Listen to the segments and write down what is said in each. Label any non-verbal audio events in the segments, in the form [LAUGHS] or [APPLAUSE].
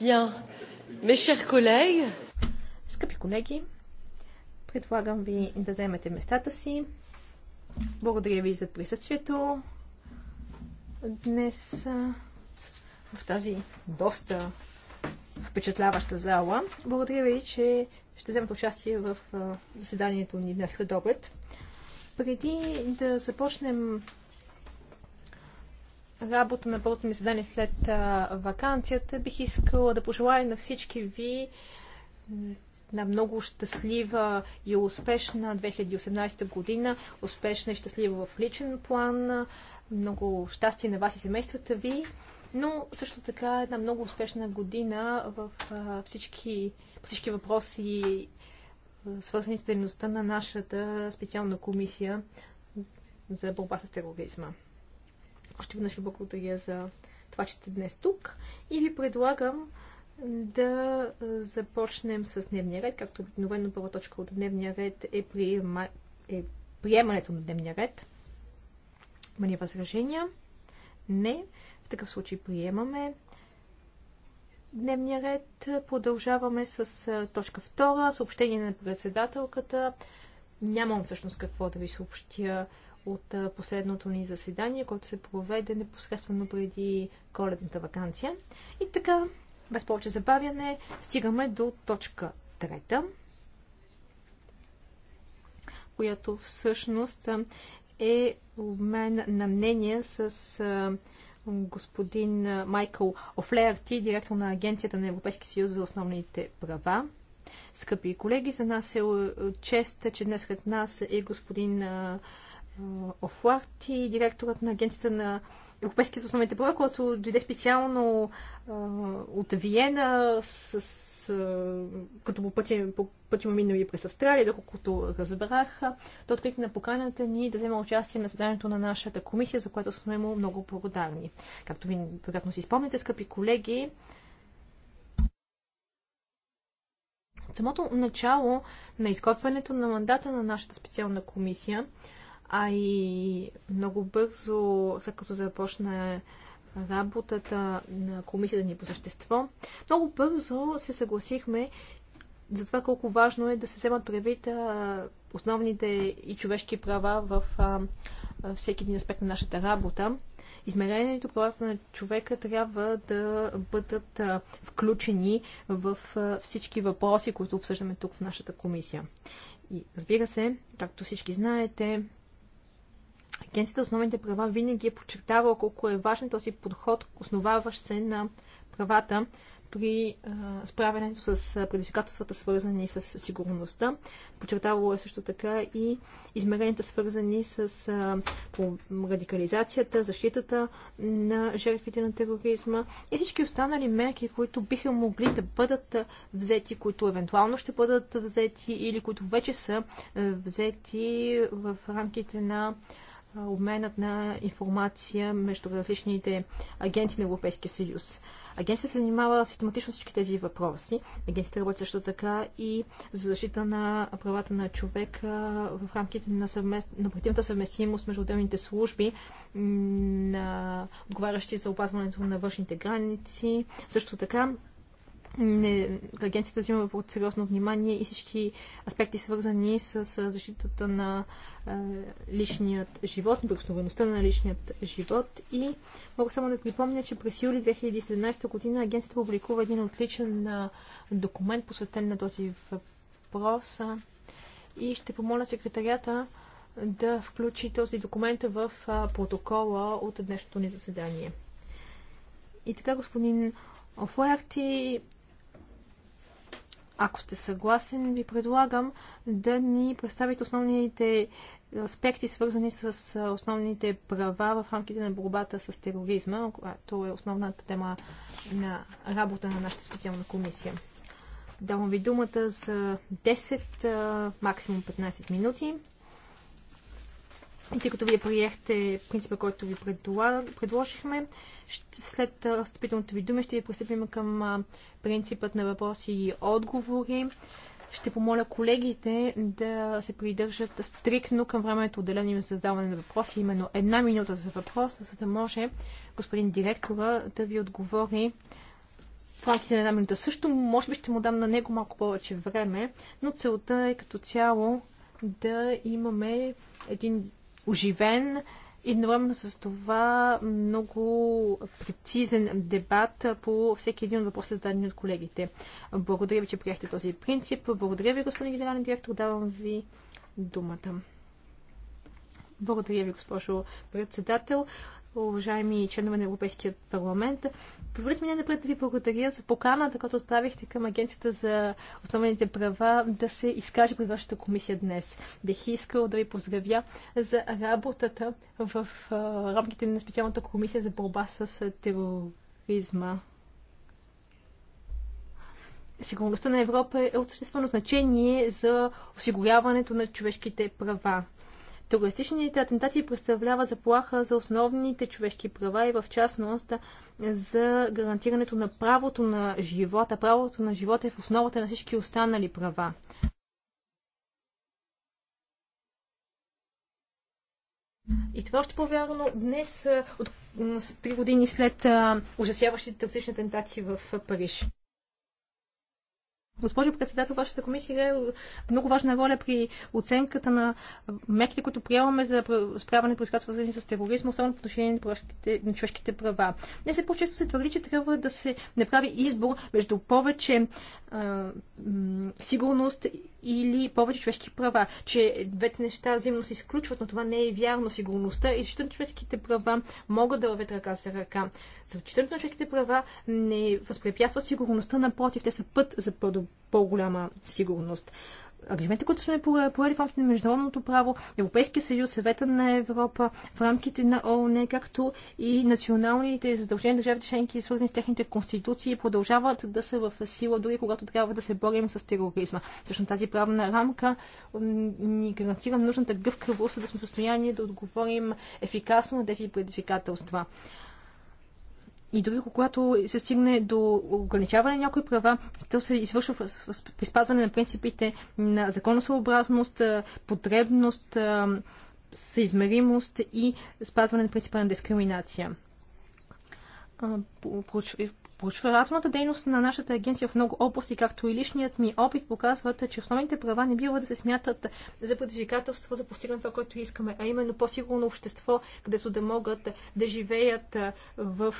Bien. Mes chers collègues. Скъпи колеги, предлагам ви да вземете местата си. Благодаря ви за присъствието днес в тази доста впечатляваща зала. Благодаря ви, че ще вземете участие в заседанието ни днес след обед. Преди да започнем работа на първото ми задание след вакансията, бих искала да пожелая на всички ви на много щастлива и успешна 2018 година, успешна и щастлива в личен план, много щастие на вас и семействата ви, но също така една много успешна година в всички, всички въпроси, свързани с дейността на нашата специална комисия за борба с тероризма. Още веднъж ви благодаря за това, че сте днес тук и ви предлагам да започнем с дневния ред. Както обикновено първа точка от дневния ред е, приема, е приемането на дневния ред. Има ли възражения? Не. В такъв случай приемаме дневния ред. Продължаваме с точка 2. Съобщение на председателката. Нямам всъщност какво да ви съобщя от последното ни заседание, което се проведе непосредствено преди коледната вакансия. И така, без повече забавяне, стигаме до точка трета, която всъщност е обмен на мнение с господин Майкъл Офлеарти, е директор на Агенцията на Европейския съюз за основните права. Скъпи колеги, за нас е чест, че днес след нас е господин Офларти, директорът на агенцията на Европейския основните права, който дойде специално от Виена, с, с, като по пътя, по пътя му минали през Австралия, доколкото разбрах, той откликна на поканата ни да взема участие на заданието на нашата комисия, за което сме му много благодарни. Както ви вероятно си спомните, скъпи колеги, от самото начало на изготвянето на мандата на нашата специална комисия, а и много бързо, след като започна работата на комисията ни по същество, много бързо се съгласихме за това колко важно е да се вземат предвид основните и човешки права в всеки един аспект на нашата работа. Измерението правата на човека трябва да бъдат включени в всички въпроси, които обсъждаме тук в нашата комисия. И разбира се, както всички знаете, Агенцията основните права винаги е подчертавала колко е важен този подход, основаващ се на правата при а, справянето с предизвикателствата, свързани с сигурността. Подчертавало е също така и измеренията, свързани с а, радикализацията, защитата на жертвите на тероризма и всички останали мерки, които биха могли да бъдат взети, които евентуално ще бъдат взети или които вече са взети в рамките на обменът на информация между различните агенти на Европейския съюз. Агенцията се занимава систематично всички тези въпроси. Агенцията работи също така и за защита на правата на човека в рамките на, съвмест... на противната съвместимост между отделните служби, на... отговарящи за опазването на външните граници. Също така не, агенцията взима под сериозно внимание и всички аспекти свързани с, с защитата на е, личният живот, благословеността на личният живот. И мога само да припомня, че през юли 2017 година агенцията публикува един отличен е, документ, посветен на този въпрос. и ще помоля секретарията да включи този документ в е, протокола от днешното ни заседание. И така, господин Офлоерти, ако сте съгласен, ви предлагам да ни представите основните аспекти, свързани с основните права в рамките на борбата с тероризма, която е основната тема на работа на нашата специална комисия. Давам ви думата за 10, максимум 15 минути. И тъй като вие приехте принципа, който ви предложихме, след встъпителното ви думи ще ви пристъпим към принципът на въпроси и отговори. Ще помоля колегите да се придържат стрикно към времето отделено им за задаване на въпроси, именно една минута за въпрос, за да може господин директора да ви отговори в рамките на една минута. Също, може би ще му дам на него малко повече време, но целта е като цяло да имаме един оживен, едновременно с това много прецизен дебат по всеки един от въпроса, зададени от колегите. Благодаря ви, че приехте този принцип. Благодаря ви, господин генерален директор. Давам ви думата. Благодаря ви, госпожо председател уважаеми членове на Европейския парламент. Позволите ми най-напред да ви благодаря за поканата, която отправихте към Агенцията за основните права да се изкаже пред вашата комисия днес. Бих искал да ви поздравя за работата в рамките на специалната комисия за борба с тероризма сигурността на Европа е от съществено значение за осигуряването на човешките права. Терористичните атентати представляват заплаха за основните човешки права и в частност за гарантирането на правото на живота. Правото на живота е в основата на всички останали права. И това още по-вярно днес, от, три години след ужасяващите терористични атентати в Париж. Госпожо председател, вашата комисия е много важна роля при оценката на мерките, които приемаме за справяне при свързани с тероризма, особено по отношение на човешките права. Не се по-често се твърди, че трябва да се направи избор между повече а, сигурност или повече човешки права. Че двете неща взаимно се изключват, но това не е вярно. Сигурността и защита на човешките права могат да вървят ръка за ръка. Защитата на човешките права не възпрепятства сигурността, напротив, те са път за по-голяма сигурност ангажиментите, които сме поели в рамките на международното право, Европейския съюз, Съвета на Европа, в рамките на ООН, както и националните задължения на държавите членки, свързани с техните конституции, продължават да са в сила, дори когато трябва да се борим с тероризма. Също тази правна рамка ни гарантира нужната гъвкавост, за да сме в състояние да отговорим ефикасно на тези предизвикателства. И дори когато се стигне до ограничаване на някои права, то се извършва при спазване на принципите на законосъобразност, потребност, съизмеримост и спазване на принципа на дискриминация. Проучвателната дейност на нашата агенция в много области, както и личният ми опит, показват, че основните права не бива да се смятат за предизвикателство за постигане това, което искаме, а именно по-сигурно общество, където да могат да живеят в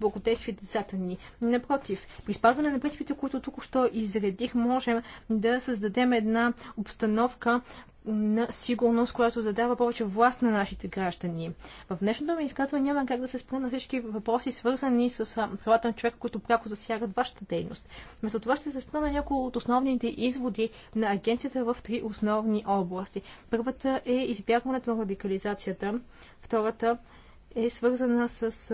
благодействие децата ни. Напротив, при спазване на принципите, които тук що изредих, можем да създадем една обстановка, на сигурност, която да дава повече власт на нашите граждани. В днешното ми изказване няма как да се спра на всички въпроси, свързани с правата на човека, които пряко засягат вашата дейност. Вместо това ще се спра на няколко от основните изводи на агенцията в три основни области. Първата е избягването на радикализацията, втората е свързана с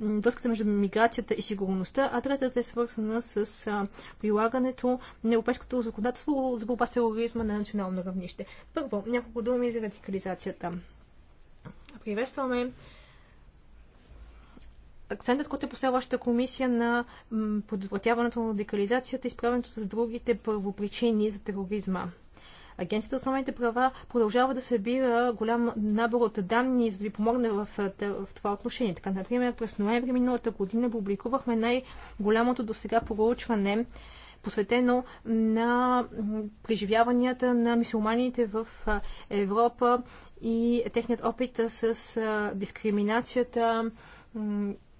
връзката между миграцията и сигурността, а третата е свързана с а, прилагането на европейското законодателство за борба с тероризма на национално равнище. Първо, няколко думи за радикализацията. Приветстваме акцентът, който е поставила вашата комисия на предотвратяването на радикализацията и справянето с другите първопричини за тероризма. Агенцията за основните права продължава да събира голям набор от данни, за да ви помогне в, е, в това отношение. Така, например, през ноември миналата година публикувахме най-голямото до сега проучване посветено на преживяванията на мисулманите в е, Европа и техният опит с е, дискриминацията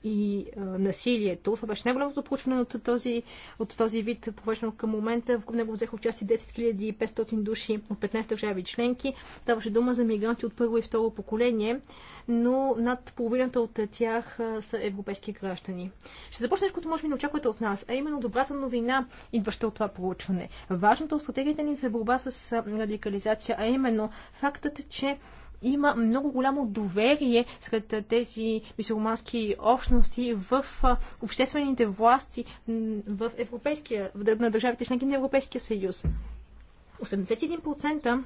и а, насилието. Това беше най-голямото проучване от този, от този вид, повечено към момента. В него взеха участие 10 500 души от 15 държави членки. Ставаше дума за мигранти от първо и второ поколение, но над половината от тях а, са европейски граждани. Ще започна нещо, което може би не очаквате от нас, а именно добрата новина, идваща от това проучване. Важното в стратегията ни за борба с радикализация, а именно фактът, че има много голямо доверие сред тези мисулмански общности в обществените власти в европейския, на държавите членки на Европейския съюз. 81%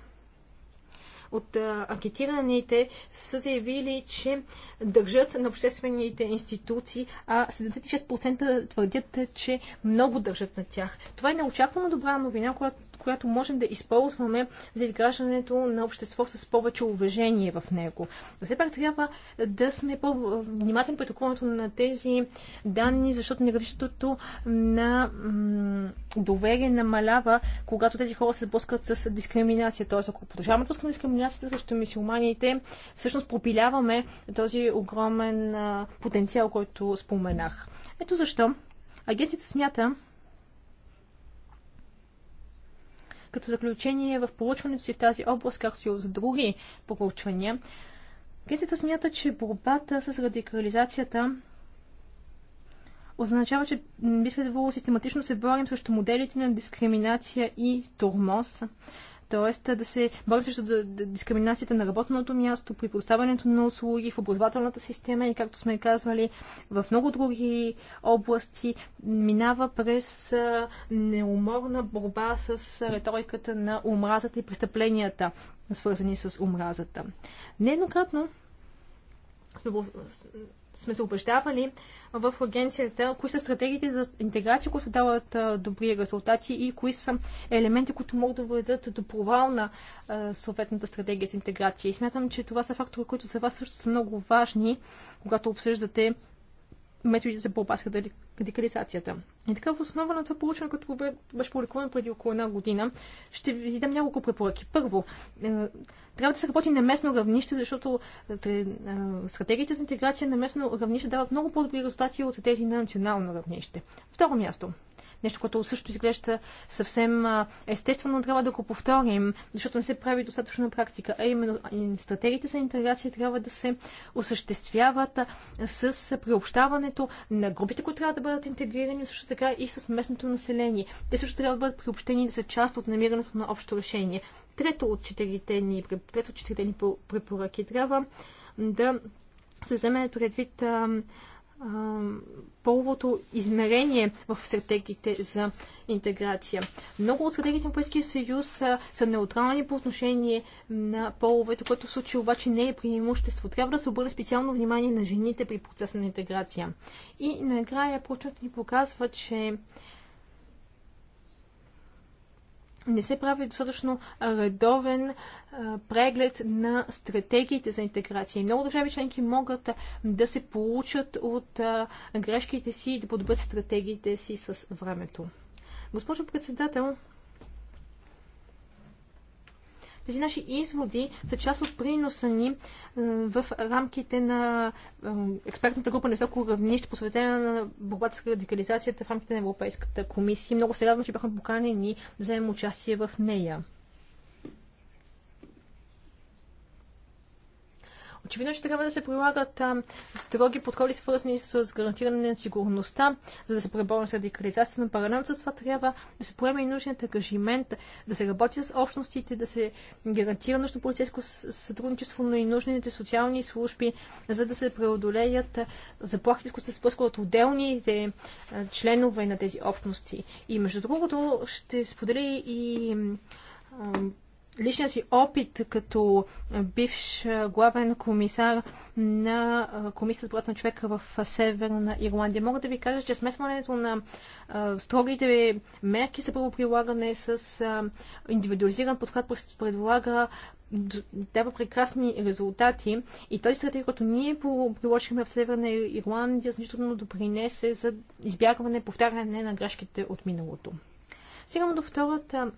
от анкетираните са заявили, че държат на обществените институции, а 76% твърдят, че много държат на тях. Това е неочаквано добра новина, която която можем да използваме за изграждането на общество с повече уважение в него. Но все пак трябва да сме по-внимателни при тълкуването на тези данни, защото негативното на доверие намалява, когато тези хора се сблъскат с дискриминация. Тоест, ако продължаваме да дискриминацията срещу мисиоманите, всъщност пропиляваме този огромен потенциал, който споменах. Ето защо агенцията смята, Като заключение в получването си в тази област, както и от други проучвания, Агенцията смята, че борбата с радикализацията означава, че би следвало систематично се борим срещу моделите на дискриминация и турмоз, т.е. да се бори срещу дискриминацията на работното място, при поставянето на услуги, в образователната система и, както сме казвали, в много други области, минава през неуморна борба с риториката на омразата и престъпленията, свързани с омразата. Нееднократно сме се убеждавали в агенцията, кои са стратегиите за интеграция, които дават добри резултати и кои са елементи, които могат да доведат до провал на съответната стратегия за интеграция. И смятам, че това са фактори, които за вас също са много важни, когато обсъждате Методите за борба с радикализацията. И така, в основа на това получено, като беше публикувано преди около една година, ще ви дам няколко препоръки. Първо, е, трябва да се работи на местно равнище, защото е, е, стратегиите за интеграция на местно равнище дават много по-добри резултати от тези на национално равнище. Второ място, Нещо, което също изглежда съвсем естествено, трябва да го повторим, защото не се прави достатъчно практика. А именно стратегиите за интеграция трябва да се осъществяват с приобщаването на групите, които трябва да бъдат интегрирани, също така и с местното население. Те също трябва да бъдат приобщени за част от намирането на общо решение. Трето от четирите ни, трето от четирите ни препоръки трябва да се вземе предвид половото измерение в стратегиите за интеграция. Много от стратегиите на Европейския съюз са, са неутрални по отношение на половете, което в случай обаче не е преимущество. Трябва да се обърне специално внимание на жените при процеса на интеграция. И накрая проучването ни показва, че не се прави достатъчно редовен преглед на стратегиите за интеграция. Много държави членки могат да се получат от грешките си и да подобрят стратегиите си с времето. Госпожо председател, тези наши изводи са част от приноса ни е, в рамките на е, експертната група на високо равнище, посветена на борбата с радикализацията в рамките на Европейската комисия. Много се радвам, че бяхме поканени да вземем участие в нея. Очевидно, че трябва да се прилагат а, строги подходи, свързани с гарантиране на сигурността, за да се преборим с радикализацията, но паралелно с това трябва да се поеме и нужният ангажимент, да се работи с общностите, да се гарантира нужно полицейско сътрудничество, но и нужните социални служби, за да се преодолеят заплахите, които се спускат от отделните членове на тези общности. И между другото, ще споделя и а, личния си опит като бивш главен комисар на Комисията за на човека в Северна Ирландия. Мога да ви кажа, че смесването на строгите мерки за правоприлагане с индивидуализиран подход предлага дава прекрасни резултати и тази стратегия, която ние приложихме в Северна Ирландия, значително допринесе за избягване повтаряне на грешките от миналото. Стигам до втората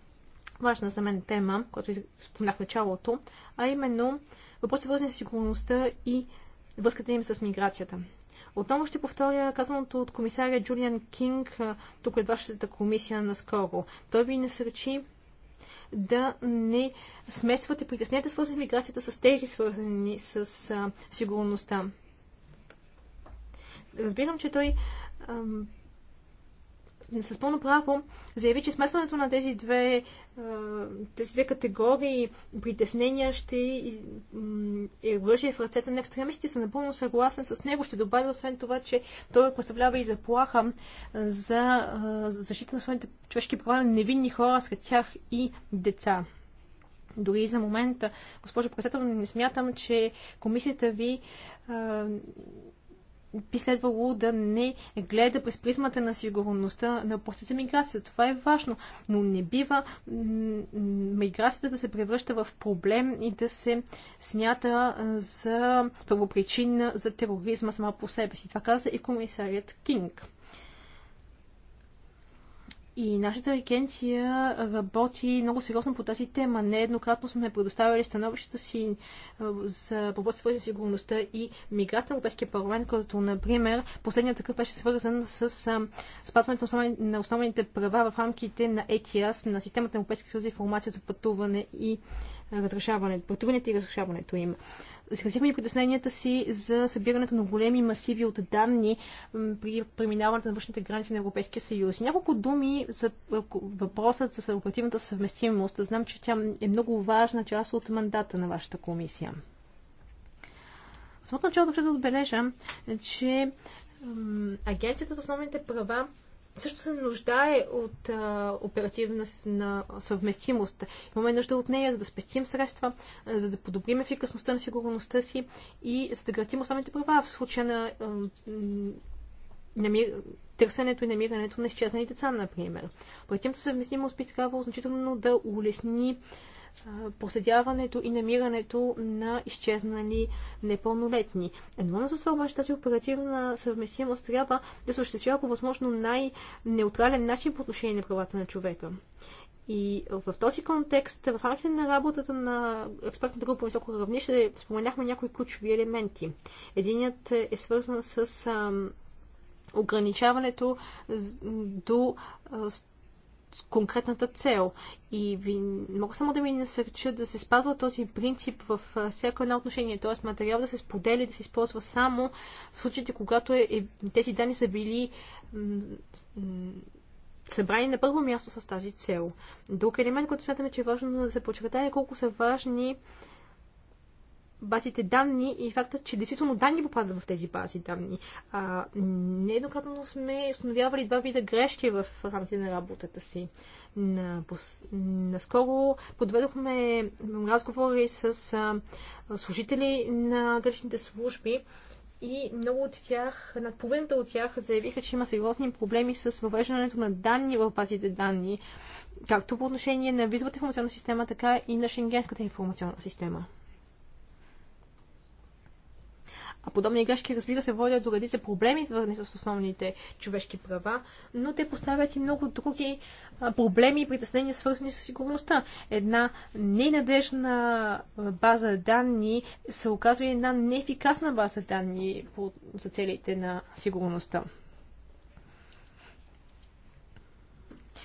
важна за мен тема, която споменах в началото, а именно въпроси свързани с сигурността и връзката им с миграцията. Отново ще повторя казаното от комисаря Джулиан Кинг, тук от е вашата комисия наскоро. Той ви насръчи да не смествате притесненията, свързани с миграцията, с тези, свързани с а, сигурността. Разбирам, че той ам, с пълно право заяви, че смесването на тези две, е, тези две категории притеснения ще е оръжие в ръцете на екстремистите. Съм напълно съгласен с него. Ще добавя освен това, че той представлява и заплаха за е, защита на своите човешки права на невинни хора, сред тях и деца. Дори и за момента, госпожо председател, не смятам, че комисията ви е, би следвало да не гледа през призмата на сигурността на въпросите за миграцията. Това е важно, но не бива миграцията да се превръща в проблем и да се смята за първопричина за тероризма сама по себе си. Това каза и комисарият Кинг. И нашата агенция работи много сериозно по тази тема. Нееднократно сме предоставили становищата си е, за борбата свързана с сигурността и миграцията на Европейския парламент, като, например, последният такъв беше свързан с е, спазването на, основните права в рамките на ETIAS, на системата на Европейския съюз за информация за пътуване и разрешаването, пътуването и разрешаването им изразихме и притесненията си за събирането на големи масиви от данни при преминаването на външните граници на Европейския съюз. Няколко думи за въпросът за оперативната съвместимост. Знам, че тя е много важна част от мандата на вашата комисия. В самото начало да отбележа, че Агенцията за основните права също се нуждае от а, оперативна на съвместимост. Имаме нужда от нея, за да спестим средства, а, за да подобрим ефикасността на сигурността си и за да гратим основните права в случая на а, намир... търсенето и намирането на изчезнали деца, например. Оперативната съвместимост би трябвало значително да улесни проследяването и намирането на изчезнали непълнолетни. Едно с това обаче тази оперативна съвместимост трябва да се осъществява по възможно най-неутрален начин по отношение на правата на човека. И в този контекст, в рамките на работата на експертната група високо равнище, споменахме някои ключови елементи. Единият е свързан с ограничаването до конкретната цел. И ви, мога само да ви насърча да се спазва този принцип в всяко едно отношение, т.е. материал да се споделя, да се използва само в случаите, когато е, е, тези данни са били събрани на първо място с тази цел. Друг елемент, който смятаме, че е важно да се е колко са важни базите данни и фактът, че действително данни попадат в тези бази данни. А, нееднократно сме установявали два вида грешки в рамките на работата си. Наскоро подведохме разговори с служители на грешните служби и много от тях, над половината от тях заявиха, че има сериозни проблеми с въвеждането на данни в базите данни, както по отношение на визовата информационна система, така и на шенгенската информационна система. А подобни грешки, разбира се, водят до редица проблеми, свързани с основните човешки права, но те поставят и много други проблеми и притеснения, свързани с сигурността. Една ненадежна база данни се оказва и една неефикасна база данни за целите на сигурността.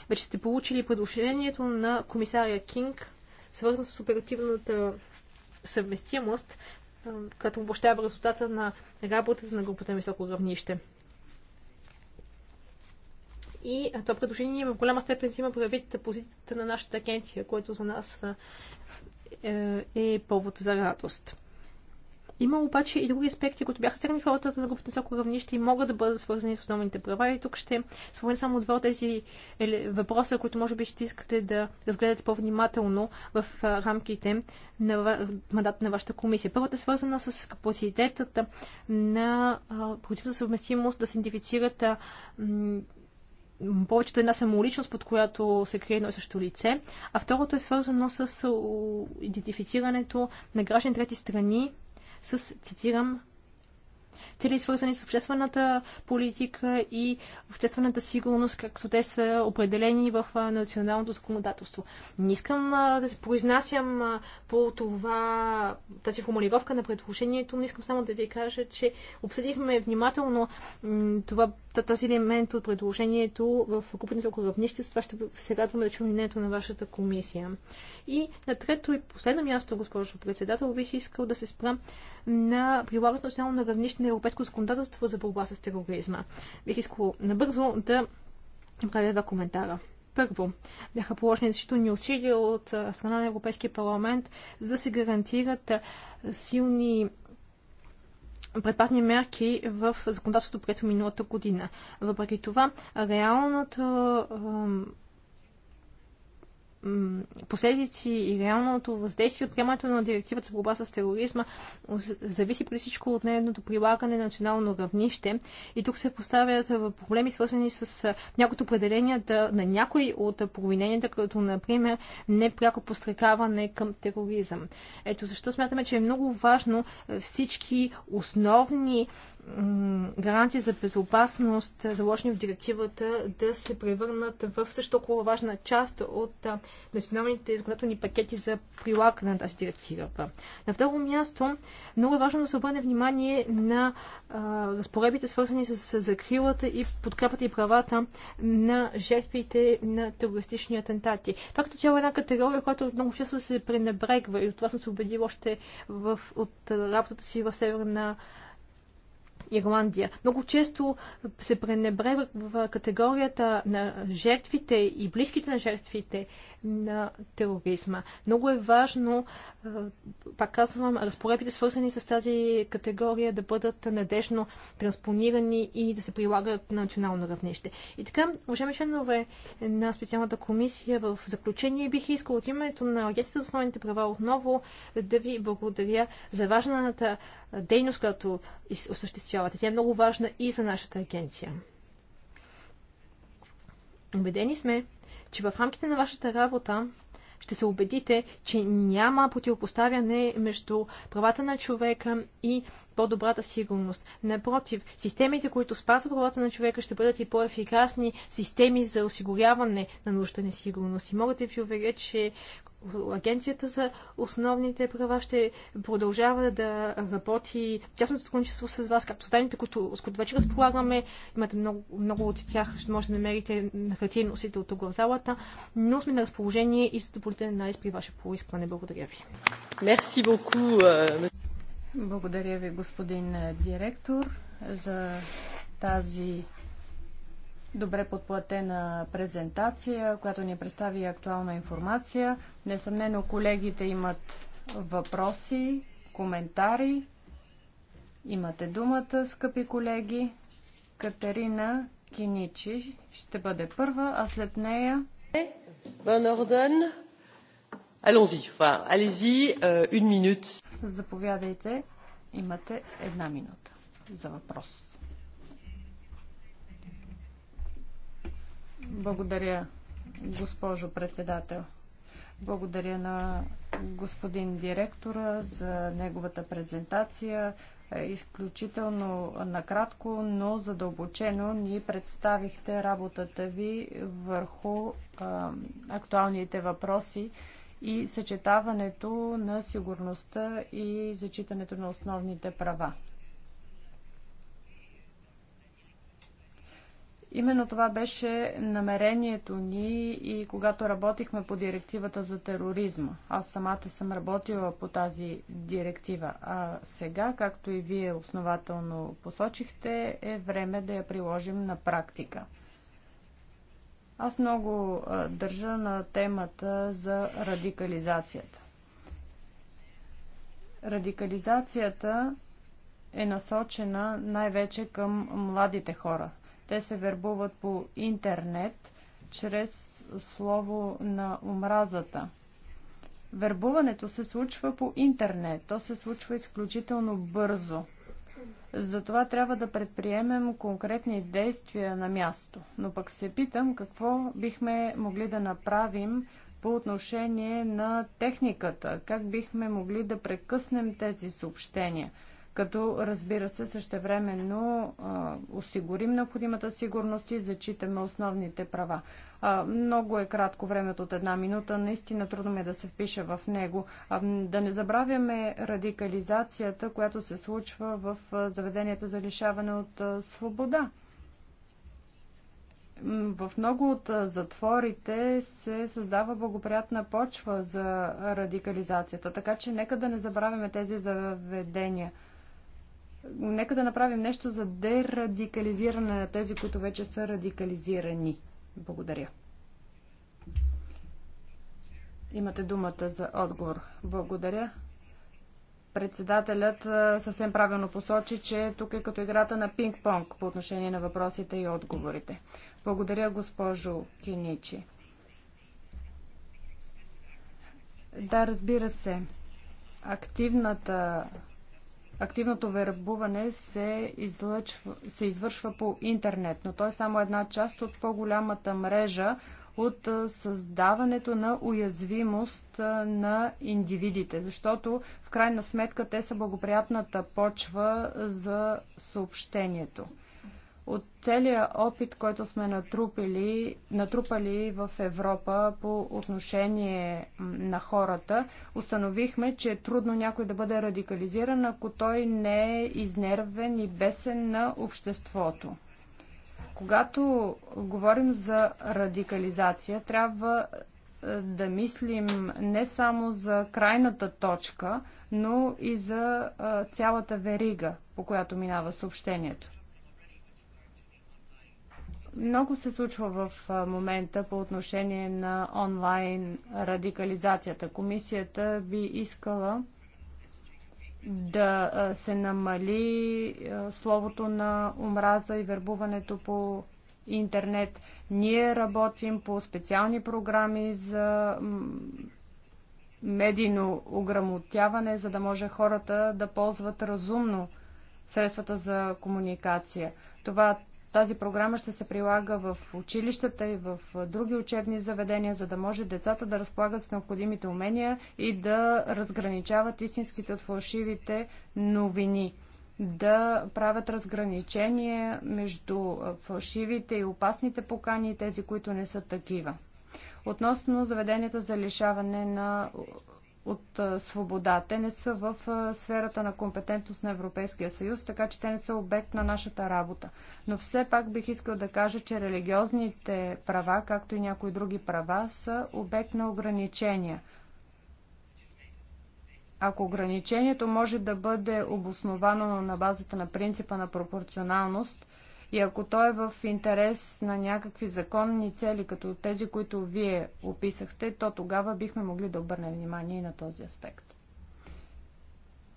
Вече сте получили предложението на комисаря Кинг, свързан с оперативната съвместимост, като обобщава резултата на работата на групата на високо равнище. И това предложение в голяма степен взима проявит позицията на нашата агенция, което за нас е, е повод за радост. Има обаче и други аспекти, които бяха стегнати в работата на групата високо равнище и могат да бъдат свързани с основните права. И тук ще спомена само два от тези въпроса, които може би ще искате да разгледате по-внимателно в рамките на мандата на вашата комисия. Първата е свързана с капацитетът на противната съвместимост да се идентифицират повечето една самоличност, под която се крие едно и също лице, а второто е свързано с идентифицирането на граждани трети страни, с, цитирам, цели свързани с обществената политика и обществената сигурност, както те са определени в националното законодателство. Не искам да се произнасям по това, тази формулировка на предложението, но искам само да ви кажа, че обсъдихме внимателно това, този елемент от предложението в групата за равнище, с това ще се радваме да чуем мнението на вашата комисия. И на трето и последно място, госпожо председател, бих искал да се спра на прилагането на равнище европейско законодателство за борба с тероризма. Бих искал набързо да направя два коментара. Първо, бяха положени защитни усилия от страна на Европейския парламент, за да се гарантират силни предпазни мерки в законодателството, прието миналата година. Въпреки това, реалното последици и реалното въздействие от приемането на директивата за борба с тероризма зависи при всичко от нейното прилагане на национално равнище. И тук се поставят проблеми, свързани с някои от определенията на някои от провиненията, като, например, непряко пострекаване към тероризъм. Ето защо смятаме, че е много важно всички основни гаранции за безопасност, заложени в директивата, да се превърнат в също толкова важна част от националните законодателни пакети за прилагане на тази директива. На второ място, много е важно да се обърне внимание на разпоредбите, свързани с закрилата и подкрепата и правата на жертвите на терористични атентати. Това като цяло е една категория, която много често се пренебрегва и от това съм се убедил още в, от работата си в Северна Ирландия. Много често се пренебрегва категорията на жертвите и близките на жертвите на тероризма. Много е важно, пак казвам, разпоредбите свързани с тази категория да бъдат надежно транспонирани и да се прилагат на национално равнище. И така, уважаеми членове на специалната комисия, в заключение бих искал от името на Агенцията за основните права отново да ви благодаря за важната дейност, която осъществявате. Тя е много важна и за нашата агенция. Убедени сме, че в рамките на вашата работа ще се убедите, че няма противопоставяне между правата на човека и по-добрата сигурност. Напротив, системите, които спазват правата на човека, ще бъдат и по-ефикасни системи за осигуряване на нужда на сигурност. И мога да ви уверя, че Агенцията за основните права ще продължава да работи в тясно сътрудничество с вас, както станите, които, с които вече разполагаме. Имате много, много от тях, ще може да намерите на хартия носител тук в залата, но сме на разположение и за допълнителен анализ при ваше поискване. Благодаря ви. Мерси beaucoup. Euh, благодаря ви, господин е, директор, за тази добре подплатена презентация, която ни представи актуална информация. Несъмнено колегите имат въпроси, коментари. Имате думата, скъпи колеги. Катерина Киничи ще бъде първа, а след нея... Бон е, Орден, Allons-y, allez-y, euh, une minute. Заповядайте, имате една минута за въпрос. Благодаря, госпожо председател. Благодаря на господин директора за неговата презентация. Е, изключително накратко, но задълбочено ни представихте работата ви върху а, актуалните въпроси и съчетаването на сигурността и зачитането на основните права. Именно това беше намерението ни и когато работихме по директивата за тероризма. Аз самата съм работила по тази директива, а сега, както и вие основателно посочихте, е време да я приложим на практика. Аз много държа на темата за радикализацията. Радикализацията е насочена най-вече към младите хора. Те се вербуват по интернет чрез слово на омразата. Вербуването се случва по интернет. То се случва изключително бързо – затова трябва да предприемем конкретни действия на място. Но пък се питам какво бихме могли да направим по отношение на техниката, как бихме могли да прекъснем тези съобщения – като разбира се същевременно а, осигурим необходимата сигурност и зачитаме основните права. А, много е кратко времето от една минута, наистина трудно ми е да се впиша в него. А, да не забравяме радикализацията, която се случва в заведенията за лишаване от свобода в много от затворите се създава благоприятна почва за радикализацията, така че нека да не забравяме тези заведения. Нека да направим нещо за дерадикализиране на тези, които вече са радикализирани. Благодаря. Имате думата за отговор. Благодаря. Председателят съвсем правилно посочи, че тук е като играта на пинг-понг по отношение на въпросите и отговорите. Благодаря, госпожо Киничи. Да, разбира се. Активната Активното вербуване се, излъчва, се извършва по интернет, но то е само една част от по-голямата мрежа от създаването на уязвимост на индивидите, защото в крайна сметка те са благоприятната почва за съобщението от целия опит, който сме натрупали, натрупали в Европа по отношение на хората, установихме, че е трудно някой да бъде радикализиран, ако той не е изнервен и бесен на обществото. Когато говорим за радикализация, трябва е, да мислим не само за крайната точка, но и за е, цялата верига, по която минава съобщението. Много се случва в момента по отношение на онлайн радикализацията. Комисията би искала да се намали словото на омраза и вербуването по интернет. Ние работим по специални програми за медийно ограмотяване, за да може хората да ползват разумно средствата за комуникация. Това тази програма ще се прилага в училищата и в други учебни заведения, за да може децата да разполагат с необходимите умения и да разграничават истинските от фалшивите новини да правят разграничение между фалшивите и опасните покани и тези, които не са такива. Относно заведенията за лишаване на от свобода. Те не са в сферата на компетентност на Европейския съюз, така че те не са обект на нашата работа. Но все пак бих искал да кажа, че религиозните права, както и някои други права, са обект на ограничения. Ако ограничението може да бъде обосновано на базата на принципа на пропорционалност, и ако той е в интерес на някакви законни цели, като тези, които вие описахте, то тогава бихме могли да обърнем внимание и на този аспект.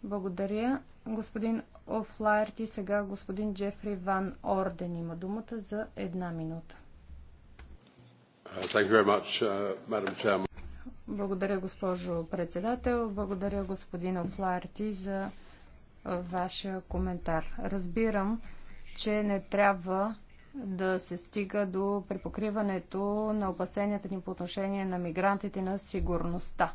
Благодаря. Господин Офлайерти, сега господин Джефри Ван Орден има думата за една минута. Uh, much, uh, Благодаря, госпожо председател. Благодаря, господин Офлайерти, за вашия коментар. Разбирам, че не трябва да се стига до препокриването на опасенията ни по отношение на мигрантите на сигурността.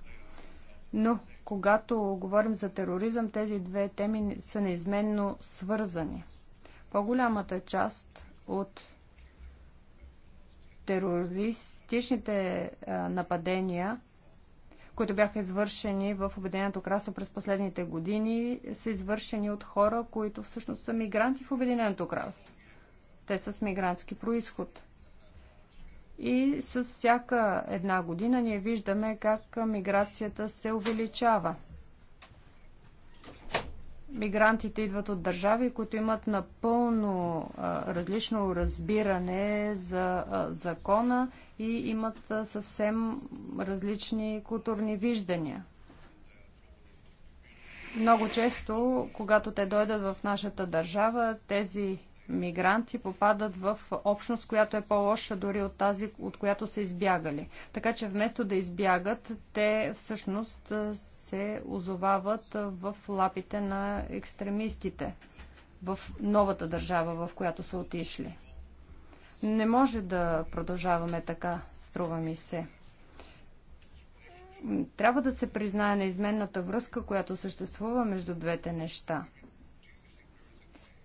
Но, когато говорим за тероризъм, тези две теми са неизменно свързани. По-голямата част от терористичните нападения които бяха извършени в Обединеното кралство през последните години, са извършени от хора, които всъщност са мигранти в Обединеното кралство. Те са с мигрантски происход. И с всяка една година ние виждаме как миграцията се увеличава – Мигрантите идват от държави, които имат напълно а, различно разбиране за а, закона и имат а, съвсем различни културни виждания. Много често, когато те дойдат в нашата държава, тези мигранти попадат в общност, която е по-лоша дори от тази, от която са избягали. Така че вместо да избягат, те всъщност се озовават в лапите на екстремистите в новата държава, в която са отишли. Не може да продължаваме така, струва ми се трябва да се признае неизменната връзка, която съществува между двете неща.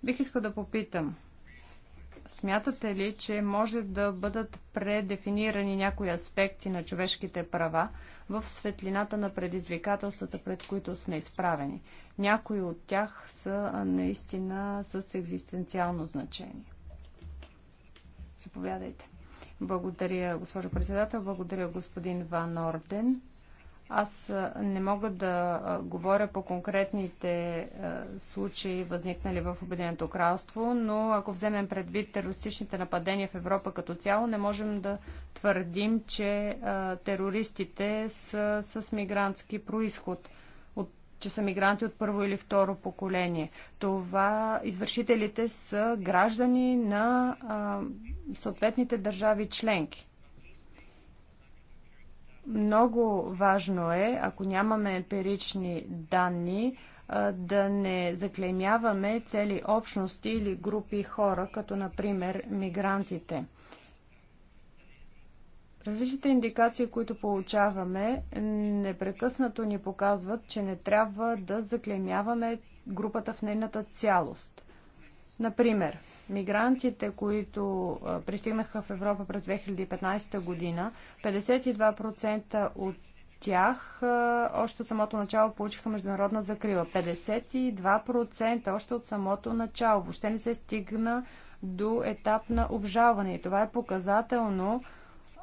Бих искал да попитам. Смятате ли, че може да бъдат предефинирани някои аспекти на човешките права в светлината на предизвикателствата, пред които сме изправени? Някои от тях са наистина с екзистенциално значение. Заповядайте. Благодаря, госпожо председател. Благодаря, господин Ван Орден. Аз не мога да говоря по конкретните случаи, възникнали в Обединеното кралство, но ако вземем предвид терористичните нападения в Европа като цяло, не можем да твърдим, че терористите са с мигрантски происход че са мигранти от първо или второ поколение. Това извършителите са граждани на а, съответните държави членки. Много важно е, ако нямаме емпирични данни, да не заклемяваме цели общности или групи хора, като например мигрантите. Различните индикации, които получаваме, непрекъснато ни показват, че не трябва да заклемяваме групата в нейната цялост. Например, мигрантите, които пристигнаха в Европа през 2015 година, 52% от тях още от самото начало получиха международна закрила. 52% още от самото начало. Въобще не се стигна до етап на обжалване. И това е показателно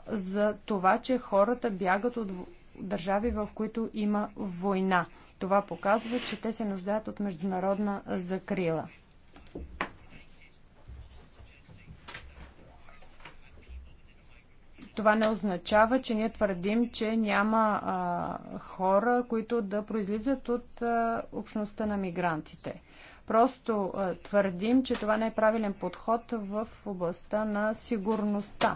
за това, че хората бягат от държави, в които има война. Това показва, че те се нуждаят от международна закрила. Това не означава, че ние твърдим, че няма а, хора, които да произлизат от а, общността на мигрантите. Просто а, твърдим, че това не е правилен подход в областта на сигурността.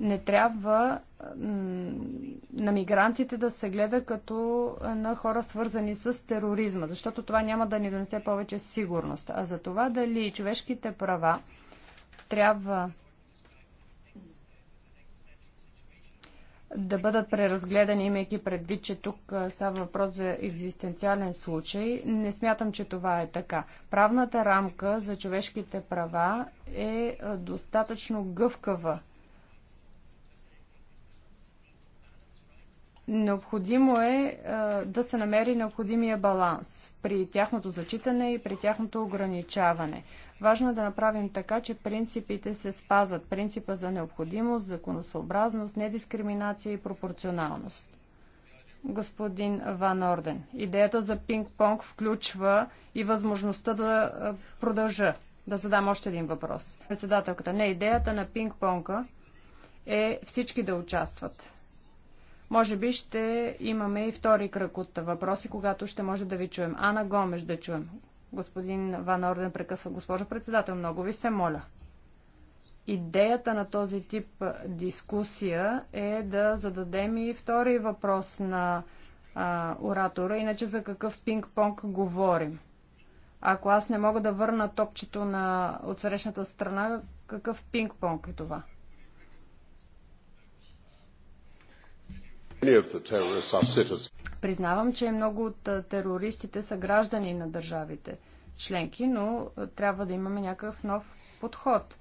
Не трябва на мигрантите да се гледа като на хора свързани с тероризма, защото това няма да ни донесе повече сигурност. А за това дали човешките права трябва да бъдат преразгледани, имайки предвид, че тук става въпрос за екзистенциален случай. Не смятам, че това е така. Правната рамка за човешките права е достатъчно гъвкава Необходимо е а, да се намери необходимия баланс при тяхното зачитане и при тяхното ограничаване. Важно е да направим така, че принципите се спазват. Принципа за необходимост, законосъобразност, недискриминация и пропорционалност. Господин Ван Орден, идеята за пинг-понг включва и възможността да продължа, да задам още един въпрос. Председателката, не, идеята на пинг-понга е всички да участват може би ще имаме и втори кръг от въпроси, когато ще може да ви чуем. Ана Гомеш да чуем. Господин Ван Орден прекъсва. Госпожо председател, много ви се моля. Идеята на този тип дискусия е да зададем и втори въпрос на а, оратора, иначе за какъв пинг-понг говорим. Ако аз не мога да върна топчето на отсрещната страна, какъв пинг-понг е това? Признавам, че много от терористите са граждани на държавите членки, но трябва да имаме някакъв нов подход.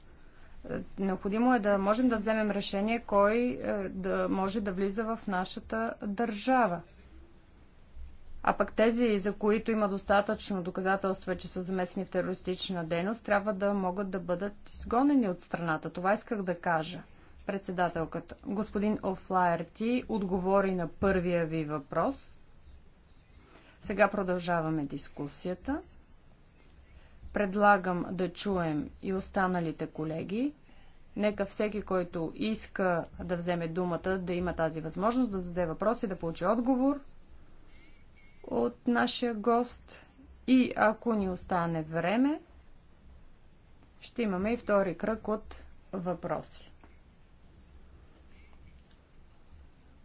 Необходимо е да можем да вземем решение кой да може да влиза в нашата държава. А пък тези, за които има достатъчно доказателства, че са замесени в терористична дейност, трябва да могат да бъдат изгонени от страната. Това исках да кажа. Председателката, господин Офлаерти отговори на първия ви въпрос. Сега продължаваме дискусията. Предлагам да чуем и останалите колеги. Нека всеки, който иска да вземе думата, да има тази възможност да зададе въпрос и да получи отговор от нашия гост. И ако ни остане време, ще имаме и втори кръг от въпроси.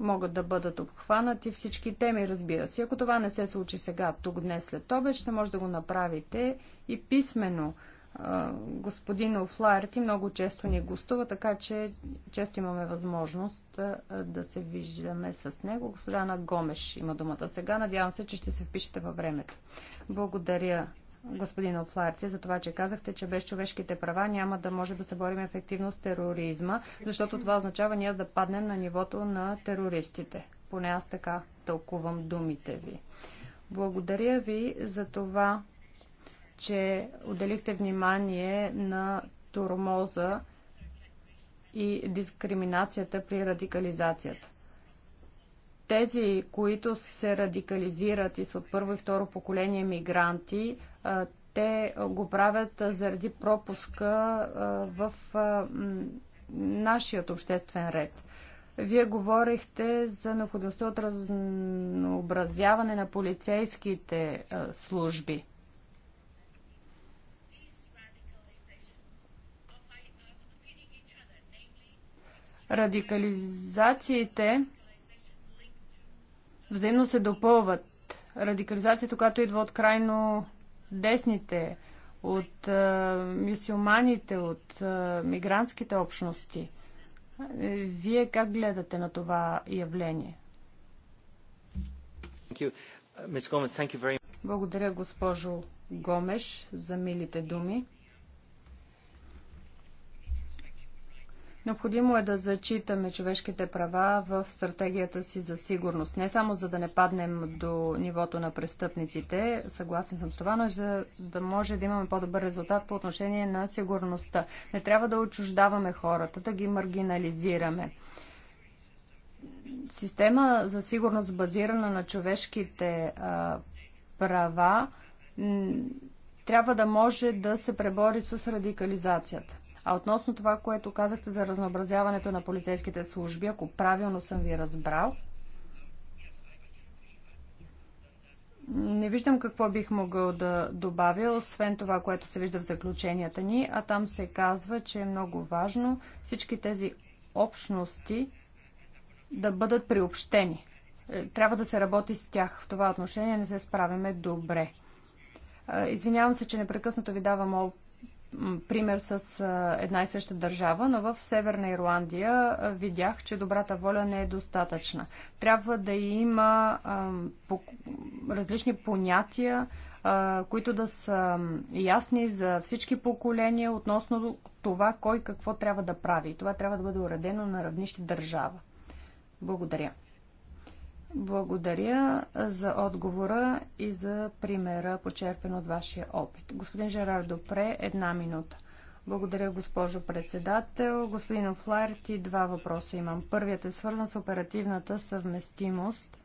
могат да бъдат обхванати всички теми, разбира се. Ако това не се случи сега, тук, днес, след обед, ще може да го направите и писменно. Господин Офлаерти много често ни гостува, така че често имаме възможност да се виждаме с него. Госпожа Ана Гомеш има думата сега. Надявам се, че ще се впишете във времето. Благодаря, господин Офларци, за това, че казахте, че без човешките права няма да може да се борим ефективно с тероризма, защото това означава ние да паднем на нивото на терористите. Поне аз така тълкувам думите ви. Благодаря ви за това, че отделихте внимание на турмоза и дискриминацията при радикализацията тези, които се радикализират и са от първо и второ поколение мигранти, те го правят заради пропуска в нашият обществен ред. Вие говорихте за необходимостта от разнообразяване на полицейските служби. Радикализациите взаимно се допълват. Радикализацията, която идва от крайно десните, от а, мюсюлманите, от а, мигрантските общности. Е, вие как гледате на това явление? Благодаря, госпожо Гомеш, за милите думи. Необходимо е да зачитаме човешките права в стратегията си за сигурност. Не само за да не паднем до нивото на престъпниците, съгласен съм с това, но и за да може да имаме по-добър резултат по отношение на сигурността. Не трябва да отчуждаваме хората, да ги маргинализираме. Система за сигурност, базирана на човешките а, права, трябва да може да се пребори с радикализацията. А относно това, което казахте за разнообразяването на полицейските служби, ако правилно съм ви разбрал, не виждам какво бих могъл да добавя, освен това, което се вижда в заключенията ни, а там се казва, че е много важно всички тези общности да бъдат приобщени. Е, трябва да се работи с тях. В това отношение не се справяме добре. Е, извинявам се, че непрекъснато ви давам пример с една и съща държава, но в Северна Ирландия видях, че добрата воля не е достатъчна. Трябва да има различни понятия, които да са ясни за всички поколения относно това кой какво трябва да прави. това трябва да бъде уредено на равнище държава. Благодаря. Благодаря за отговора и за примера, почерпен от вашия опит. Господин Жерар Допре, една минута. Благодаря, госпожо председател. Господин Офларти, два въпроса имам. Първият е свързан с оперативната съвместимост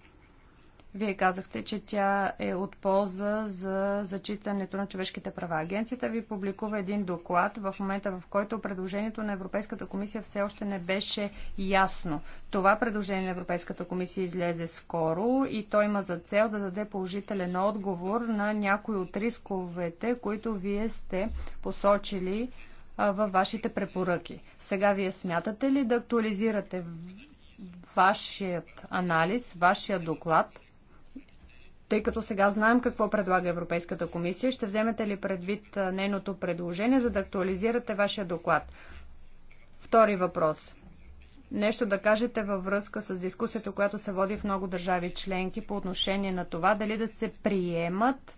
вие казахте, че тя е от полза за зачитането на човешките права. Агенцията ви публикува един доклад в момента, в който предложението на Европейската комисия все още не беше ясно. Това предложение на Европейската комисия излезе скоро и то има за цел да даде положителен отговор на някои от рисковете, които вие сте посочили във вашите препоръки. Сега вие смятате ли да актуализирате вашият анализ, вашия доклад – тъй като сега знаем какво предлага Европейската комисия, ще вземете ли предвид нейното предложение, за да актуализирате вашия доклад? Втори въпрос. Нещо да кажете във връзка с дискусията, която се води в много държави членки по отношение на това дали да се приемат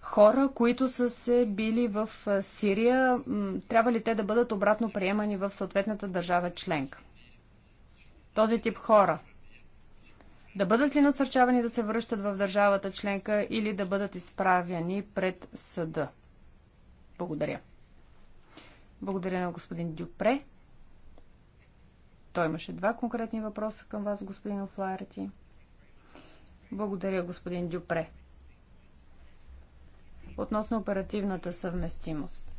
хора, които са се били в Сирия, трябва ли те да бъдат обратно приемани в съответната държава членка? Този тип хора – да бъдат ли насърчавани да се връщат в държавата членка или да бъдат изправяни пред съда? Благодаря. Благодаря на господин Дюпре. Той имаше два конкретни въпроса към вас, господин Офлаерти. Благодаря, господин Дюпре. Относно оперативната съвместимост.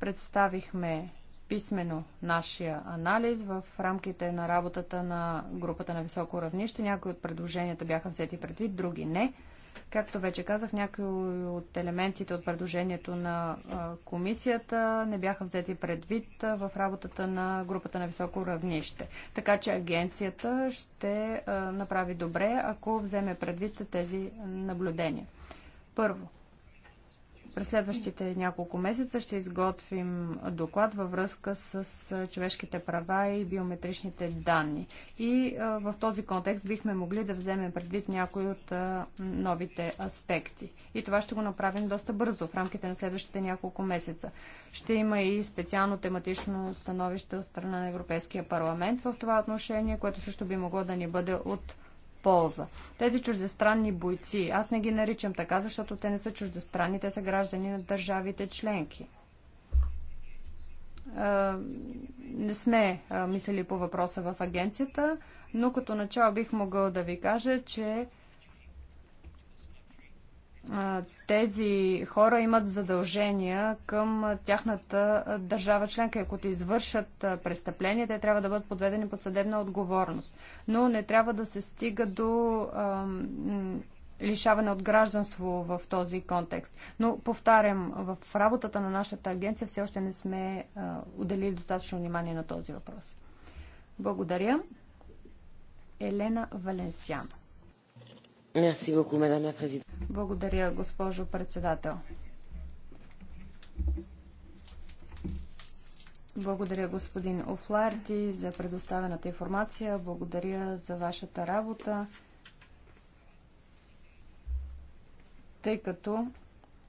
Представихме писменно нашия анализ в рамките на работата на групата на високо равнище. Някои от предложенията бяха взети предвид, други не. Както вече казах, някои от елементите от предложението на комисията не бяха взети предвид в работата на групата на високо равнище. Така че агенцията ще направи добре, ако вземе предвид тези наблюдения. Първо, през следващите няколко месеца ще изготвим доклад във връзка с човешките права и биометричните данни. И в този контекст бихме могли да вземем предвид някои от новите аспекти. И това ще го направим доста бързо, в рамките на следващите няколко месеца. Ще има и специално тематично становище от страна на Европейския парламент в това отношение, което също би могло да ни бъде от полза. Тези чуждестранни бойци, аз не ги наричам така, защото те не са чуждестранни, те са граждани на държавите членки. Не сме мислили по въпроса в агенцията, но като начало бих могъл да ви кажа, че тези хора имат задължения към тяхната държава членка. Ако те извършат престъпление, те трябва да бъдат подведени под съдебна отговорност. Но не трябва да се стига до лишаване от гражданство в този контекст. Но, повтарям, в работата на нашата агенция все още не сме отделили уделили достатъчно внимание на този въпрос. Благодаря. Елена Валенсиана. Благодаря, госпожо председател. Благодаря, господин Офларди, за предоставената информация. Благодаря за вашата работа, тъй като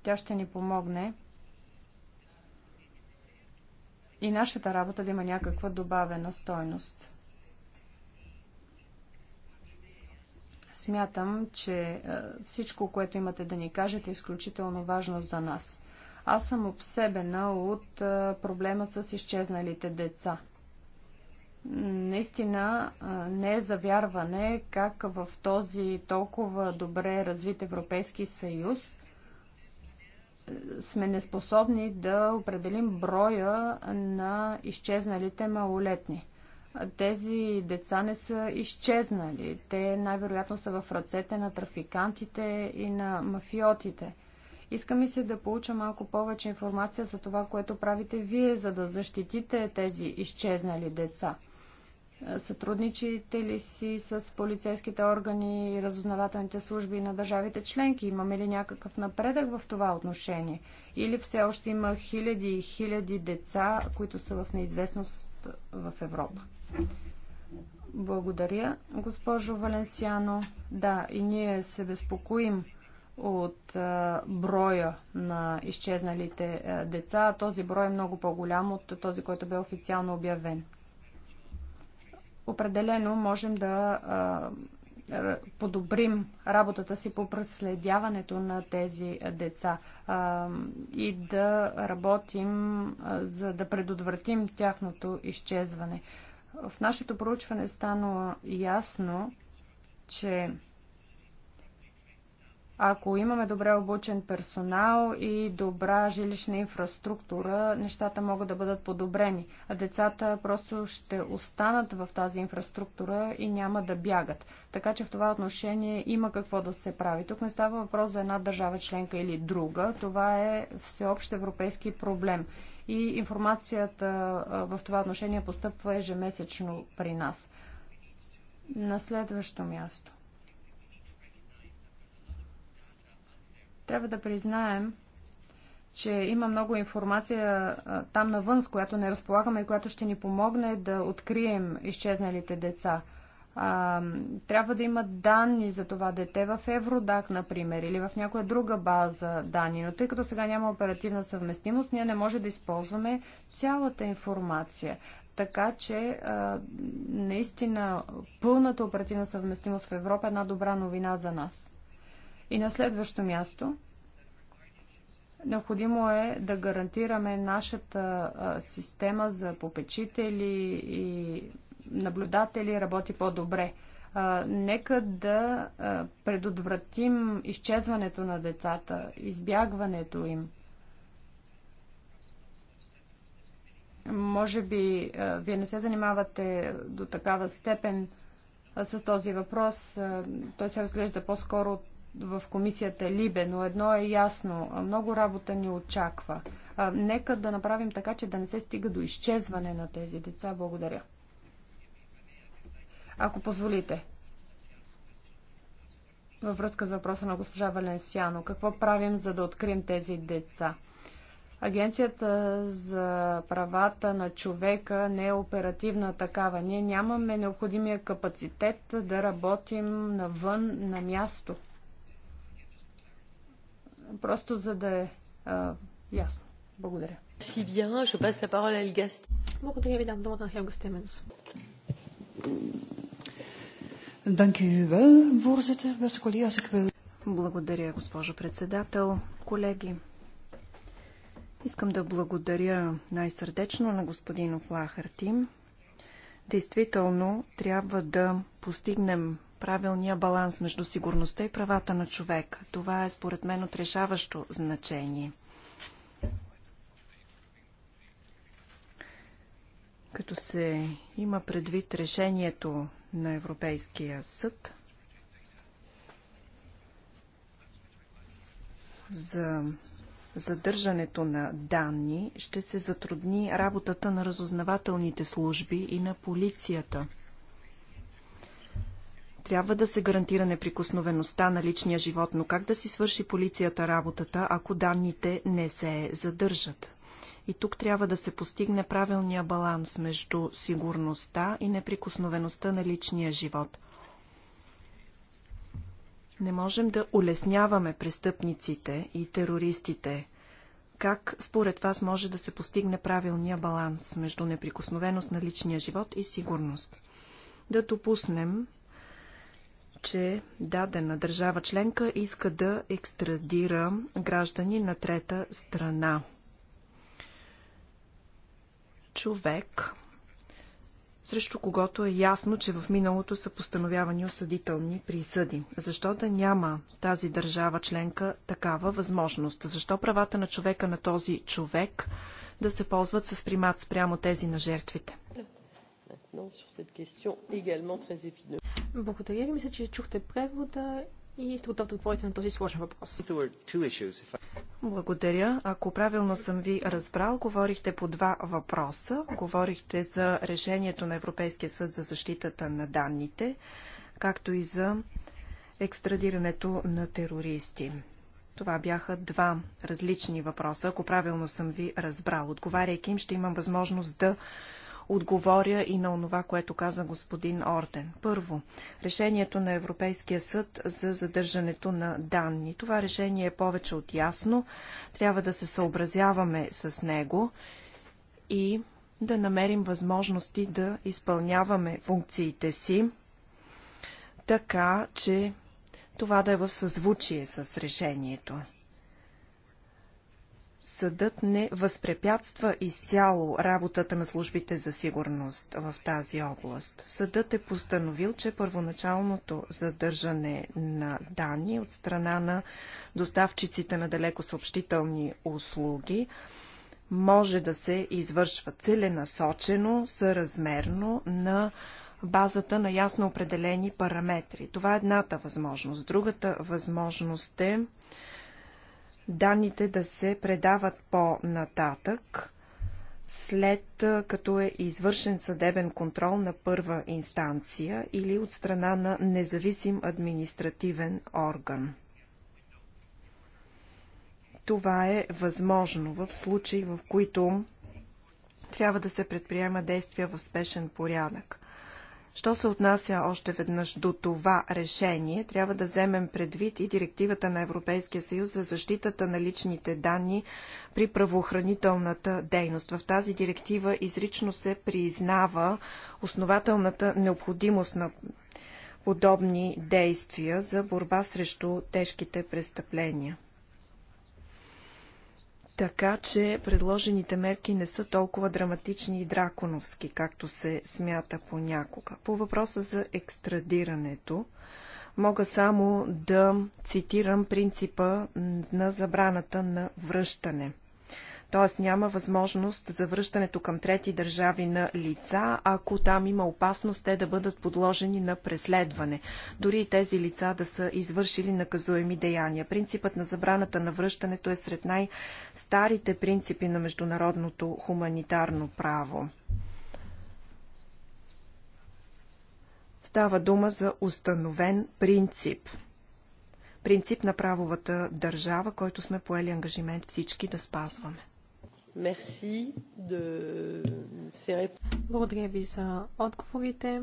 тя ще ни помогне и нашата работа да има някаква добавена стойност. Смятам, че е, всичко, което имате да ни кажете, е изключително важно за нас. Аз съм обсебена от е, проблема с изчезналите деца. Наистина е, не е завярване как в този толкова добре развит Европейски съюз сме неспособни да определим броя на изчезналите малолетни тези деца не са изчезнали. Те най-вероятно са в ръцете на трафикантите и на мафиотите. Иска ми се да получа малко повече информация за това, което правите вие, за да защитите тези изчезнали деца. Сътрудничите ли си с полицейските органи и разузнавателните служби на държавите членки? Имаме ли някакъв напредък в това отношение? Или все още има хиляди и хиляди деца, които са в неизвестност в Европа. Благодаря, госпожо Валенсиано. Да, и ние се безпокоим от а, броя на изчезналите а, деца. Този брой е много по-голям от този, който бе официално обявен. Определено можем да а, е, подобрим работата си по преследяването на тези деца и да работим за да предотвратим тяхното изчезване. В нашето проучване стана ясно, че ако имаме добре обучен персонал и добра жилищна инфраструктура, нещата могат да бъдат подобрени. А децата просто ще останат в тази инфраструктура и няма да бягат. Така че в това отношение има какво да се прави. Тук не става въпрос за една държава членка или друга. Това е всеобщ европейски проблем. И информацията в това отношение постъпва ежемесечно при нас. На следващо място. Трябва да признаем, че има много информация там навън, с която не разполагаме и която ще ни помогне да открием изчезналите деца. А, трябва да има данни за това дете в Евродак, например, или в някоя друга база данни, но тъй като сега няма оперативна съвместимост, ние не може да използваме цялата информация. Така че а, наистина пълната оперативна съвместимост в Европа е една добра новина за нас. И на следващо място, необходимо е да гарантираме нашата система за попечители и наблюдатели работи по-добре. Нека да предотвратим изчезването на децата, избягването им. Може би вие не се занимавате до такава степен с този въпрос. Той се разглежда по-скоро от в комисията Либе, но едно е ясно. Много работа ни очаква. Нека да направим така, че да не се стига до изчезване на тези деца. Благодаря. Ако позволите, във връзка с въпроса на госпожа Валенсиано, какво правим, за да открием тези деца? Агенцията за правата на човека не е оперативна такава. Ние нямаме необходимия капацитет да работим навън на място. Просто за да е а, ясно. Благодаря. Благодаря ви, дам думата на Хелга Стеменс. Благодаря, госпожо председател. Колеги, искам да благодаря най-сърдечно на господин Офлахартим. Действително трябва да постигнем правилния баланс между сигурността и правата на човека. Това е според мен от решаващо значение. Като се има предвид решението на Европейския съд за задържането на данни, ще се затрудни работата на разузнавателните служби и на полицията – трябва да се гарантира неприкосновеността на личния живот, но как да си свърши полицията работата, ако данните не се задържат? И тук трябва да се постигне правилния баланс между сигурността и неприкосновеността на личния живот. Не можем да улесняваме престъпниците и терористите. Как според вас може да се постигне правилния баланс между неприкосновеност на личния живот и сигурност? Да допуснем, че дадена държава членка иска да екстрадира граждани на трета страна. Човек, срещу когото е ясно, че в миналото са постановявани осъдителни присъди. Защо да няма тази държава членка такава възможност? Защо правата на човека на този човек да се ползват с примат спрямо тези на жертвите? maintenant sur cette question également très épineuse. Благодаря ви. Мисля, че чухте превода и сте готов да отговорите на този сложен въпрос. Благодаря. Ако правилно съм ви разбрал, говорихте по два въпроса. Говорихте за решението на Европейския съд за защитата на данните, както и за екстрадирането на терористи. Това бяха два различни въпроса, ако правилно съм ви разбрал. Отговаряйки им, ще имам възможност да отговоря и на онова, което каза господин Орден. Първо, решението на Европейския съд за задържането на данни. Това решение е повече от ясно. Трябва да се съобразяваме с него и да намерим възможности да изпълняваме функциите си така, че това да е в съзвучие с решението съдът не възпрепятства изцяло работата на службите за сигурност в тази област. Съдът е постановил, че първоначалното задържане на данни от страна на доставчиците на далекосъобщителни услуги може да се извършва целенасочено, съразмерно на базата на ясно определени параметри. Това е едната възможност. Другата възможност е данните да се предават по-нататък, след като е извършен съдебен контрол на първа инстанция или от страна на независим административен орган. Това е възможно в случаи, в които трябва да се предприема действия в спешен порядък. Що се отнася още веднъж до това решение, трябва да вземем предвид и директивата на Европейския съюз за защитата на личните данни при правоохранителната дейност. В тази директива изрично се признава основателната необходимост на подобни действия за борба срещу тежките престъпления така че предложените мерки не са толкова драматични и драконовски, както се смята понякога. По въпроса за екстрадирането, мога само да цитирам принципа на забраната на връщане т.е. няма възможност за връщането към трети държави на лица, ако там има опасност те да бъдат подложени на преследване, дори и тези лица да са извършили наказуеми деяния. Принципът на забраната на връщането е сред най-старите принципи на международното хуманитарно право. Става дума за установен принцип принцип на правовата държава, който сме поели ангажимент всички да спазваме. Merci de réponses. Благодаря ви за отговорите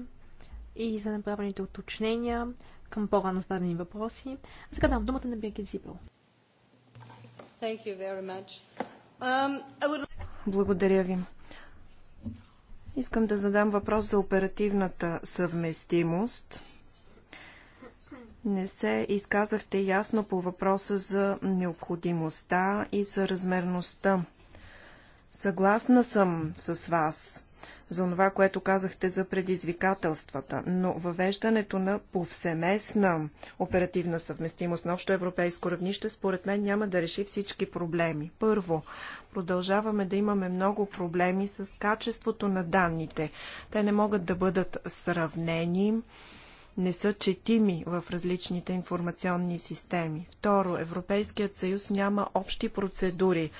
и за направените уточнения към по-рано зададени въпроси. сега дам думата на Бергит Зипел. Um, would... Благодаря ви. Искам да задам въпрос за оперативната съвместимост. Не се изказахте ясно по въпроса за необходимостта и съразмерността Съгласна съм с вас за това, което казахте за предизвикателствата, но въвеждането на повсеместна оперативна съвместимост на общо европейско равнище, според мен няма да реши всички проблеми. Първо, продължаваме да имаме много проблеми с качеството на данните. Те не могат да бъдат сравнени не са четими в различните информационни системи. Второ, Европейският съюз няма общи процедури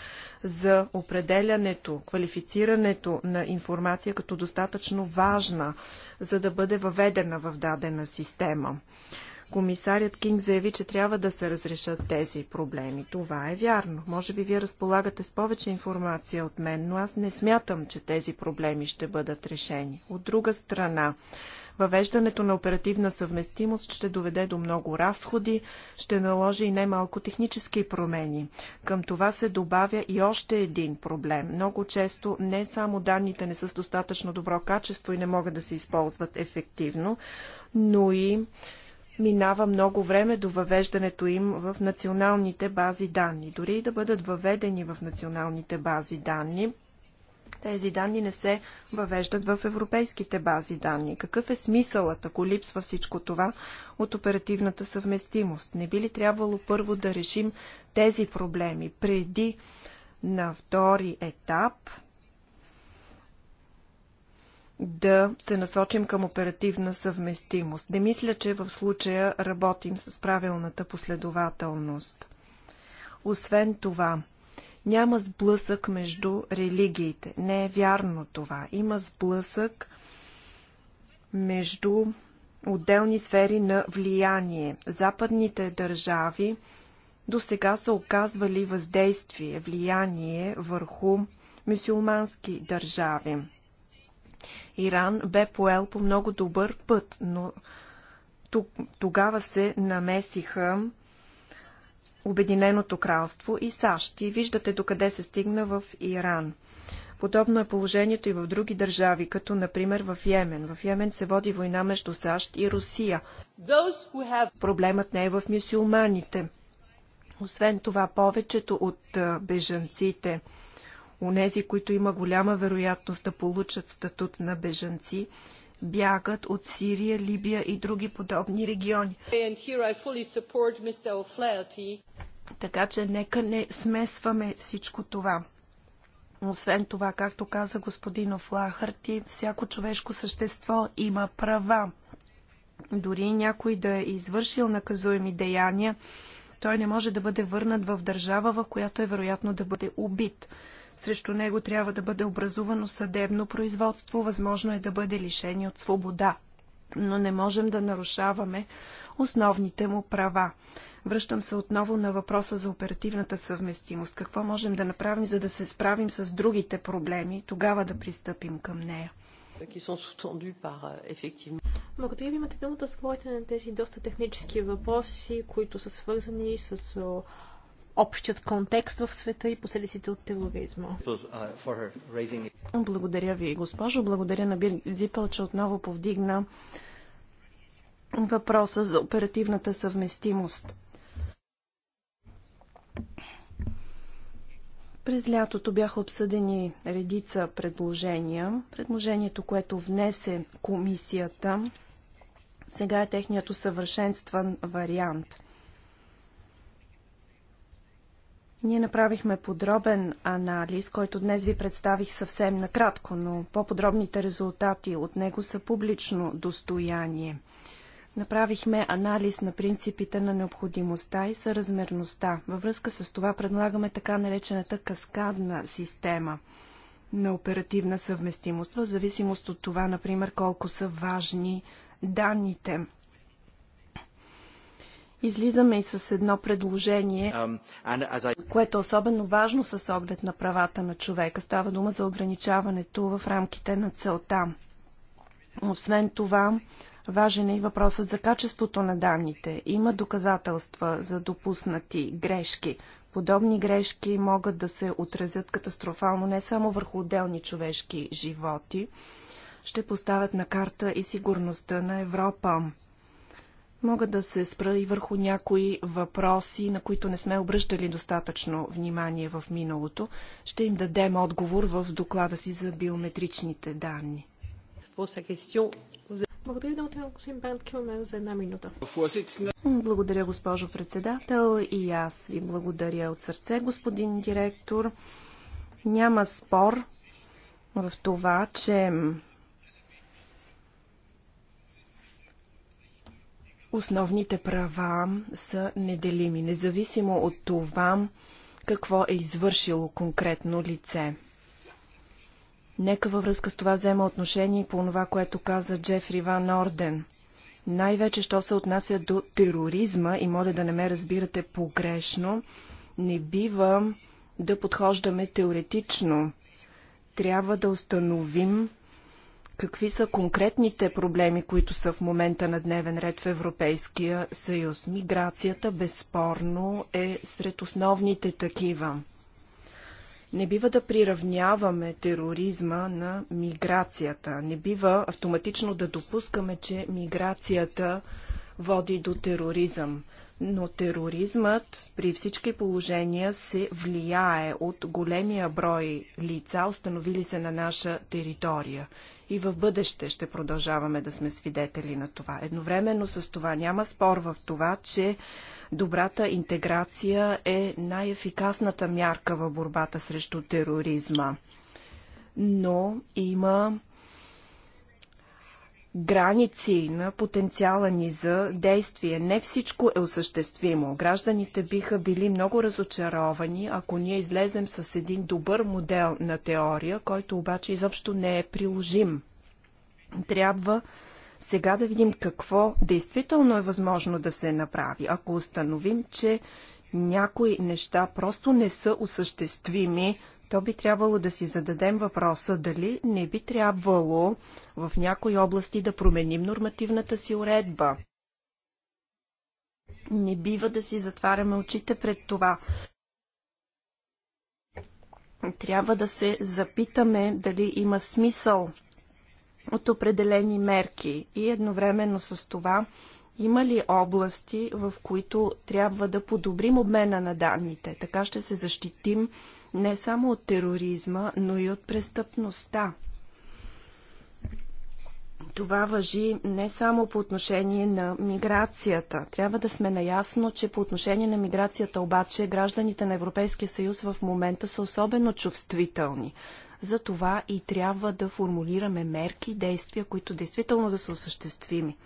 за определянето, квалифицирането на информация като достатъчно важна, за да бъде въведена в дадена система. Комисарят Кинг заяви, че трябва да се разрешат тези проблеми. Това е вярно. Може би вие разполагате с повече информация от мен, но аз не смятам, че тези проблеми ще бъдат решени. От друга страна, Въвеждането на оперативна съвместимост ще доведе до много разходи, ще наложи и немалко технически промени. Към това се добавя и още един проблем. Много често не само данните не са с достатъчно добро качество и не могат да се използват ефективно, но и минава много време до въвеждането им в националните бази данни. Дори и да бъдат въведени в националните бази данни, тези данни не се въвеждат в европейските бази данни. Какъв е смисълът, ако липсва всичко това от оперативната съвместимост? Не би ли трябвало първо да решим тези проблеми преди на втори етап да се насочим към оперативна съвместимост. Не мисля, че в случая работим с правилната последователност. Освен това, няма сблъсък между религиите. Не е вярно това. Има сблъсък между отделни сфери на влияние. Западните държави до сега са оказвали въздействие, влияние върху мюсюлмански държави. Иран бе поел по много добър път, но тогава се намесиха Обединеното кралство и САЩ. И виждате докъде се стигна в Иран. Подобно е положението и в други държави, като например в Йемен. В Йемен се води война между САЩ и Русия. Have... Проблемът не е в мюсюлманите. Освен това, повечето от бежанците, унези, които има голяма вероятност да получат статут на бежанци, бягат от Сирия, Либия и други подобни региони. Така че нека не смесваме всичко това. Освен това, както каза господин Офлахарти, всяко човешко същество има права. Дори някой да е извършил наказуеми деяния, той не може да бъде върнат в държава, в която е вероятно да бъде убит. Срещу него трябва да бъде образувано съдебно производство, възможно е да бъде лишени от свобода. Но не можем да нарушаваме основните му права. Връщам се отново на въпроса за оперативната съвместимост. Какво можем да направим, за да се справим с другите проблеми, тогава да пристъпим към нея? Euh, Благодаря ви. Имате думата да на тези доста технически въпроси, които са свързани с общият контекст в света и последиците от тероризма. Благодаря ви, госпожо. Благодаря на Бир Зипъл, че отново повдигна въпроса за оперативната съвместимост. През лятото бяха обсъдени редица предложения. Предложението, което внесе комисията, сега е техният усъвършенстван вариант – Ние направихме подробен анализ, който днес ви представих съвсем накратко, но по-подробните резултати от него са публично достояние. Направихме анализ на принципите на необходимостта и съразмерността. Във връзка с това предлагаме така наречената каскадна система на оперативна съвместимост, в зависимост от това, например, колко са важни данните – излизаме и с едно предложение, um, което е особено важно с оглед на правата на човека. Става дума за ограничаването в рамките на целта. Освен това, важен е и въпросът за качеството на данните. Има доказателства за допуснати грешки. Подобни грешки могат да се отразят катастрофално не само върху отделни човешки животи, ще поставят на карта и сигурността на Европа. Мога да се спра и върху някои въпроси, на които не сме обръщали достатъчно внимание в миналото. Ще им дадем отговор в доклада си за биометричните данни. Благодаря за една минута. Благодаря, госпожо председател, и аз ви благодаря от сърце, господин директор. Няма спор в това, че Основните права са неделими, независимо от това какво е извършило конкретно лице. Нека във връзка с това взема отношение по това, което каза Джефри Ван Орден. Най-вече, що се отнася до тероризма, и моля да не ме разбирате погрешно, не бива да подхождаме теоретично. Трябва да установим Какви са конкретните проблеми, които са в момента на дневен ред в Европейския съюз? Миграцията безспорно е сред основните такива. Не бива да приравняваме тероризма на миграцията. Не бива автоматично да допускаме, че миграцията води до тероризъм. Но тероризмът при всички положения се влияе от големия брой лица, установили се на наша територия и в бъдеще ще продължаваме да сме свидетели на това. Едновременно с това няма спор в това, че добрата интеграция е най-ефикасната мярка в борбата срещу тероризма. Но има граници на потенциала ни за действие. Не всичко е осъществимо. Гражданите биха били много разочаровани, ако ние излезем с един добър модел на теория, който обаче изобщо не е приложим. Трябва сега да видим какво действително е възможно да се направи. Ако установим, че някои неща просто не са осъществими то би трябвало да си зададем въпроса дали не би трябвало в някои области да променим нормативната си уредба. Не бива да си затваряме очите пред това. Трябва да се запитаме дали има смисъл от определени мерки и едновременно с това има ли области, в които трябва да подобрим обмена на данните? Така ще се защитим не само от тероризма, но и от престъпността. Това въжи не само по отношение на миграцията. Трябва да сме наясно, че по отношение на миграцията обаче гражданите на Европейския съюз в момента са особено чувствителни. За това и трябва да формулираме мерки и действия, които действително да са осъществими.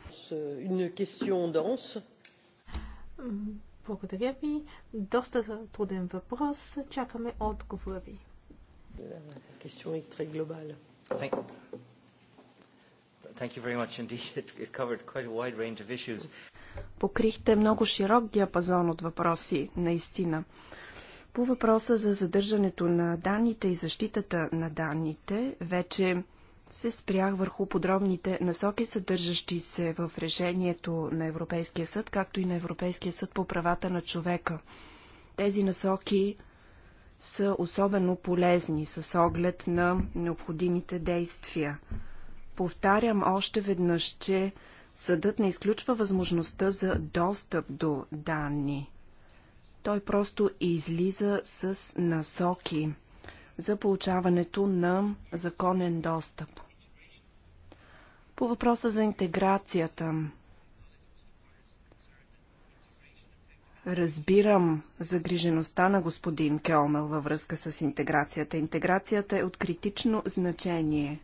Благодаря ви. Доста труден въпрос. Чакаме отговора ви. Покрихте много широк диапазон от въпроси, наистина. По въпроса за задържането на данните и защитата на данните, вече се спрях върху подробните насоки, съдържащи се в решението на Европейския съд, както и на Европейския съд по правата на човека. Тези насоки са особено полезни с оглед на необходимите действия. Повтарям още веднъж, че съдът не изключва възможността за достъп до данни. Той просто излиза с насоки за получаването на законен достъп. По въпроса за интеграцията. Разбирам загрижеността на господин Келмел във връзка с интеграцията. Интеграцията е от критично значение.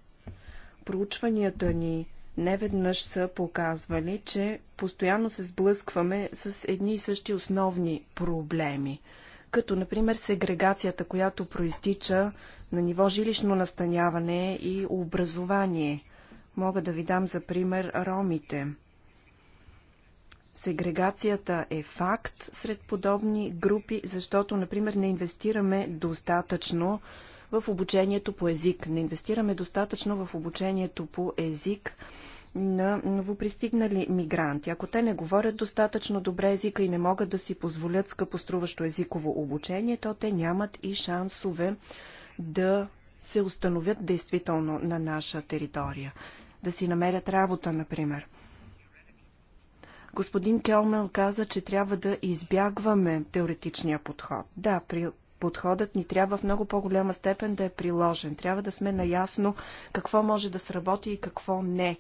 Проучванията ни неведнъж са показвали, че постоянно се сблъскваме с едни и същи основни проблеми, като например сегрегацията, която проистича на ниво жилищно настаняване и образование. Мога да ви дам за пример ромите. Сегрегацията е факт сред подобни групи, защото, например, не инвестираме достатъчно в обучението по език. Не инвестираме достатъчно в обучението по език на новопристигнали мигранти. Ако те не говорят достатъчно добре езика и не могат да си позволят скъпоструващо езиково обучение, то те нямат и шансове да се установят действително на наша територия. Да си намерят работа, например. Господин Келмел каза, че трябва да избягваме теоретичния подход. Да, при подходът ни трябва в много по-голяма степен да е приложен. Трябва да сме наясно какво може да сработи и какво не.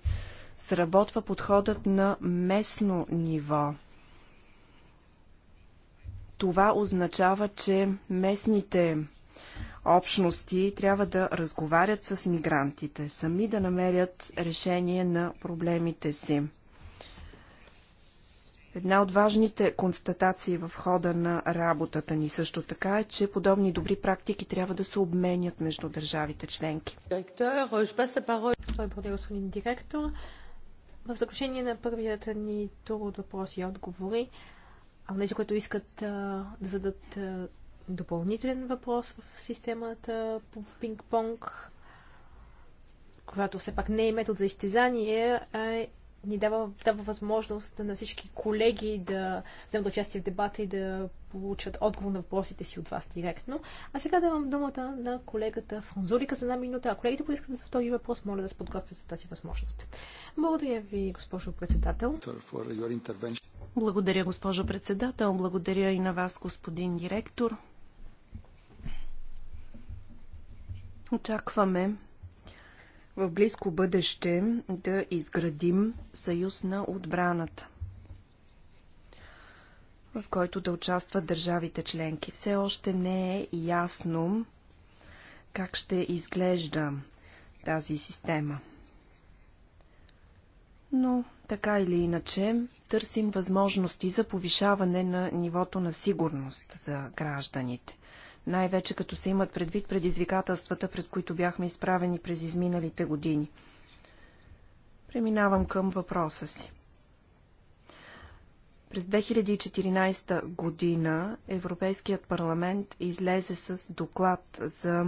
Сработва подходът на местно ниво. Това означава, че местните общности трябва да разговарят с мигрантите, сами да намерят решение на проблемите си. Една от важните констатации в хода на работата ни също така е, че подобни добри практики трябва да се обменят между държавите членки. Благодаря, господин директор. В заключение на първият ни тур от въпроси и отговори, а тези, които искат а, да зададат допълнителен въпрос в системата по пинг-понг, която все пак не е метод за изтезание, а е ни дава, дава възможност на всички колеги да вземат участие в дебата и да получат отговор на въпросите си от вас директно. А сега давам думата на колегата Франзулика за една минута. А колегите, които искат да втори въпрос, моля да се подготвят за тази възможност. Благодаря ви, госпожо председател. Благодаря, госпожо председател. Благодаря и на вас, господин директор. Очакваме в близко бъдеще да изградим съюз на отбраната, в който да участват държавите членки. Все още не е ясно как ще изглежда тази система. Но така или иначе, търсим възможности за повишаване на нивото на сигурност за гражданите най-вече като се имат предвид предизвикателствата, пред които бяхме изправени през изминалите години. Преминавам към въпроса си. През 2014 година Европейският парламент излезе с доклад за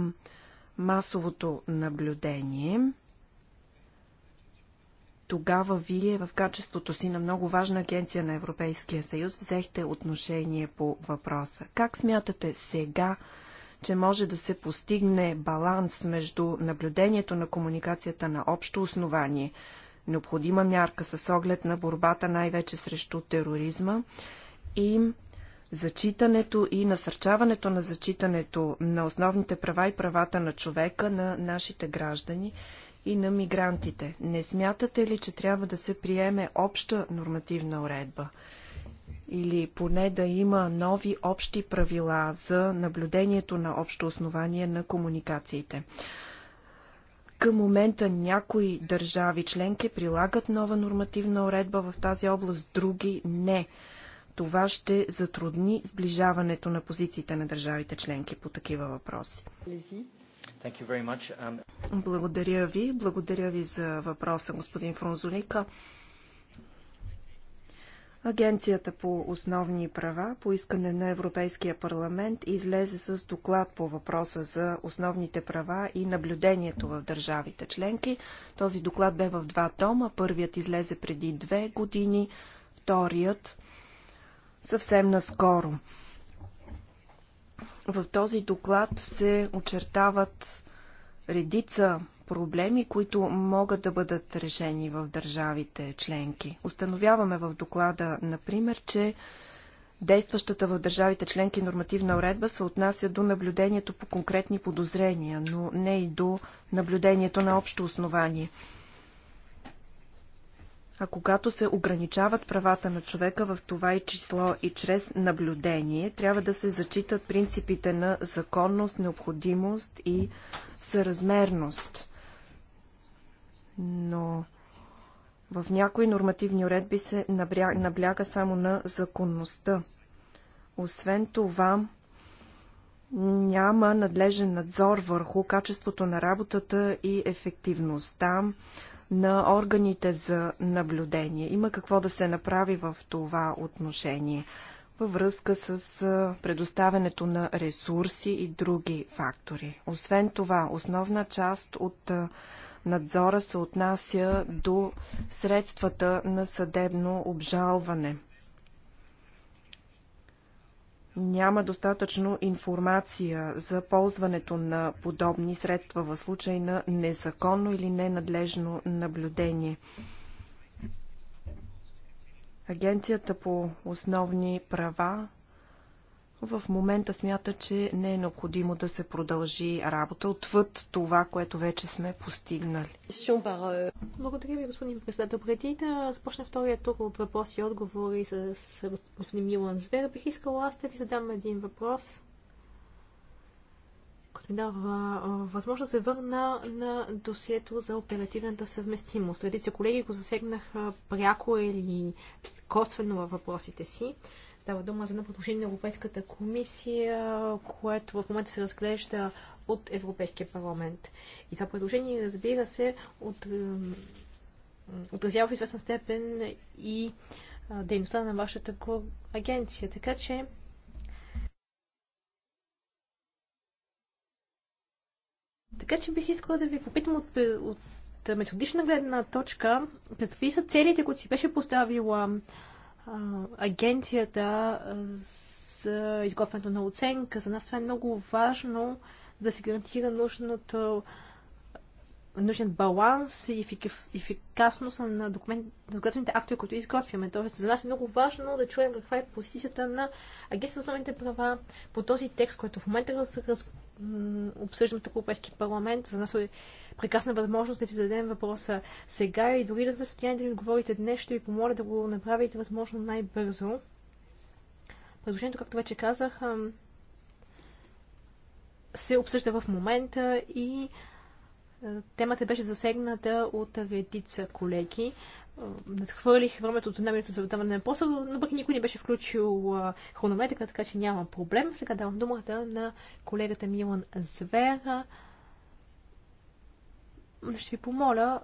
масовото наблюдение. Тогава вие в качеството си на много важна агенция на Европейския съюз взехте отношение по въпроса. Как смятате сега, че може да се постигне баланс между наблюдението на комуникацията на общо основание, необходима мярка с оглед на борбата най-вече срещу тероризма и зачитането и насърчаването на зачитането на основните права и правата на човека на нашите граждани и на мигрантите. Не смятате ли, че трябва да се приеме обща нормативна уредба? Или поне да има нови общи правила за наблюдението на общо основание на комуникациите? Към момента някои държави членки прилагат нова нормативна уредба в тази област, други не. Това ще затрудни сближаването на позициите на държавите членки по такива въпроси. Um, Благодаря ви. Благодаря ви за въпроса, господин Фрунзолика. Агенцията по основни права по искане на Европейския парламент излезе с доклад по въпроса за основните права и наблюдението в държавите членки. Този доклад бе в два тома. Първият излезе преди две години, вторият съвсем наскоро. В този доклад се очертават редица проблеми, които могат да бъдат решени в държавите членки. Установяваме в доклада, например, че действащата в държавите членки нормативна уредба се отнася до наблюдението по конкретни подозрения, но не и до наблюдението на общо основание. А когато се ограничават правата на човека в това и число и чрез наблюдение, трябва да се зачитат принципите на законност, необходимост и съразмерност. Но в някои нормативни уредби се набляга само на законността. Освен това, няма надлежен надзор върху качеството на работата и ефективността на органите за наблюдение. Има какво да се направи в това отношение във връзка с предоставянето на ресурси и други фактори. Освен това, основна част от надзора се отнася до средствата на съдебно обжалване – няма достатъчно информация за ползването на подобни средства в случай на незаконно или ненадлежно наблюдение. Агенцията по основни права в момента смята, че не е необходимо да се продължи работа отвъд това, което вече сме постигнали. Благодаря ви, господин председател. Преди да започна втория тур от въпроси и отговори с господин Милан Звер, бих искала аз да ви задам един въпрос, който ми дава възможност да се върна на досието за оперативната съвместимост. Редица колеги го засегнаха пряко или косвено във въпросите си. Става дума за едно предложение на Европейската комисия, което в момента се разглежда от Европейския парламент. И това предложение, разбира се, от, отразява в известна степен и дейността на вашата агенция. Така че Така че бих искала да ви попитам от, от методична гледна точка, какви са целите, които си беше поставила агенцията за изготвянето на оценка. За нас това е много важно да се гарантира нужното нужен баланс и ефикасност на документите актове, които изготвяме. Тоест, за нас е много важно да чуем каква е позицията на агенцията за основните права по този текст, който в момента раз, раз, обсъждат тук Европейски парламент. За нас е прекрасна възможност да ви зададем въпроса сега и дори да състояние да ми отговорите днес, ще ви помоля да го направите възможно най-бързо. Предложението, както вече казах, се обсъжда в момента и темата беше засегната от редица колеги надхвърлих времето от една минута за отдаване на въпроса, но пък никой не беше включил хронометика, така че няма проблем. Сега давам думата на колегата Милан Звера. Ще ви помоля,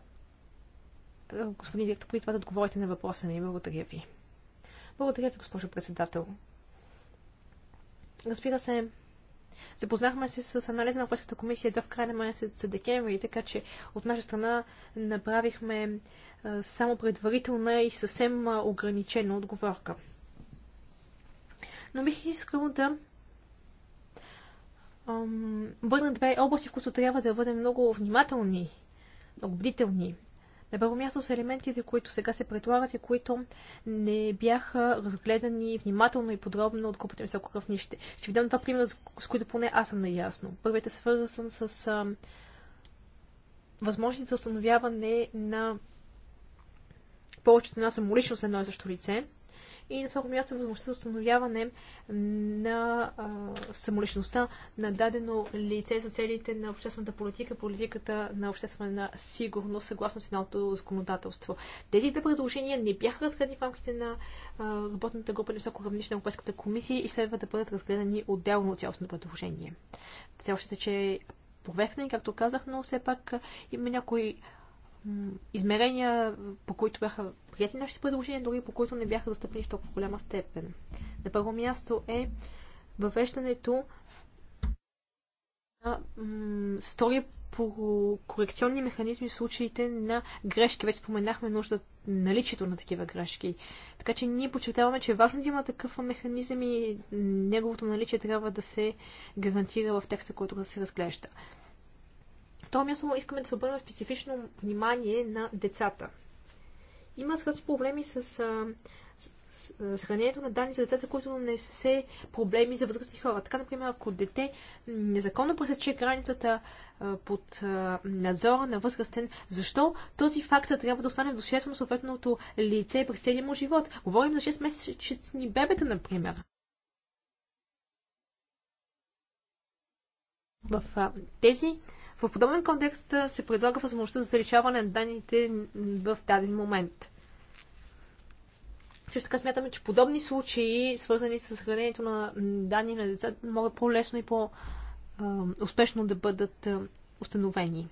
господин директор, при това да отговорите на въпроса ми. Благодаря ви. Благодаря ви, госпожо председател. Разбира се, Запознахме се с анализа на Европейската комисия в края на месец декември, така че от наша страна направихме само предварителна и съвсем ограничена отговорка. Но бих искал да бъдат две области, в които трябва да бъдем много внимателни, много бдителни. На първо място са елементите, които сега се предлагат и които не бяха разгледани внимателно и подробно от групата високо равнище. Ще ви дам два примера, с които поне аз съм наясно. Първият е свързан с а, възможности за установяване на повечето нас самолично с едно и също лице. И на второ място възможността за установяване на а, самоличността на дадено лице за целите на обществената политика, политиката на обществена сигурност, съгласно националното законодателство. Тези две предложения не бяха разгледани в рамките на а, работната група на високо равнище на Европейската комисия и следва да бъдат разгледани отделно от цялостно предложение. Все още, че проверкани, както казах, но все пак има някои измерения, по които бяха прияти нашите предложения, дори по които не бяха застъпени в толкова голяма степен. На първо място е въвеждането на стори по корекционни механизми в случаите на грешки. Вече споменахме нужда наличието на такива грешки. Така че ние подчертаваме, че е важно да има такъв механизъм и неговото наличие трябва да се гарантира в текста, който да се разглежда второ място искаме да се обърнем специфично внимание на децата. Има сръст проблеми с, съхранението на данни за децата, които не са проблеми за възрастни хора. Така, например, ако дете незаконно пресече границата а, под а, надзора на възрастен, защо този факт трябва да остане на съответното лице през целия му живот? Говорим за 6-месечни бебета, например. В а, тези в подобен контекст се предлага възможността за заличаване на данните в даден момент. Също така смятаме, че подобни случаи, свързани с съхранението на данни на деца, могат по-лесно и по-успешно да бъдат установени.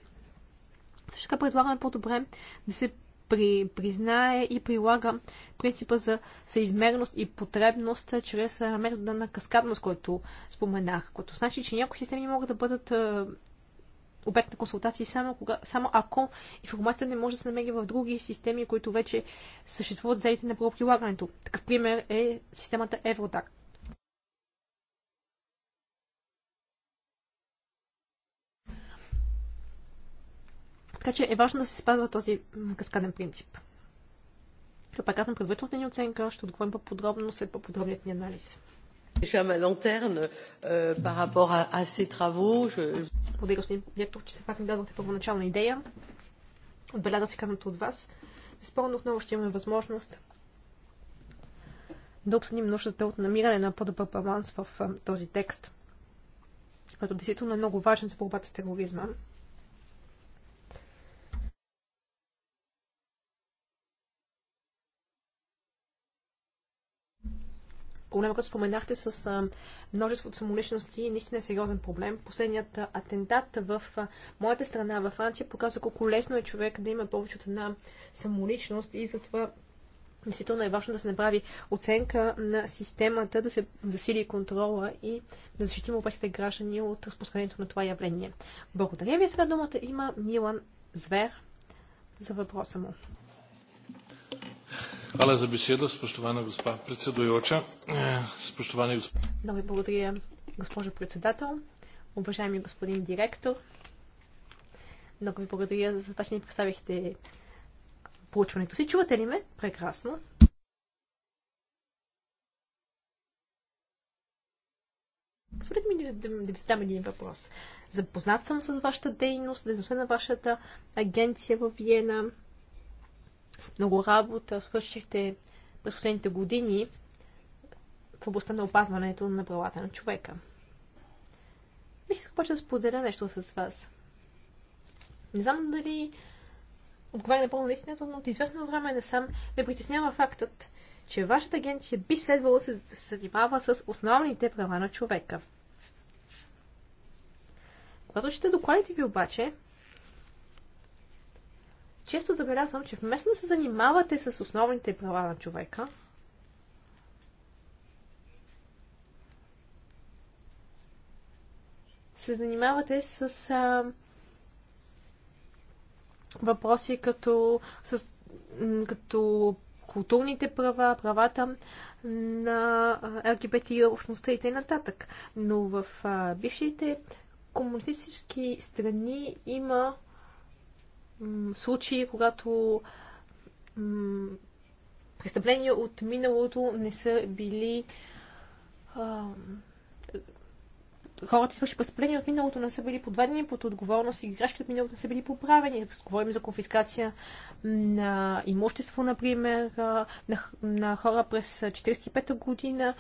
Също така предлагаме по-добре да се при, признае и прилага принципа за съизмерност и потребност чрез метода на каскадност, който споменах. Което значи, че някои системи могат да бъдат обект на консултации само, кога, само ако информацията не може да се намери в други системи, които вече съществуват заедите на правоприлагането. Такъв пример е системата Евродак. Така че е важно да се спазва този каскаден принцип. Това пак казвам, предварителната ни оценка ще отговорим по-подробно след по-подробният ни анализ. Je suis à ma lanterne euh, par rapport à, à ces travaux. Je благодаря, господин директор, че все пак ми дадохте първоначална идея. Отбеляза си казаното от вас. Безспорно отново ще имаме възможност да обсъдим нуждата от намиране на по-добър баланс в този текст, който действително е много важен за борбата с тероризма. проблема, който споменахте с множеството самоличности, е наистина е сериозен проблем. Последният атентат в моята страна, във Франция, показва колко лесно е човек да има повече от една самоличност и затова действително е важно да се направи оценка на системата, да се засили контрола и да защитим европейските граждани от разпространението на това явление. Благодаря ви. Сега думата има Милан Звер за въпроса му. Hvala za besedo, spoštovana gospa predsedujoča. Eh, spoštovani благодаря, госпожо председател, уважаеми господин директор. Много ви благодаря за това, че ни представихте получването си. Чувате ли ме? Прекрасно. Позволете ми да, да ви задам един въпрос. Запознат съм с вашата дейност, дейността на вашата агенция в Виена много работа свършихте през последните години в областта на опазването на правата на човека. Бих искал обаче да споделя нещо с вас. Не знам дали отговаря напълно на истината, но от известно време не сам ме притеснява фактът, че вашата агенция би следвало да се занимава с основните права на човека. Когато ще докладите ви обаче, често забелязвам, че вместо да се занимавате с основните права на човека, се занимавате с а, въпроси като, с, като културните права, правата на ЛГБТ и общността и т.н. Но в а, бившите комунистически страни има случаи, когато престъпления от миналото не са били хората, свърши престъпления от миналото, не са били подведени под отговорност и грешки от миналото не са били поправени. Говорим за конфискация на имущество, например, на, на хора през 1945 година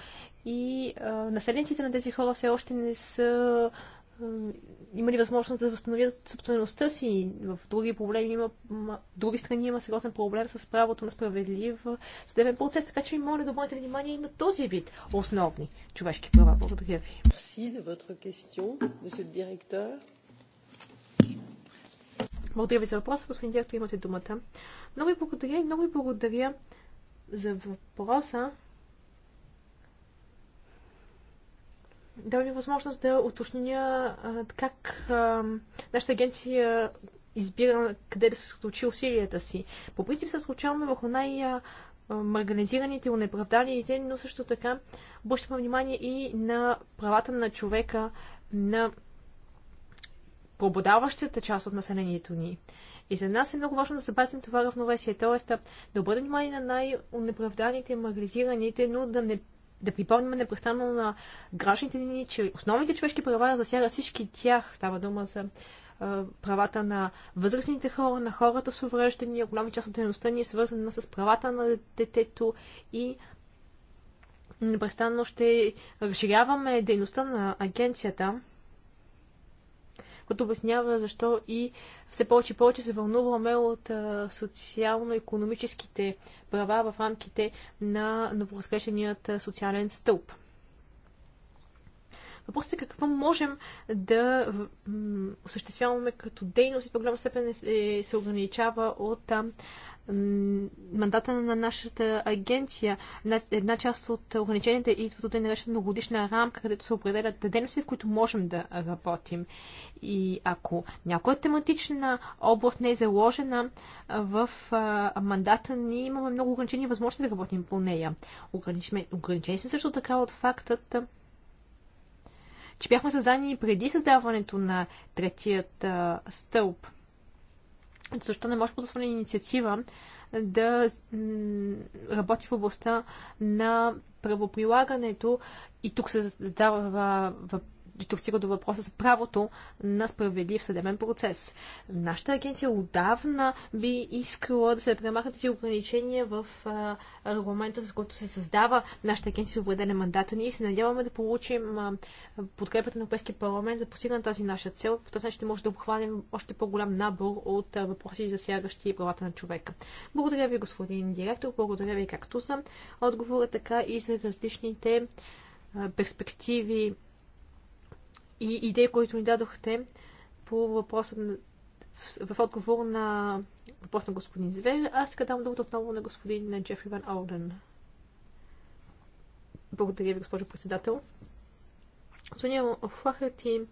и а, наследниците на тези хора все още не са имали възможност да възстановят собствеността си. В други проблеми има, в други страни има сериозен проблем с правото на справедлив съдебен процес, така че ви моля да обърнете внимание и на този вид основни човешки права. Благодаря ви. Благодаря ви за въпроса, господин директор, имате думата. Много ви благодаря и много ви благодаря за въпроса. дава ми възможност да уточня как нашата агенция избира къде да се случи усилията си. По принцип се случаваме върху най- марганизираните, унеправданите, но също така обръщаме внимание и на правата на човека, на прободаващата част от населението ни. И за нас е много важно да запазим това равновесие, т.е. да обърнем внимание на най-унеправданите, марганизираните, но да не да припомняме непрестанно на гражданите ни, че основните човешки права засягат всички тях. Става дума за правата на възрастните хора, на хората с увреждания. Голяма част от дейността ни е свързана с правата на детето и непрестанно ще разширяваме дейността на агенцията, като обяснява защо и все повече и повече се вълнуваме от социално-економическите права в рамките на новоразкрешеният социален стълб. Въпросът е какво можем да осъществяваме като дейност и в голяма степен е, се ограничава от а, мандата на нашата агенция. Една, една част от ограниченията идват от наречена многодишна рамка, където се определят дейности, в които можем да работим. И ако някоя тематична област не е заложена в а, мандата ние имаме много ограничени възможности да работим по нея. Ограничени, ограничени сме също така от фактът, че бяхме създадени преди създаването на третият а, стълб – защо не може по собствена инициатива да работи в областта на правоприлагането. И тук се задава и тук стига до въпроса за правото на справедлив съдебен процес. Нашата агенция отдавна би искала да се премахнат тези ограничения в а, регламента, с който се създава нашата агенция за определен мандата ние се надяваме да получим а, подкрепата на Европейския парламент за постигане на тази наша цел. По този начин ще може да обхванем още по-голям набор от а, въпроси, засягащи правата на човека. Благодаря ви, господин директор. Благодаря ви както за отговора, така и за различните перспективи и идеи, които ни дадохте по въпроса на, в, в отговор на въпрос на господин Звер. Аз сега дам думата отново на господин на Джефри Ван Олден. Благодаря ви, госпожо председател. Соня и.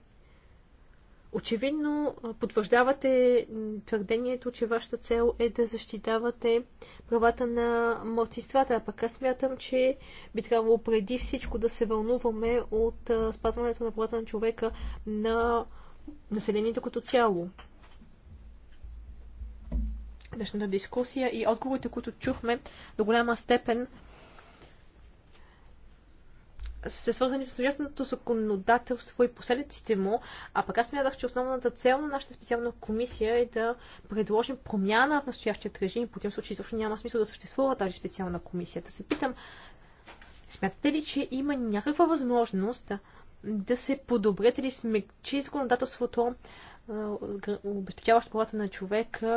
Очевидно потвърждавате твърдението, че вашата цел е да защитавате правата на младсинствата, а пък аз смятам, че би трябвало преди всичко да се вълнуваме от спазването на правата на човека на населението като цяло. Днешната дискусия и отговорите, които чухме, до голяма степен са свързани с настоящото законодателство и последиците му, а пък аз смятах, че основната цел на нашата специална комисия е да предложим промяна в настоящият режим. По този случай изобщо няма смисъл да съществува тази специална комисия. Да се питам, смятате ли, че има някаква възможност да се подобрят или смекчи законодателството обезпечаващо правата на човека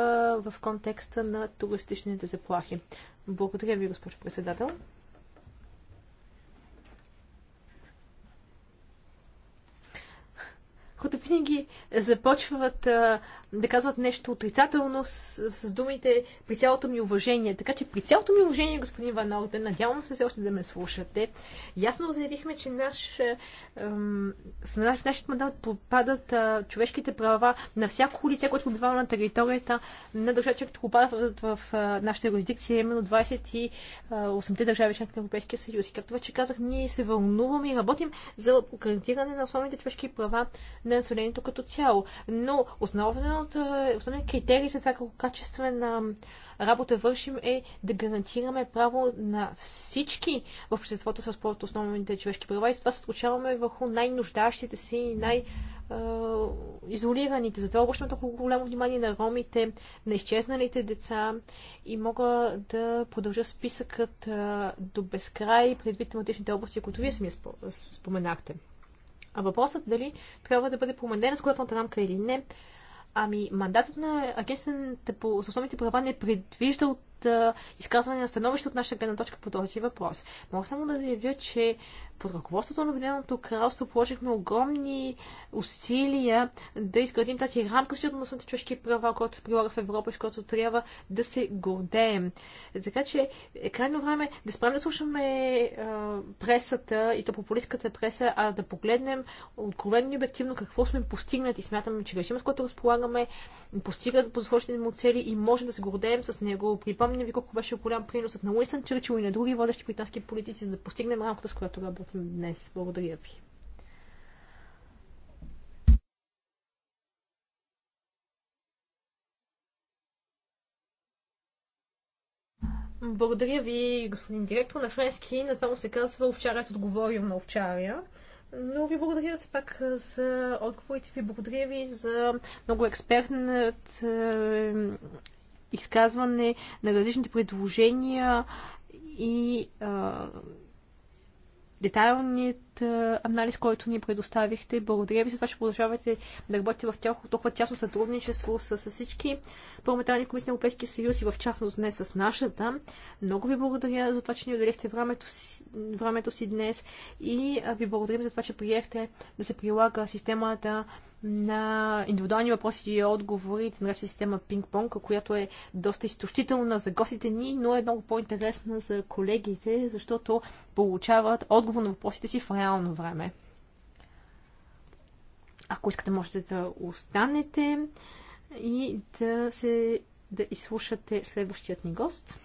в контекста на туристичните заплахи. Благодаря ви, госпожо председател. които винаги започват а, да казват нещо отрицателно с, с думите при цялото ми уважение. Така че при цялото ми уважение, господин Ван Орден, надявам се все още да ме слушате. Ясно заявихме, че наш, в, наш, в нашия мандат попадат човешките права на всяко лице, което побива на територията на като които попадат в, в, в нашата юрисдикция, именно 28-те държави, членки на Европейския съюз. И както вече казах, ние се вълнуваме и работим за гарантиране на основните човешки права на населението като цяло. Но основно от основните е, критерии за това какво качествена работа вършим е да гарантираме право на всички в обществото с полето основните човешки права и с това се случаваме върху най-нуждащите си и най- е, изолираните. Затова обръщам толкова голямо внимание на ромите, на изчезналите деца и мога да продължа списъкът е, до безкрай предвид тематичните области, които вие сами споменахте. А въпросът дали трябва да бъде променена която рамка или не, Ами, мандатът на агенцията по основните права не предвижда от изказване на становище от наша гледна точка по този въпрос. Мога само да заявя, че под ръководството на Обединеното кралство положихме огромни усилия да изградим тази рамка защото относно човешки права, която се прилага в Европа и с която трябва да се гордеем. Така че е крайно време да спрем да слушаме а, пресата и то популистската преса, а да погледнем откровенно и обективно какво сме постигнати. Смятаме, че режимът, с който разполагаме, постигат по заслужените му цели и може да се гордеем с него. Припомням ви колко беше голям приносът на Уинстън Чърчил и на други водещи британски политици, за да постигнем рамката, с която работим обсъждането днес. Благодаря ви. Благодаря ви, господин директор. На френски на това му се казва овчарят отговорил на овчаря. Но ви благодаря все пак за отговорите ви. Благодаря ви за много експертният е, изказване на различните предложения и е, детайлният е, анализ, който ни предоставихте. Благодаря ви за това, че продължавате да работите в тях, толкова тясно сътрудничество с, с всички парламентарни комисии на Европейския съюз и в частност днес с нашата. Много ви благодаря за това, че ни отделихте времето си, времето си днес и е, ви благодарим за това, че приехте да се прилага системата на индивидуални въпроси и отговори, нарече система пинг-понг, която е доста изтощителна за гостите ни, но е много по-интересна за колегите, защото получават отговор на въпросите си в реално време. Ако искате, можете да останете и да, се, да изслушате следващият ни гост.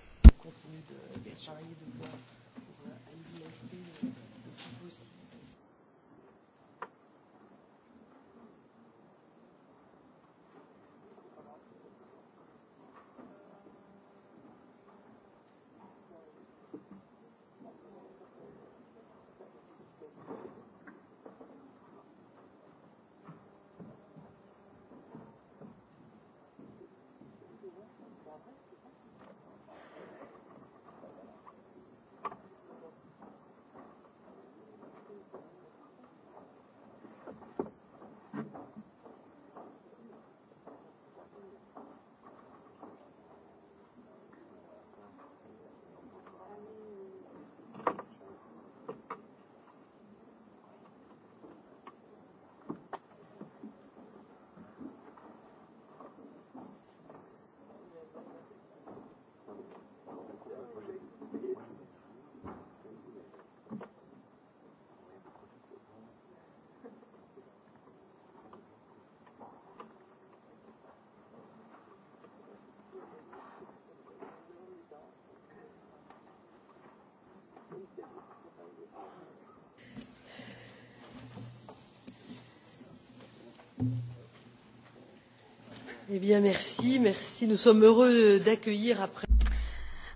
Eh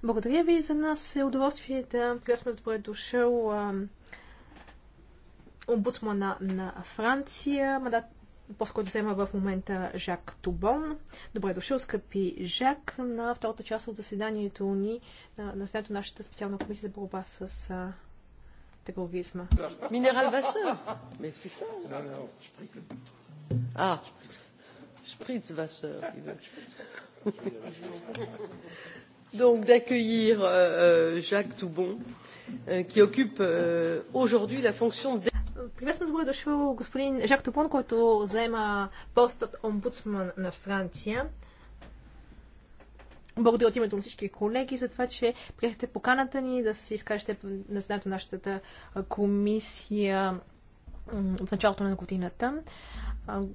Благодаря ви. За нас е удоволствие да приветстваме с добре дошъл омбудсмана на Франция, мандат скоро да взема в момента Жак Тубон. Добре дошъл, скъпи Жак, на втората част от заседанието ни, на, на заседанието на нашата специална комисия за борба с а, тероризма. Минерал Васър? са? Ah. Spritzwasser. [LAUGHS] Donc d'accueillir euh, euh, Jacques Toubon, euh, qui occupe euh, aujourd'hui la fonction de... Приветствам добре дошъл господин Жак Топон, който заема постът омбудсман на Франция. Благодаря от името на всички колеги за това, че приехте поканата ни да се изкажете на знанието на нашата комисия от началото на годината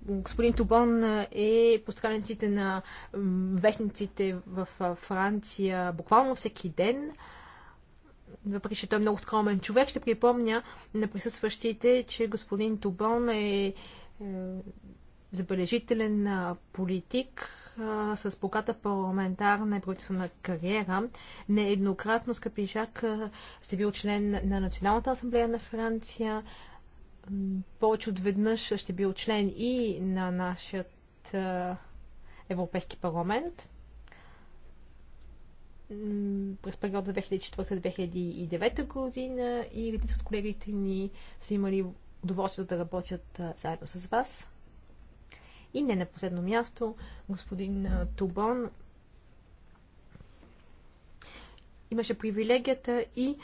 господин Тубон е по страниците на вестниците в Франция буквално всеки ден. Въпреки, че той е много скромен човек, ще припомня на присъстващите, че господин Тубон е, е забележителен политик а, с богата парламентарна и правителствена кариера. Нееднократно, скъпи Жак, сте бил член на Националната асамблея на Франция, повече от веднъж ще бил член и на нашият Европейски парламент през периода 2004-2009 година и редица от колегите ни са имали удоволствието да работят заедно с вас. И не на последно място, господин Тубон имаше привилегията и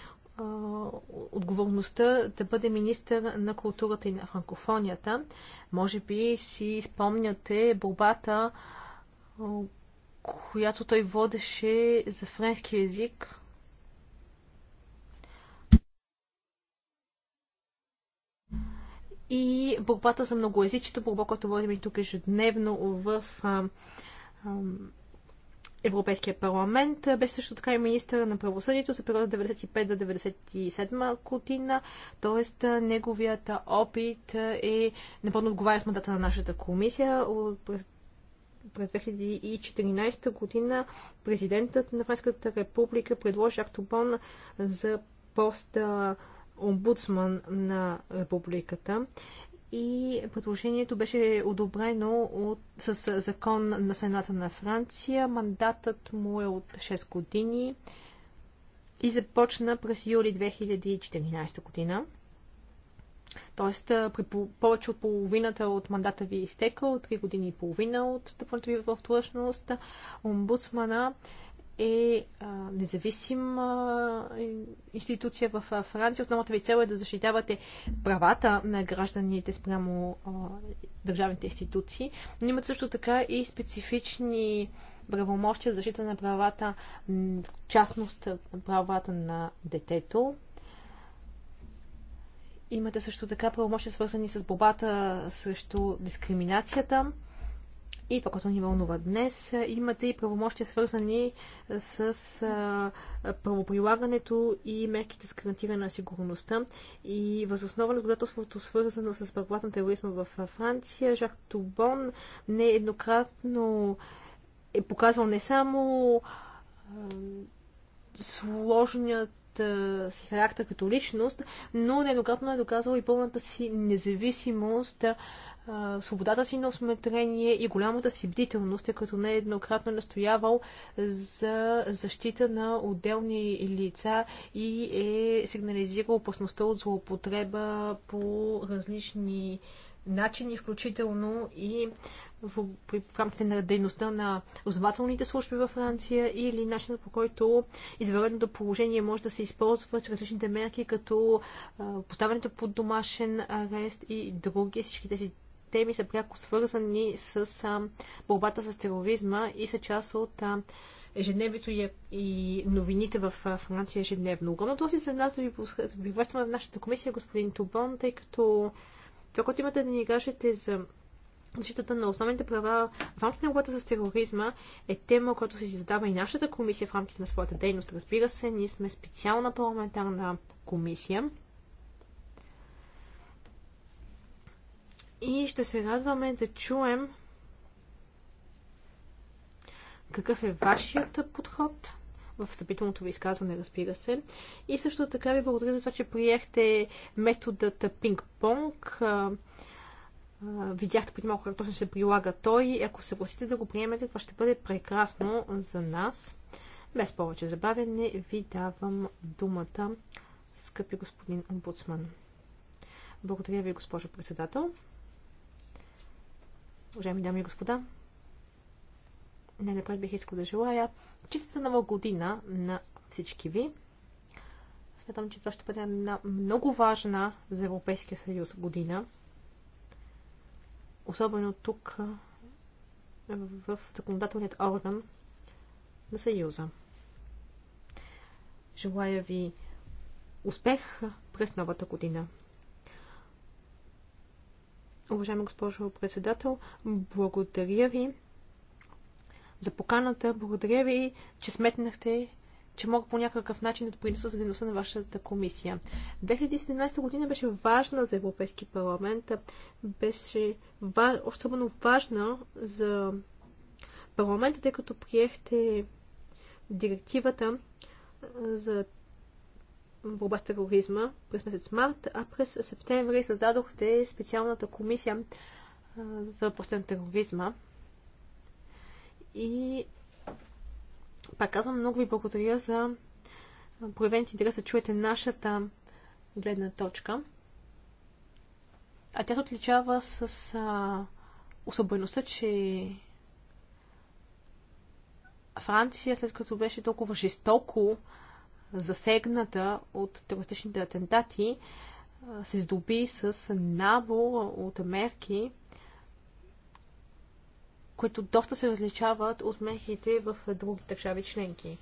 отговорността да бъде министър на културата и на франкофонията. Може би си спомняте борбата, която той водеше за френски язик. И борбата за многоязичието, борба, която водим и тук ежедневно в Европейския парламент. Беше също така и министър на правосъдието за периода 95 до 97 година, т.е. неговият опит е напълно отговаря с мандата на нашата комисия. През 2014 година президентът на Френската република предложи Актобон за поста омбудсман на републиката и предложението беше одобрено от, с закон на Сената на Франция. Мандатът му е от 6 години и започна през юли 2014 година. Тоест, при повече от половината от мандата ви е изтекал, 3 години и половина от стъпването ви в длъжност, омбудсмана е а, независима институция в Франция. Основната ви цел е да защитавате правата на гражданите спрямо а, държавните институции, но имат също така и специфични правомощия за защита на правата, в частност правата на детето. Имате също така правомощия, свързани с борбата срещу дискриминацията и това, което ни вълнува днес, имате и правомощия свързани с правоприлагането и мерките с гарантиране на сигурността. И възоснова на сгодателството, свързано с правилата на тероризма в Франция, Жак Тубон нееднократно е показал не само сложният си характер като личност, но нееднократно е доказал и пълната си независимост свободата си на осмотрение и голямата си бдителност, тъй като не е еднократно настоявал за защита на отделни лица и е сигнализирал опасността от злоупотреба по различни начини, включително и в, в, в рамките на дейността на озвателните служби във Франция или начинът по който извънредното положение може да се използва чрез различните мерки, като а, поставянето под домашен арест и други. Всички тези теми са пряко свързани с а, борбата с тероризма и са част от а, ежедневието и, и новините в а, Франция ежедневно. Огромно този за нас да ви, да в нашата комисия, господин Тубон, тъй като това, което имате да ни кажете за защитата на основните права в рамките на борбата с тероризма е тема, която се задава и нашата комисия в рамките на своята дейност. Разбира се, ние сме специална парламентарна комисия. и ще се радваме да чуем какъв е вашият подход в встъпителното ви изказване, разбира се. И също така ви благодаря за това, че приехте методът пинг-понг. Видяхте преди малко как точно се прилага той. Ако се гласите да го приемете, това ще бъде прекрасно за нас. Без повече забавяне ви давам думата, скъпи господин омбудсман. Благодаря ви, госпожо председател. Уважаеми дами и господа, не напред бих искал да желая чистата нова година на всички ви. Смятам, че това ще бъде една много важна за Европейския съюз година. Особено тук в законодателният орган на Съюза. Желая ви успех през новата година. Уважаема госпожо председател, благодаря ви за поканата. Благодаря ви, че сметнахте, че мога по някакъв начин да допринеса за дейността на вашата комисия. 2017 година беше важна за Европейски парламент. Беше ва... особено важна за парламента, тъй като приехте директивата за борба с тероризма през месец март, а през септември създадохте специалната комисия за въпросите на тероризма. И пак казвам, много ви благодаря за проявените интерес да чуете нашата гледна точка. А тя се отличава с а, особеността, че Франция, след като беше толкова жестоко засегната от терористичните атентати, се здоби с набор от мерки, които доста се различават от мерките в други държави членки.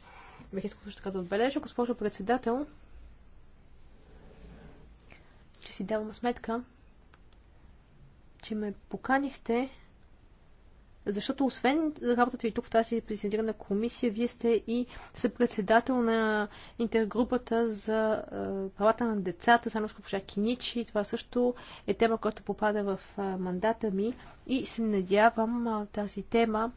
Бих искал също така да отбележа, госпожо председател, че си давам сметка, че ме поканихте защото освен работата ви тук в тази президентирана комисия, вие сте и съпредседател на интергрупата за правата на децата, за с госпожа Киничи. Това също е тема, която попада в мандата ми и се надявам тази тема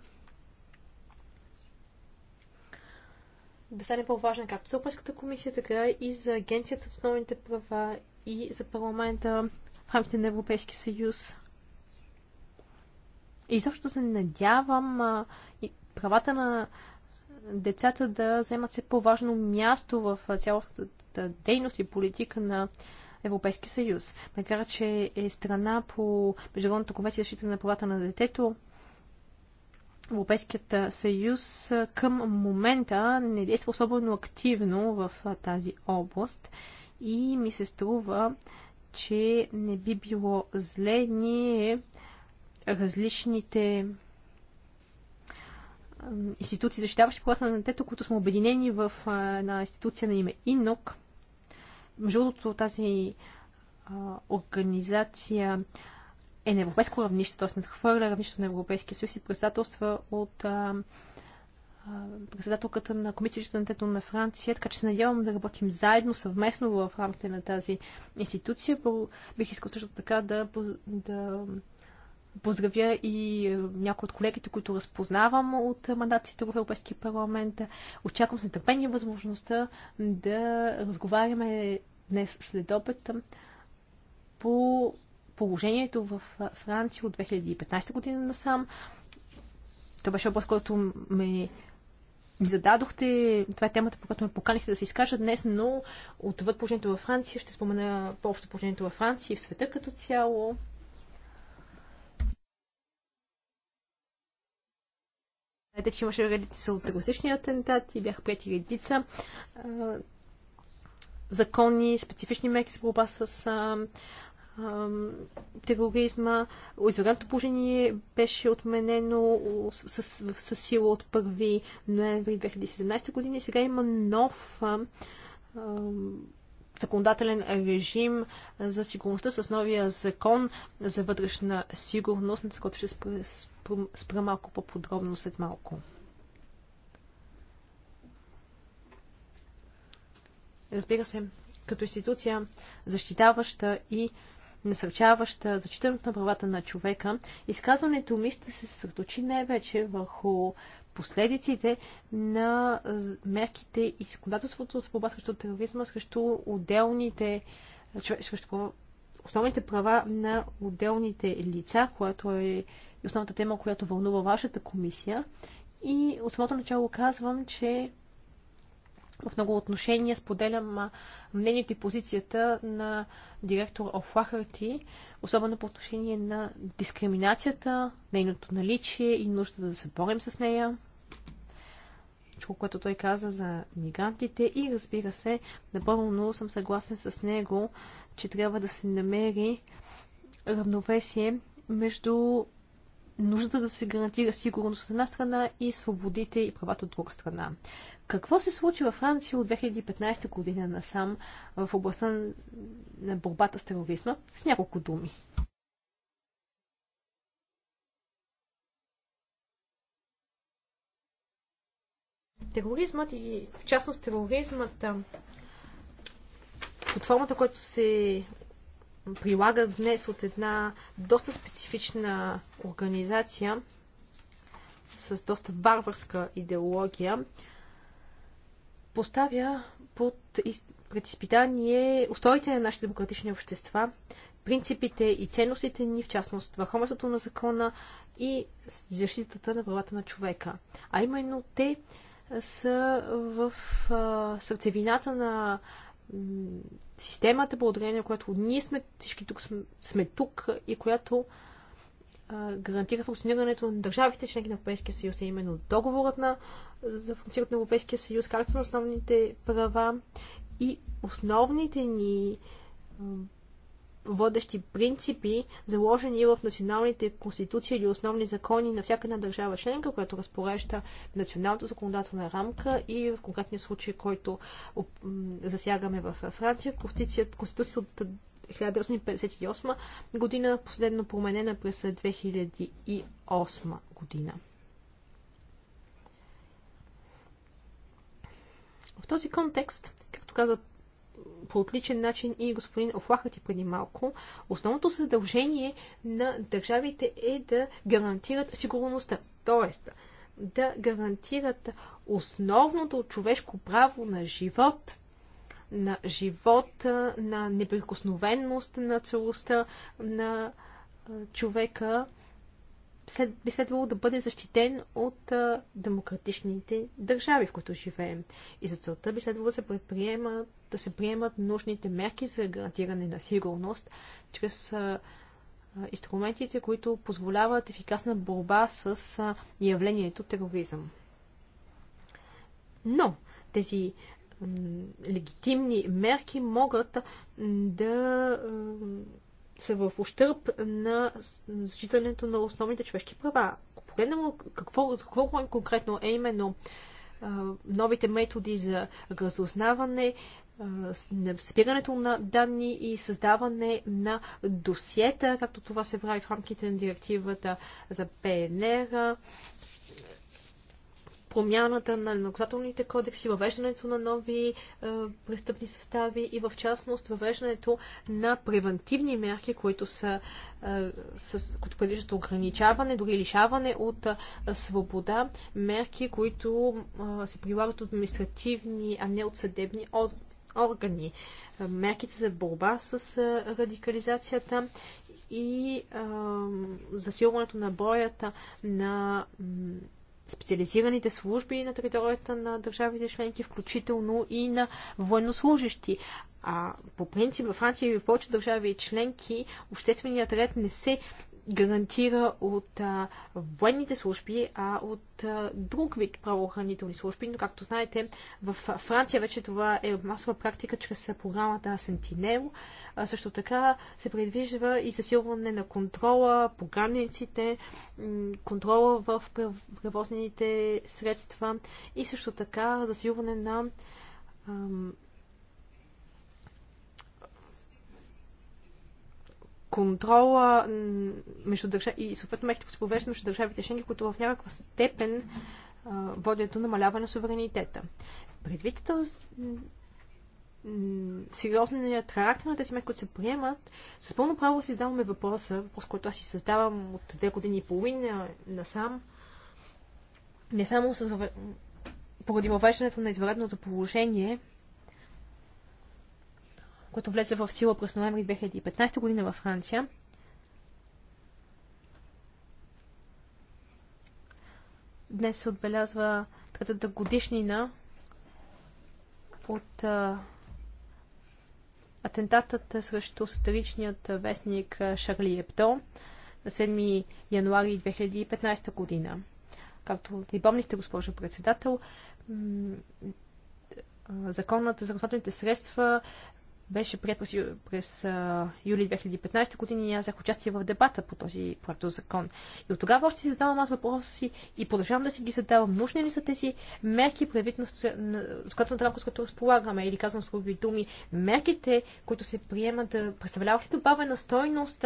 да стане по-важна както за Европейската комисия, така и за Агенцията за основните права и за парламента в рамките на Европейския съюз. И също се надявам а, и правата на децата да вземат все по-важно място в цялостната дейност и политика на Европейския съюз. Макар, че е страна по Международната конвенция защита на правата на детето, Европейският съюз към момента не действа особено активно в тази област и ми се струва, че не би било зле ние различните институции, защитаващи правата на детето, които сме обединени в една институция на име ИНОК. Между другото, тази организация е на европейско равнище, т.е. надхвърля равнището на Европейския съюз и председателства от а, председателката на Комисията на детето на Франция, така че се надявам да работим заедно, съвместно в рамките на тази институция. Бих искал също така да, да поздравя и някои от колегите, които разпознавам от мандатите в Европейския парламент. Очаквам с нетърпение възможността да разговаряме днес след обед по положението в Франция от 2015 година насам. Това беше въпрос, който ме ми зададохте, това е темата, по която ме поканихте да се изкажа днес, но отвъд положението във Франция ще спомена по-общо положението във Франция и в света като цяло. Знаете, че имаше редица от терористични атентати, бяха прияти редица а, закони, специфични мерки за борба с а, а, тероризма. Изоранното положение беше отменено с, с, с сила от 1 ноември 2017 година и сега има нов а, законодателен режим за сигурността с новия закон за вътрешна сигурност, на който ще спра, малко по-подробно след малко. Разбира се, като институция, защитаваща и насърчаваща зачитането на правата на човека, изказването ми ще се съсредоточи най-вече върху последиците на мерките и законодателството за борба срещу тероризма срещу отделните срещу основните права на отделните лица, което е основната тема, която вълнува вашата комисия. И от самото начало казвам, че в много отношения споделям мнението и позицията на директор Офлахарти, особено по отношение на дискриминацията, нейното наличие и нуждата да се борим с нея всичко, което той каза за мигрантите и разбира се, напълно съм съгласен с него, че трябва да се намери равновесие между нуждата да се гарантира сигурност от една страна и свободите и правата от друга страна. Какво се случи във Франция от 2015 година насам в областта на борбата с тероризма? С няколко думи. тероризмът и в частност тероризмът под формата, която се прилага днес от една доста специфична организация с доста варварска идеология, поставя под предизпитание устоите на нашите демократични общества, принципите и ценностите ни, в частност върховенството на закона и защитата на правата на човека. А именно те са в сърцевината на системата, благодарение на която ние сме, всички тук сме, сме тук и която гарантира функционирането на държавите, членки на Европейския съюз, а е именно договорът на, за функционирането на Европейския съюз, както са основните права и основните ни водещи принципи, заложени в националните конституции или основни закони на всяка една държава членка, която разпорежда националната законодателна рамка и в конкретния случай, който засягаме в Франция, конституцията от 1958 година, последно променена през 2008 година. В този контекст, както каза по отличен начин и господин Охлахът и преди малко, основното задължение на държавите е да гарантират сигурността. Тоест, да гарантират основното човешко право на живот, на живота, на неприкосновенност на целостта на човека, след, би следвало да бъде защитен от а, демократичните държави, в които живеем. И за целта би следвало да се предприемат, да се приемат нужните мерки за гарантиране на сигурност, чрез а, инструментите, които позволяват ефикасна борба с а, явлението тероризъм. Но тези легитимни мерки могат да са в ущърп на зачитането на основните човешки права. Ако погледнем какво, за какво конкретно, е именно новите методи за разузнаване, събирането на данни и създаване на досиета, както това се прави в рамките на директивата за ПНР, промяната на наказателните кодекси, въвеждането на нови е, престъпни състави и в частност въвеждането на превентивни мерки, които са е, с, които предвиждат ограничаване, дори лишаване от е, свобода, мерки, които е, се прилагат от административни, а не от съдебни от, органи. Е, мерките за борба с е, радикализацията и е, засилването на броята на специализираните служби на територията на държавите членки, включително и на военнослужащи. А по принцип във Франция и в повече държави и членки общественият ред не се гарантира от а, военните служби, а от а, друг вид правоохранителни служби. Но, както знаете, в Франция вече това е масова практика чрез програмата Сентинел. А, също така се предвижда и засилване на контрола по границите, контрола в превозните средства и също така засилване на ам, контрола между държа... и съответно мехите които се провеждат между държавите шенги, които в някаква степен а, водят до намаляване на суверенитета. Предвид този сериозният характер на тези мерки, които се приемат, с пълно право си задаваме въпроса, въпрос, който аз си създавам от две години и половина насам, не само с поради въвеждането на извънредното положение, което влезе в сила през ноември 2015 година във Франция. Днес се отбелязва третата годишнина от а, атентатът срещу сатиричният вестник Шарли Епто на 7 януари 2015 година. Както ви помнихте, госпожо председател, законът за разходните средства беше прият през, през а, юли 2015 година и аз взех участие в дебата по този проекто закон. И от тогава още си задавам аз въпроси и продължавам да си ги задавам. Нужни ли са тези мерки, предвид на законодателната рамка, с която разполагаме? Или казвам с други думи, мерките, които се приемат, да представляват ли добавена стойност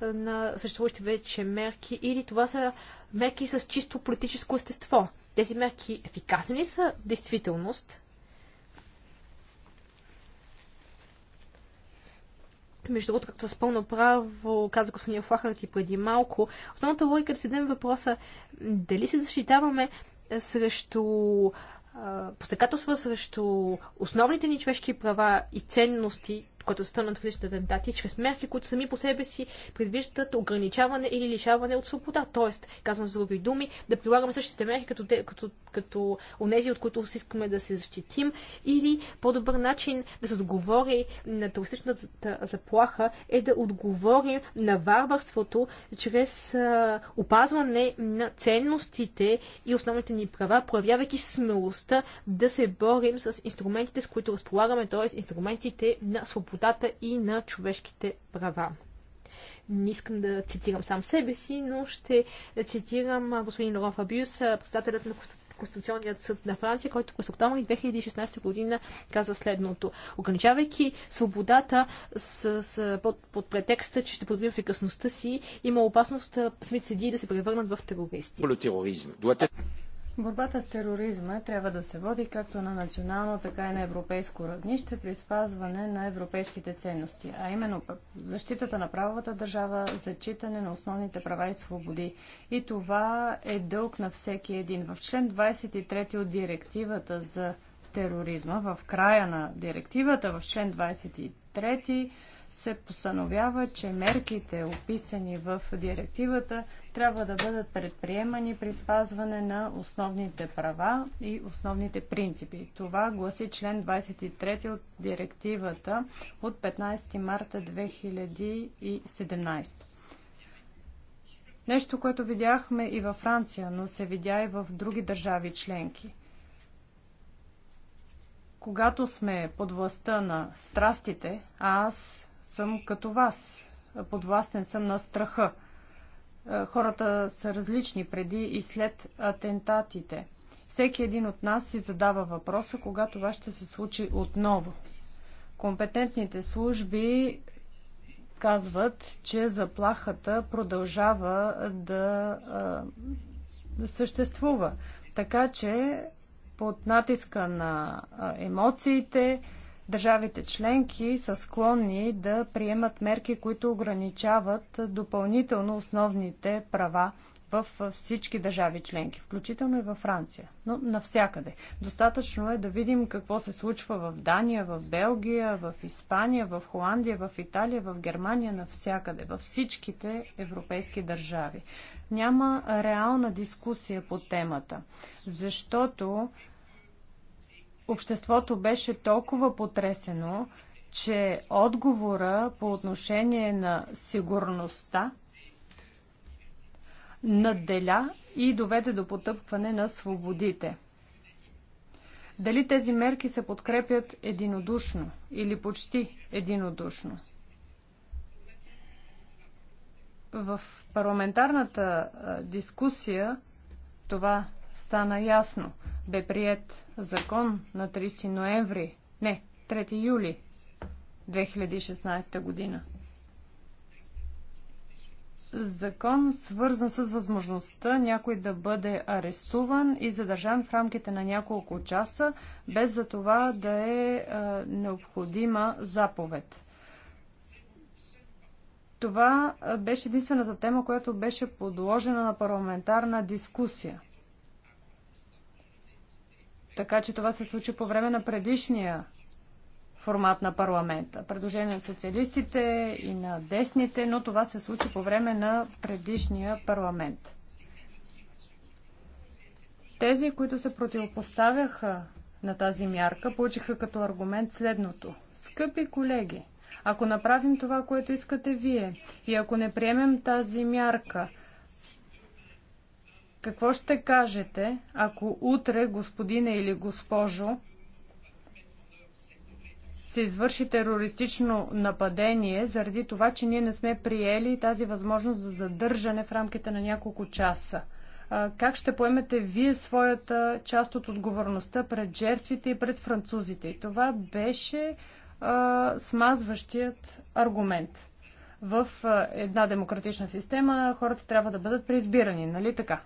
на съществуващите вече мерки? Или това са мерки с чисто политическо естество? Тези мерки ефикасни ли са в действителност? Между другото, както с пълно право каза господин Флахарт и преди малко, основната логика да си дадем въпроса дали се защитаваме срещу посекателства срещу основните ни човешки права и ценности като на терористичните атентати, чрез мерки, които сами по себе си предвиждат ограничаване или лишаване от свобода. Тоест, казвам с други думи, да прилагаме същите мерки като, те, като, като онези, от които си искаме да се защитим, или по-добър начин да се отговори на терористичната заплаха е да отговорим на варварството чрез а, опазване на ценностите и основните ни права, проявявайки смелостта да се борим с инструментите, с които разполагаме, т.е. инструментите на свобода свободата и на човешките права. Не искам да цитирам сам себе си, но ще цитирам господин Лоран Фабиус, председателят на Конституционният съд на Франция, който през октомври 2016 година каза следното. Ограничавайки свободата с, с, под, под претекста, че ще подбива ефикасността си, има опасност самите седи да се превърнат в терористи. Борбата с тероризма трябва да се води както на национално, така и на европейско равнище при спазване на европейските ценности, а именно защитата на правовата държава, зачитане на основните права и свободи. И това е дълг на всеки един. В член 23 от директивата за тероризма, в края на директивата, в член 23 се постановява, че мерките, описани в директивата, трябва да бъдат предприемани при спазване на основните права и основните принципи. Това гласи член 23 от директивата от 15 марта 2017. Нещо, което видяхме и във Франция, но се видя и в други държави членки. Когато сме под властта на страстите, а аз съм като вас, подвластен съм на страха – е, хората са различни преди и след атентатите. Всеки един от нас си задава въпроса кога това ще се случи отново. Компетентните служби казват, че заплахата продължава да, да е, съществува. Така че под натиска на е, емоциите, държавите членки са склонни да приемат мерки, които ограничават допълнително основните права в всички държави членки, включително и във Франция, но навсякъде. Достатъчно е да видим какво се случва в Дания, в Белгия, в Испания, в Холандия, в Италия, в Германия, навсякъде, във всичките европейски държави. Няма реална дискусия по темата, защото обществото беше толкова потресено, че отговора по отношение на сигурността надделя и доведе до потъпване на свободите. Дали тези мерки се подкрепят единодушно или почти единодушно? В парламентарната дискусия това стана ясно. Бе прият закон на 30 ноември, не, 3 юли 2016 година. Закон, свързан с възможността някой да бъде арестуван и задържан в рамките на няколко часа, без за това да е, е необходима заповед. Това беше единствената тема, която беше подложена на парламентарна дискусия. Така че това се случи по време на предишния формат на парламента. Предложение на социалистите и на десните, но това се случи по време на предишния парламент. Тези, които се противопоставяха на тази мярка, получиха като аргумент следното. Скъпи колеги, ако направим това, което искате вие, и ако не приемем тази мярка, какво ще кажете, ако утре, господине или госпожо, се извърши терористично нападение, заради това, че ние не сме приели тази възможност за задържане в рамките на няколко часа? Как ще поемете вие своята част от отговорността пред жертвите и пред французите? И това беше а, смазващият аргумент. В а, една демократична система хората трябва да бъдат преизбирани, нали така?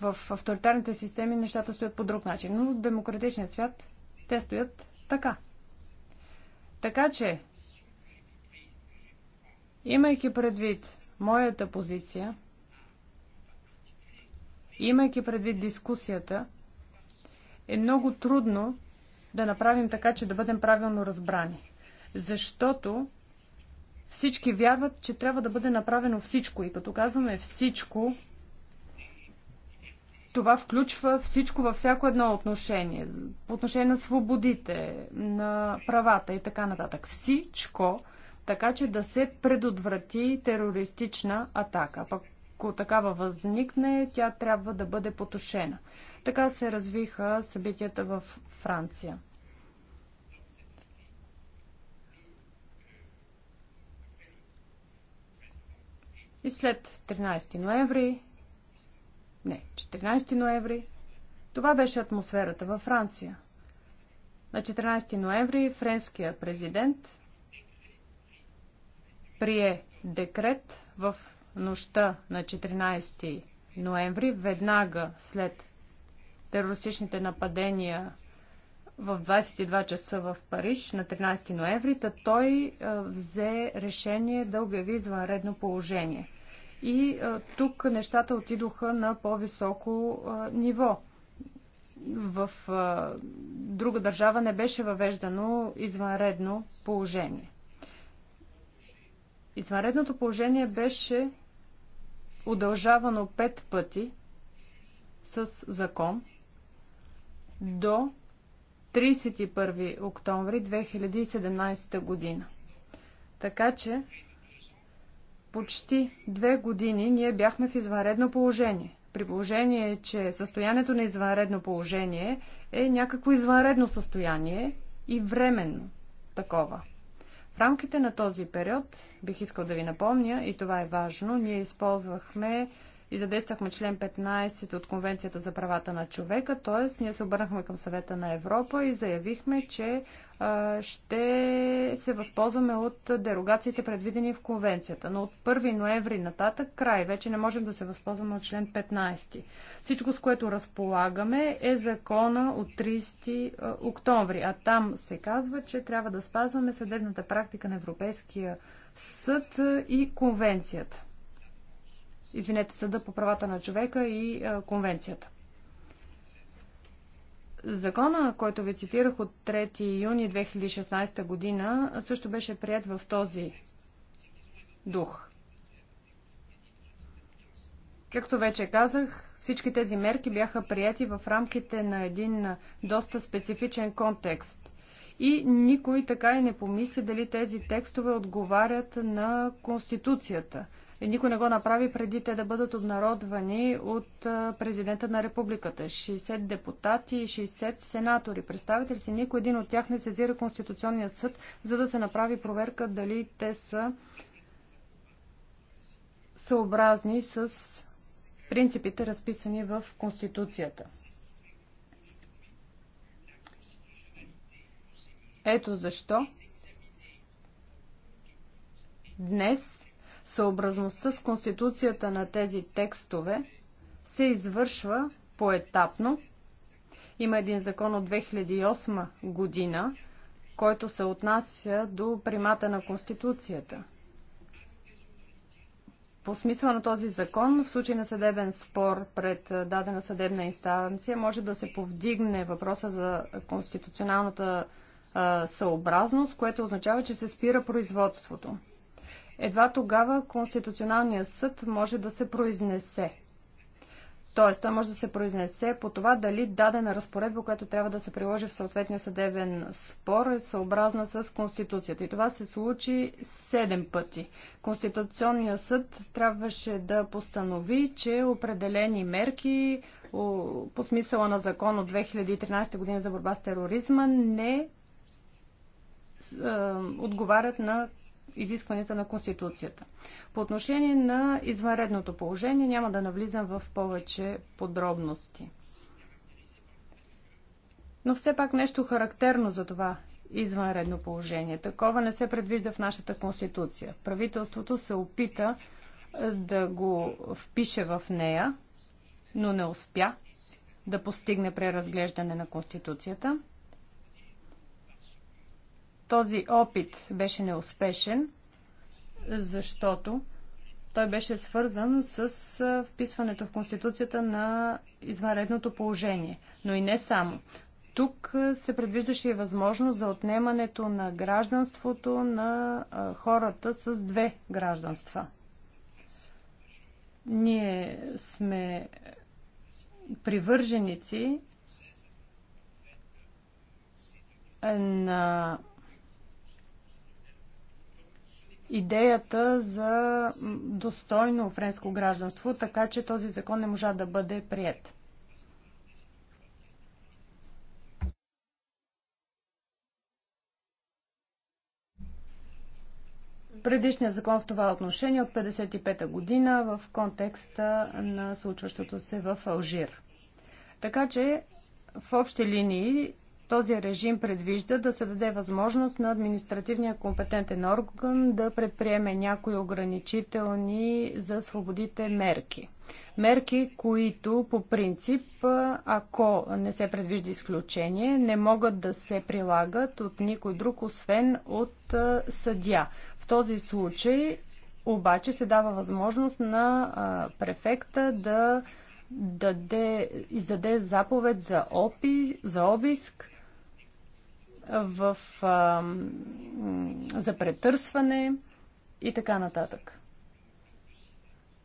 В авторитарните системи нещата стоят по друг начин, но в демократичният свят те стоят така. Така че, имайки предвид моята позиция, имайки предвид дискусията, е много трудно да направим така, че да бъдем правилно разбрани. Защото всички вярват, че трябва да бъде направено всичко. И като казваме всичко, това включва всичко във всяко едно отношение. По отношение на свободите, на правата и така нататък. Всичко, така че да се предотврати терористична атака. Пък ако такава възникне, тя трябва да бъде потушена. Така се развиха събитията в Франция. И след 13 ноември не, 14 ноември. Това беше атмосферата във Франция. На 14 ноември френския президент прие декрет в нощта на 14 ноември, веднага след терористичните нападения в 22 часа в Париж на 13 ноември, та той взе решение да обяви извънредно положение. И тук нещата отидоха на по-високо ниво. В друга държава не беше въвеждано извънредно положение. Извънредното положение беше удължавано пет пъти с закон до 31 октомври 2017 година. Така че почти две години ние бяхме в извънредно положение. При положение, че състоянието на извънредно положение е някакво извънредно състояние и временно такова. В рамките на този период, бих искал да ви напомня, и това е важно, ние използвахме и задействахме член 15 от Конвенцията за правата на човека, т.е. ние се обърнахме към съвета на Европа и заявихме, че а, ще се възползваме от дерогациите предвидени в Конвенцията. Но от 1 ноември нататък край вече не можем да се възползваме от член 15. Всичко, с което разполагаме е закона от 30 октомври, а там се казва, че трябва да спазваме съдебната практика на Европейския съд и конвенцията извинете, Съда по правата на човека и конвенцията. Закона, който ви цитирах от 3 юни 2016 година, също беше прият в този дух. Както вече казах, всички тези мерки бяха прияти в рамките на един доста специфичен контекст. И никой така и не помисли дали тези текстове отговарят на Конституцията – и никой не го направи преди те да бъдат обнародвани от президента на републиката. 60 депутати и 60 сенатори. Представете ли си, никой един от тях не сезира Конституционния съд, за да се направи проверка дали те са съобразни с принципите, разписани в Конституцията. Ето защо днес Съобразността с конституцията на тези текстове се извършва поетапно. Има един закон от 2008 година, който се отнася до примата на Конституцията. По смисъл на този закон, в случай на съдебен спор пред дадена съдебна инстанция, може да се повдигне въпроса за конституционалната а, съобразност, което означава, че се спира производството едва тогава Конституционалният съд може да се произнесе. Тоест, той може да се произнесе по това дали дадена разпоредба, която трябва да се приложи в съответния съдебен спор, е съобразна с Конституцията. И това се случи седем пъти. Конституционният съд трябваше да постанови, че определени мерки по смисъла на закон от 2013 година за борба с тероризма не е, отговарят на изискванията на Конституцията. По отношение на извънредното положение няма да навлизам в повече подробности. Но все пак нещо характерно за това извънредно положение. Такова не се предвижда в нашата Конституция. Правителството се опита е, да го впише в нея, но не успя да постигне преразглеждане на Конституцията – този опит беше неуспешен, защото той беше свързан с вписването в Конституцията на извънредното положение. Но и не само. Тук се предвиждаше и възможност за отнемането на гражданството на хората с две гражданства. Ние сме привърженици на идеята за достойно френско гражданство, така че този закон не можа да бъде прият. Предишният закон в това отношение от 1955 година в контекста на случващото се в Алжир. Така че в общи линии този режим предвижда да се даде възможност на административния компетентен орган да предприеме някои ограничителни за свободите мерки. Мерки, които по принцип, ако не се предвижда изключение, не могат да се прилагат от никой друг, освен от съдя. В този случай обаче се дава възможност на префекта да даде, издаде заповед за, опи, за обиск в, а, за претърсване и така нататък.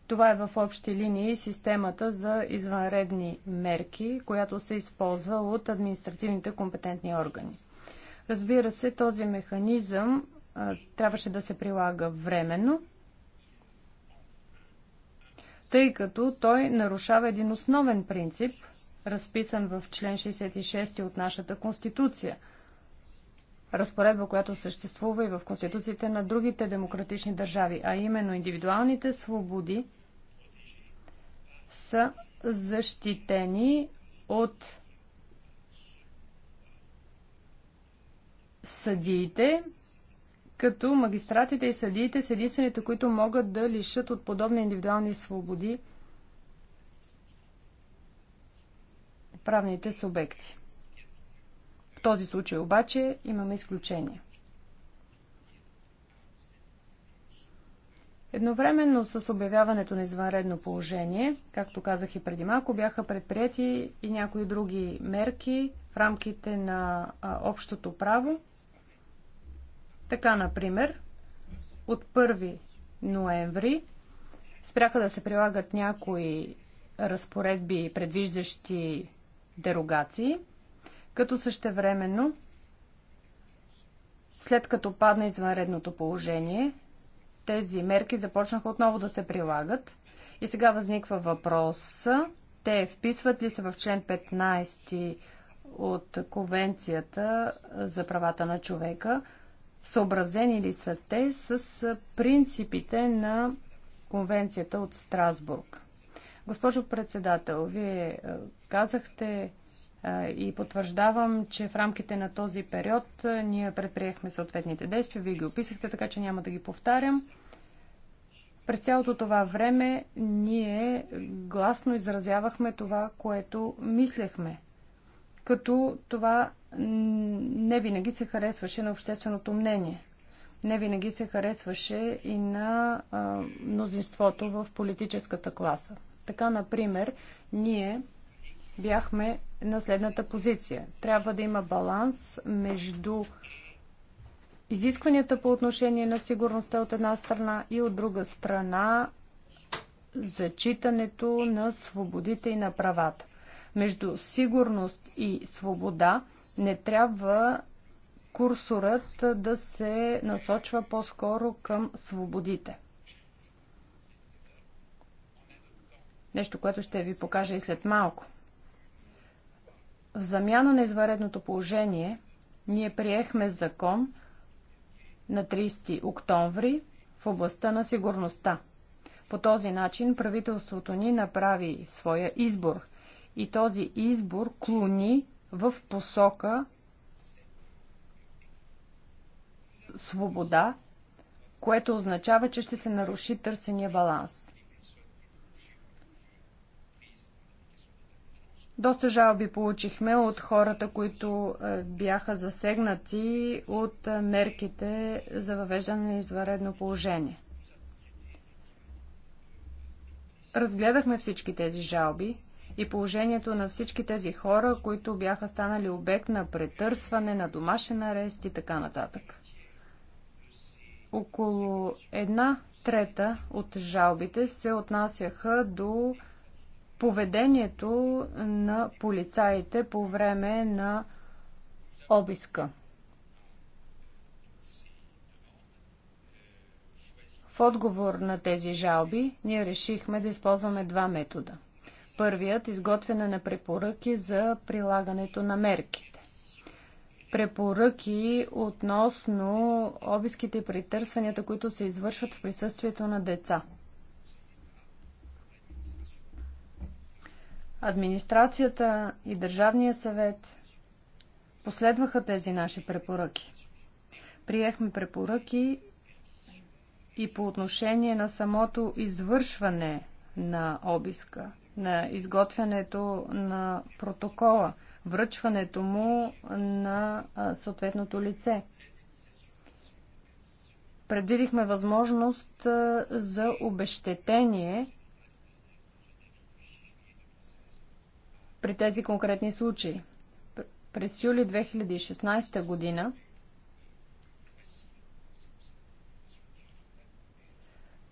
Това е в общи линии системата за извънредни мерки, която се използва от административните компетентни органи. Разбира се, този механизъм а, трябваше да се прилага временно, тъй като той нарушава един основен принцип, разписан в член 66 от нашата Конституция – разпоредба, която съществува и в конституциите на другите демократични държави, а именно индивидуалните свободи са защитени от съдиите, като магистратите и съдиите са единствените, които могат да лишат от подобни индивидуални свободи правните субекти. В този случай обаче имаме изключение. Едновременно с обявяването на извънредно положение, както казах и преди малко, бяха предприяти и някои други мерки в рамките на а, общото право. Така, например, от 1 ноември спряха да се прилагат някои разпоредби, предвиждащи дерогации като същевременно, след като падна извънредното положение, тези мерки започнаха отново да се прилагат. И сега възниква въпрос, те вписват ли се в член 15 от Конвенцията за правата на човека, съобразени ли са те с принципите на Конвенцията от Страсбург? Госпожо председател, вие е, казахте и потвърждавам, че в рамките на този период ние предприехме съответните действия. Вие ги описахте, така че няма да ги повтарям. През цялото това време ние гласно изразявахме това, което мислехме. Като това не винаги се харесваше на общественото мнение. Не винаги се харесваше и на а, мнозинството в политическата класа. Така, например, ние бяхме на следната позиция. Трябва да има баланс между изискванията по отношение на сигурността от една страна и от друга страна зачитането на свободите и на правата. Между сигурност и свобода не трябва курсорът да се насочва по-скоро към свободите. Нещо, което ще ви покажа и след малко. В замяна на изваредното положение, ние приехме закон на 30 октомври в областта на сигурността. По този начин правителството ни направи своя избор и този избор клони в посока свобода, което означава, че ще се наруши търсения баланс. Доста жалби получихме от хората, които е, бяха засегнати от е, мерките за въвеждане на извънредно положение. Разгледахме всички тези жалби и положението на всички тези хора, които бяха станали обект на претърсване, на домашен арест и така нататък. Около една трета от жалбите се отнасяха до поведението на полицаите по време на обиска. В отговор на тези жалби ние решихме да използваме два метода. Първият – изготвяне на препоръки за прилагането на мерките. Препоръки относно обиските и притърсванията, които се извършват в присъствието на деца – Администрацията и Държавния съвет последваха тези наши препоръки. Приехме препоръки и по отношение на самото извършване на обиска, на изготвянето на протокола, връчването му на съответното лице. Предвидихме възможност за обещетение при тези конкретни случаи. През юли 2016 година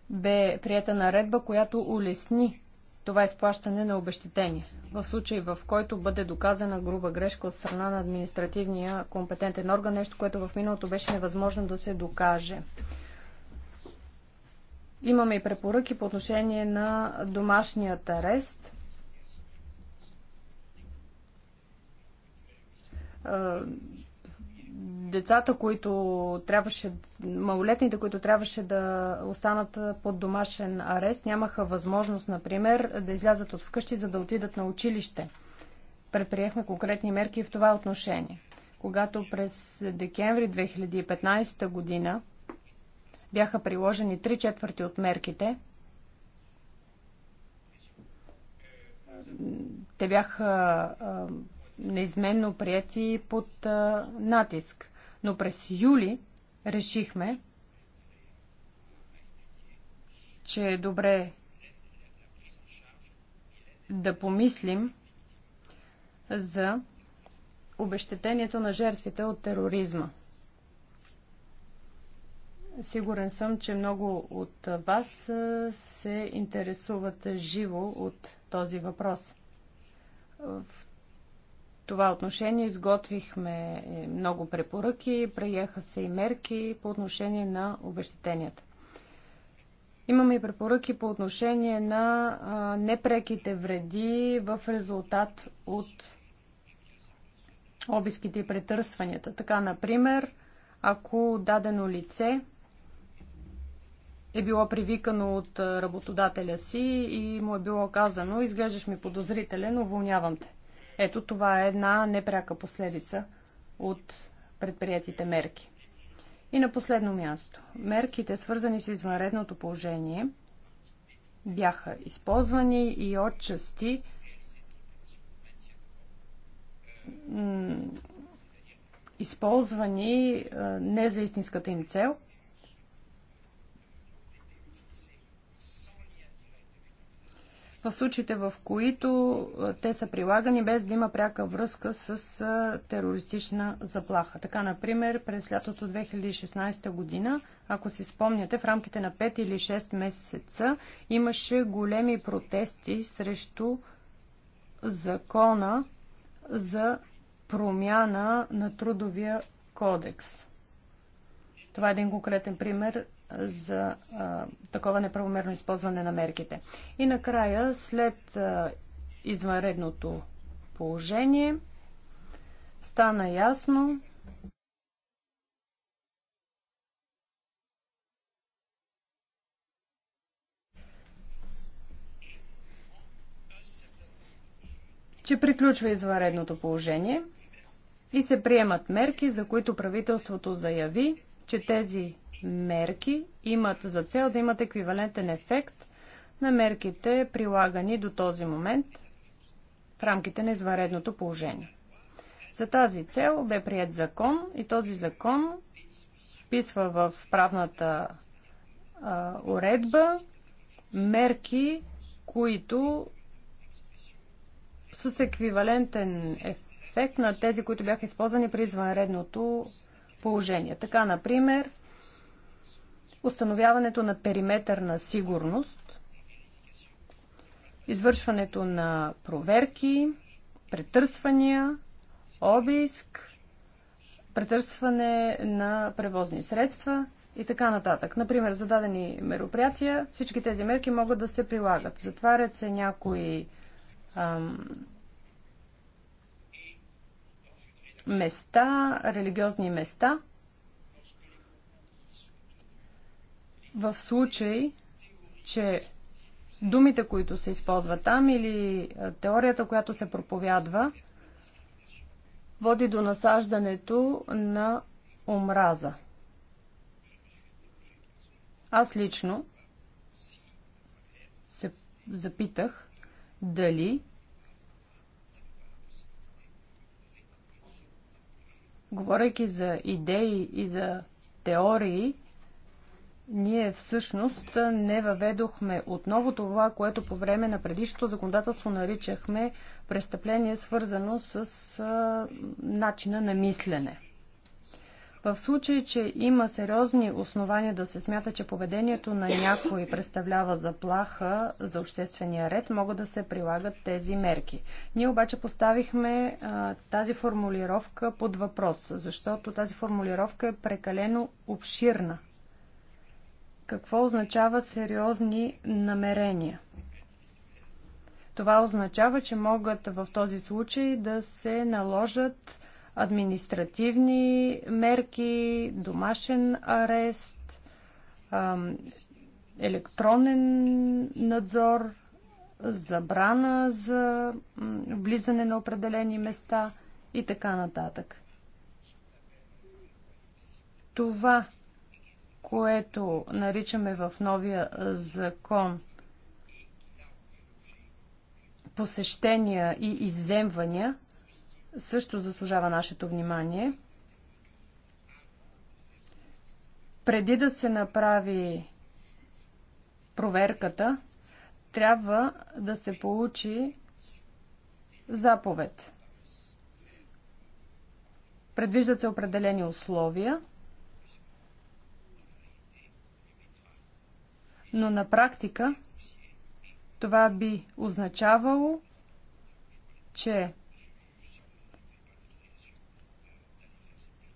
бе прията наредба, която улесни това изплащане на обещетение, в случай в който бъде доказана груба грешка от страна на административния компетентен орган, нещо, което в миналото беше невъзможно да се докаже. Имаме и препоръки по отношение на домашният арест. децата, които трябваше, малолетните, които трябваше да останат под домашен арест, нямаха възможност, например, да излязат от вкъщи, за да отидат на училище. Предприехме конкретни мерки в това отношение. Когато през декември 2015 година бяха приложени 3 четвърти от мерките, те бяха неизменно прияти под а, натиск. Но през юли решихме, че е добре да помислим за обещетението на жертвите от тероризма. Сигурен съм, че много от вас се интересуват живо от този въпрос. В това отношение изготвихме е, много препоръки, приеха се и мерки по отношение на обещетенията. Имаме и препоръки по отношение на а, непреките вреди в резултат от обиските и претърсванията. Така, например, ако дадено лице е било привикано от работодателя си и му е било казано, изглеждаш ми подозрителен, уволнявам те. Ето това е една непряка последица от предприятите мерки. И на последно място, мерките свързани с извънредното положение бяха използвани и отчасти използвани не за истинската им цел – в случаите в които те са прилагани без да има пряка връзка с терористична заплаха. Така, например, през лятото 2016 година, ако си спомняте, в рамките на 5 или 6 месеца имаше големи протести срещу закона за промяна на трудовия кодекс. Това е един конкретен пример за а, такова неправомерно използване на мерките. И накрая, след а, извънредното положение, стана ясно, че приключва извънредното положение и се приемат мерки, за които правителството заяви, че тези мерки имат за цел да имат еквивалентен ефект на мерките, прилагани до този момент в рамките на извънредното положение. За тази цел бе прият закон и този закон вписва в правната а, уредба мерки, които с еквивалентен ефект на тези, които бяха използвани при извънредното положение. Така, например, установяването на периметър на сигурност, извършването на проверки, претърсвания, обиск, претърсване на превозни средства и така нататък. Например, за дадени мероприятия всички тези мерки могат да се прилагат. Затварят се някои ам, места, религиозни места – в случай, че думите, които се използват там или теорията, която се проповядва, води до насаждането на омраза. Аз лично се запитах дали говорейки за идеи и за теории, ние всъщност не въведохме отново това, което по време на предишното законодателство наричахме престъпление, свързано с а, начина на мислене. В случай, че има сериозни основания да се смята, че поведението на някой представлява заплаха за обществения ред, могат да се прилагат тези мерки. Ние обаче поставихме а, тази формулировка под въпрос, защото тази формулировка е прекалено обширна какво означава сериозни намерения? Това означава, че могат в този случай да се наложат административни мерки, домашен арест, електронен надзор, забрана за влизане на определени места и така нататък. Това което наричаме в новия закон посещения и изземвания, също заслужава нашето внимание. Преди да се направи проверката, трябва да се получи заповед. Предвиждат се определени условия – но на практика това би означавало, че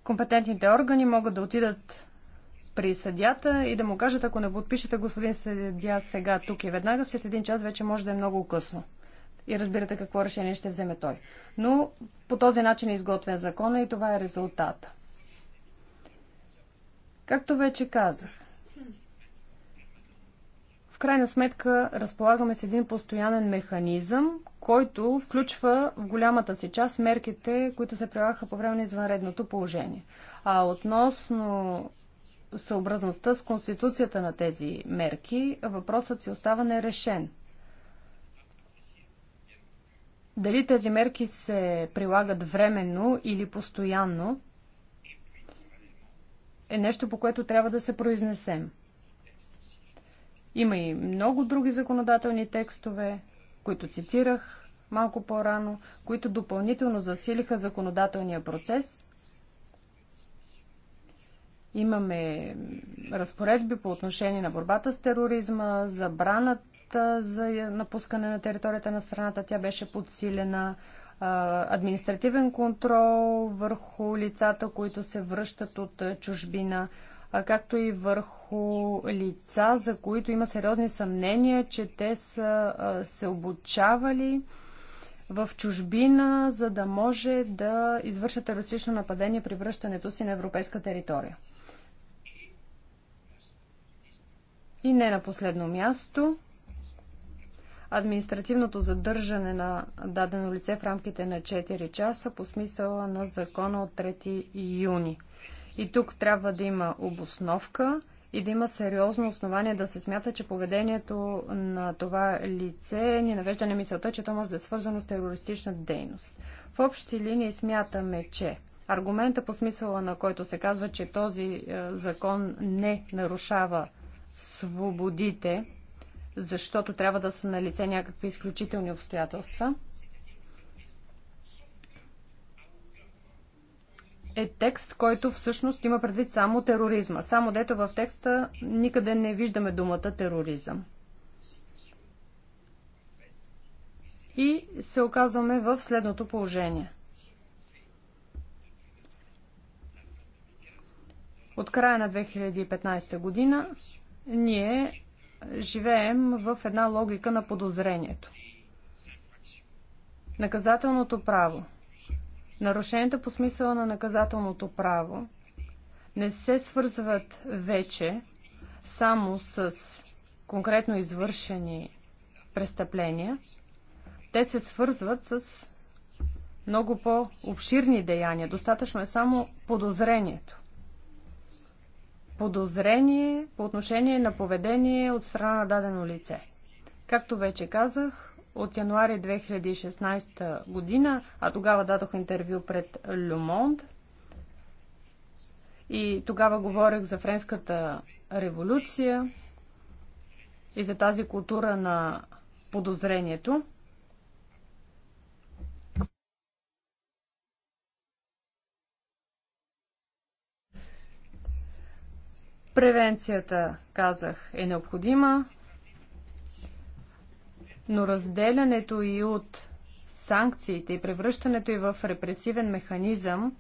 компетентните органи могат да отидат при съдята и да му кажат, ако не подпишете господин съдя сега, тук и веднага, след един час вече може да е много късно. И разбирате какво решение ще вземе той. Но по този начин е изготвен закона и това е резултата. Както вече казах, крайна сметка разполагаме с един постоянен механизъм, който включва в голямата си част мерките, които се прилагаха по време на извънредното положение. А относно съобразността с конституцията на тези мерки, въпросът си остава нерешен. Дали тези мерки се прилагат временно или постоянно, е нещо, по което трябва да се произнесем. Има и много други законодателни текстове, които цитирах малко по-рано, които допълнително засилиха законодателния процес. Имаме разпоредби по отношение на борбата с тероризма, забраната за напускане на територията на страната, тя беше подсилена, административен контрол върху лицата, които се връщат от чужбина както и върху лица, за които има сериозни съмнения, че те са се обучавали в чужбина, за да може да извършат терористично нападение при връщането си на европейска територия. И не на последно място, административното задържане на дадено лице в рамките на 4 часа по смисъла на закона от 3 юни. И тук трябва да има обосновка и да има сериозно основание да се смята, че поведението на това лице ни навежда на мисълта, че то може да е свързано с терористична дейност. В общи линии смятаме, че аргумента по смисъла на който се казва, че този е, закон не нарушава свободите, защото трябва да са на лице някакви изключителни обстоятелства – е текст, който всъщност има предвид само тероризма. Само дето в текста никъде не виждаме думата тероризъм. И се оказваме в следното положение. От края на 2015 година ние живеем в една логика на подозрението. Наказателното право – Нарушенията по смисъла на наказателното право не се свързват вече само с конкретно извършени престъпления. Те се свързват с много по-обширни деяния. Достатъчно е само подозрението. Подозрение по отношение на поведение от страна на дадено лице. Както вече казах, от януари 2016 година, а тогава дадох интервю пред Люмонт. И тогава говорих за френската революция и за тази култура на подозрението. Превенцията, казах, е необходима но разделянето и от санкциите и превръщането и в репресивен механизъм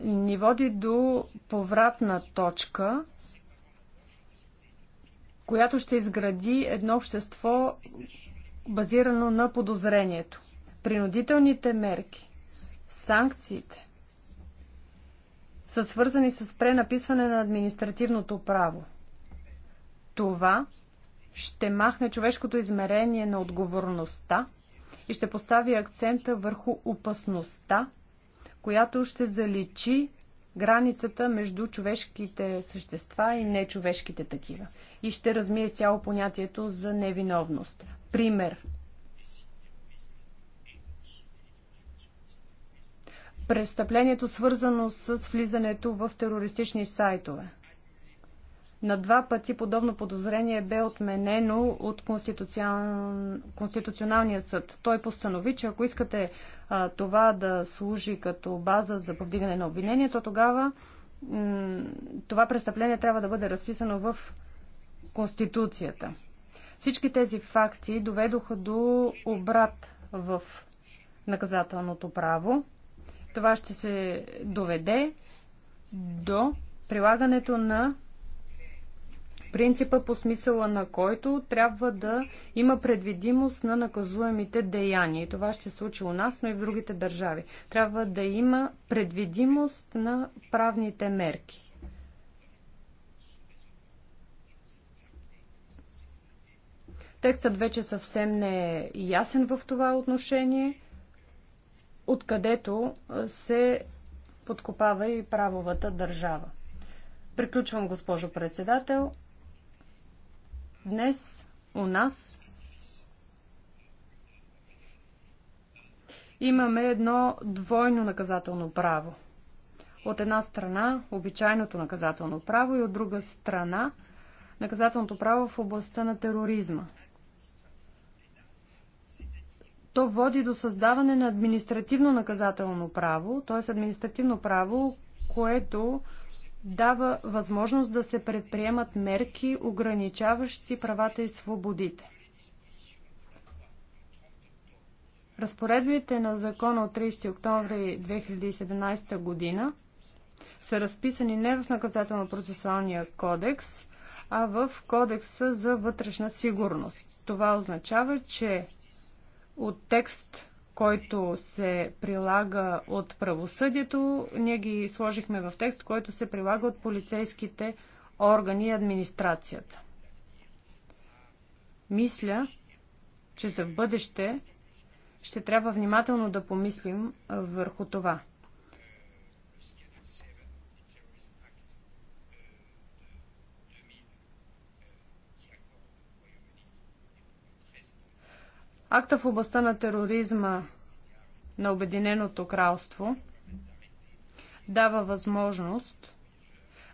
ни води до повратна точка, която ще изгради едно общество базирано на подозрението. Принудителните мерки, санкциите са свързани с пренаписване на административното право. Това ще махне човешкото измерение на отговорността и ще постави акцента върху опасността, която ще заличи границата между човешките същества и нечовешките такива. И ще размие цяло понятието за невиновност. Пример. Престъплението свързано с влизането в терористични сайтове – на два пъти подобно подозрение бе отменено от Конституцион... Конституционалния съд. Той постанови, че ако искате а, това да служи като база за повдигане на обвинение, то тогава това престъпление трябва да бъде разписано в Конституцията. Всички тези факти доведоха до обрат в наказателното право. Това ще се доведе до прилагането на принципът по смисъла на който трябва да има предвидимост на наказуемите деяния. И това ще се случи у нас, но и в другите държави. Трябва да има предвидимост на правните мерки. Текстът вече съвсем не е ясен в това отношение, откъдето се подкопава и правовата държава. Приключвам, госпожо председател. Днес у нас имаме едно двойно наказателно право. От една страна обичайното наказателно право и от друга страна наказателното право в областта на тероризма. То води до създаване на административно наказателно право, т.е. административно право, което дава възможност да се предприемат мерки, ограничаващи правата и свободите. Разпоредбите на закона от 30 октомври 2017 година са разписани не в наказателно-процесуалния кодекс, а в кодекса за вътрешна сигурност. Това означава, че от текст който се прилага от правосъдието, ние ги сложихме в текст, който се прилага от полицейските органи и администрацията. Мисля, че за в бъдеще ще трябва внимателно да помислим върху това – Акта в областта на тероризма на Обединеното кралство дава възможност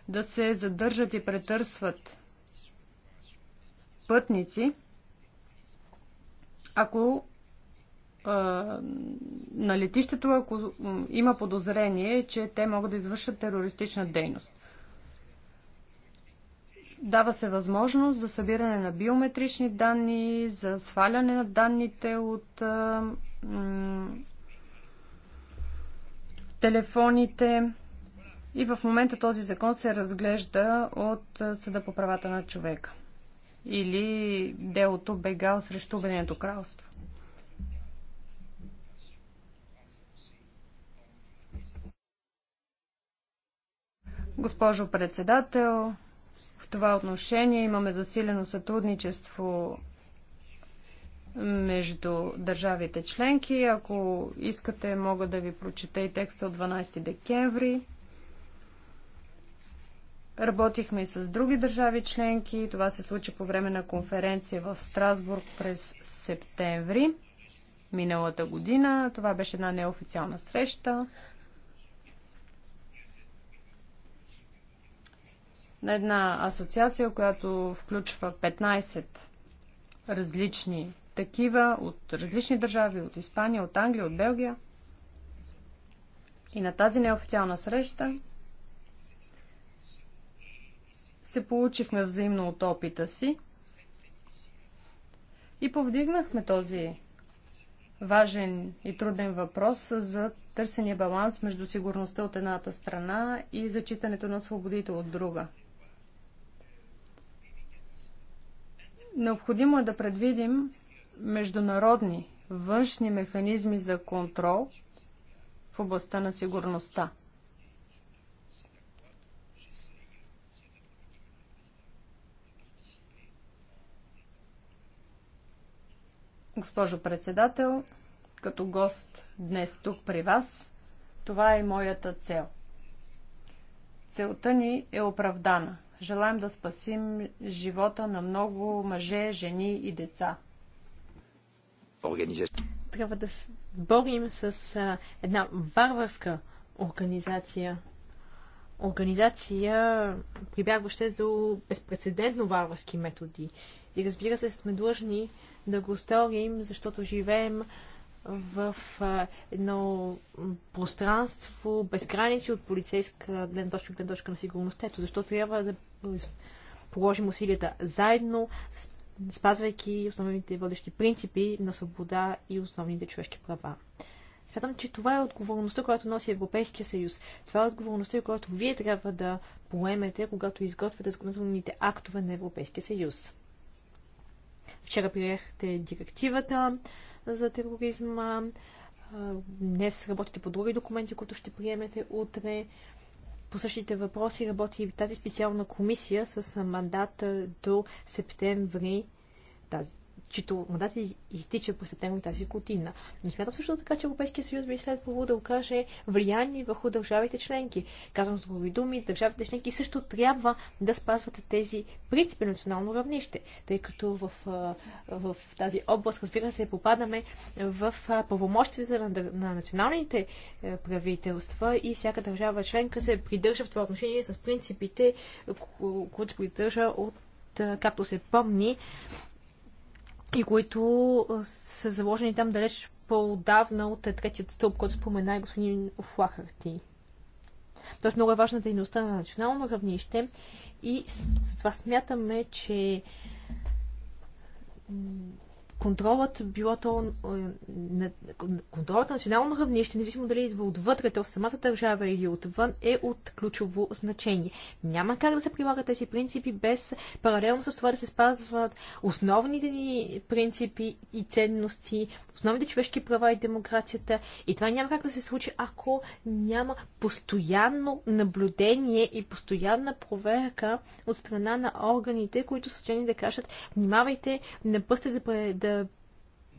да се задържат и претърсват пътници, ако на летището, ако има подозрение, че те могат да извършат терористична дейност. Дава се възможност за събиране на биометрични данни, за сваляне на данните от телефоните. И в момента този закон се разглежда от Съда по правата на човека. Или делото Бегал срещу Обединеното кралство. Госпожо председател, това отношение имаме засилено сътрудничество между държавите членки. Ако искате, мога да ви прочета и текста от 12 декември. Работихме и с други държави членки. Това се случи по време на конференция в Страсбург през септември миналата година. Това беше една неофициална среща. на една асоциация, която включва 15 различни такива от различни държави, от Испания, от Англия, от Белгия. И на тази неофициална среща се получихме взаимно от опита си и повдигнахме този важен и труден въпрос за търсения баланс между сигурността от едната страна и зачитането на свободите от друга. Необходимо е да предвидим международни външни механизми за контрол в областта на сигурността. Госпожо председател, като гост днес тук при вас, това е моята цел. Целта ни е оправдана. Желаем да спасим живота на много мъже, жени и деца. Трябва да борим с а, една варварска организация. Организация, прибягваща до безпредседентно варварски методи. И разбира се, сме длъжни да го сторим, защото живеем в едно пространство без граници от полицейска гледна точка, гледна точка на сигурността. Ето защо трябва да положим усилията заедно, спазвайки основните водещи принципи на свобода и основните човешки права. Смятам, че това е отговорността, която носи Европейския съюз. Това е отговорността, която вие трябва да поемете, когато изготвяте законодателните актове на Европейския съюз. Вчера приехте директивата, за тероризма. Днес работите по други документи, които ще приемете утре. По същите въпроси работи тази специална комисия с мандат до септември тази, чието мандат изтича по септември тази година. Но смятам също така, че Европейския съюз би следвало да окаже влияние върху държавите членки. Казвам с други думи, държавите членки също трябва да спазват тези принципи на национално равнище, тъй като в, в, в тази област, разбира се, попадаме в правомощите на, на националните е, правителства и всяка държава членка се придържа в това отношение с принципите, които се придържа от както се помни, и които са заложени там далеч по-давна от е, третият стълб, който спомена и господин Офлахарти. Тоест много е важна дейността на национално равнище и затова смятаме, че контролът, било то е, на, контролът на национално равнище, независимо дали идва отвътре, то в самата държава или отвън, е от ключово значение. Няма как да се прилагат тези принципи без паралелно с това да се спазват основните ни принципи и ценности, основните човешки права и демокрацията. И това няма как да се случи, ако няма постоянно наблюдение и постоянна проверка от страна на органите, които са да кажат, внимавайте, не пъсте да да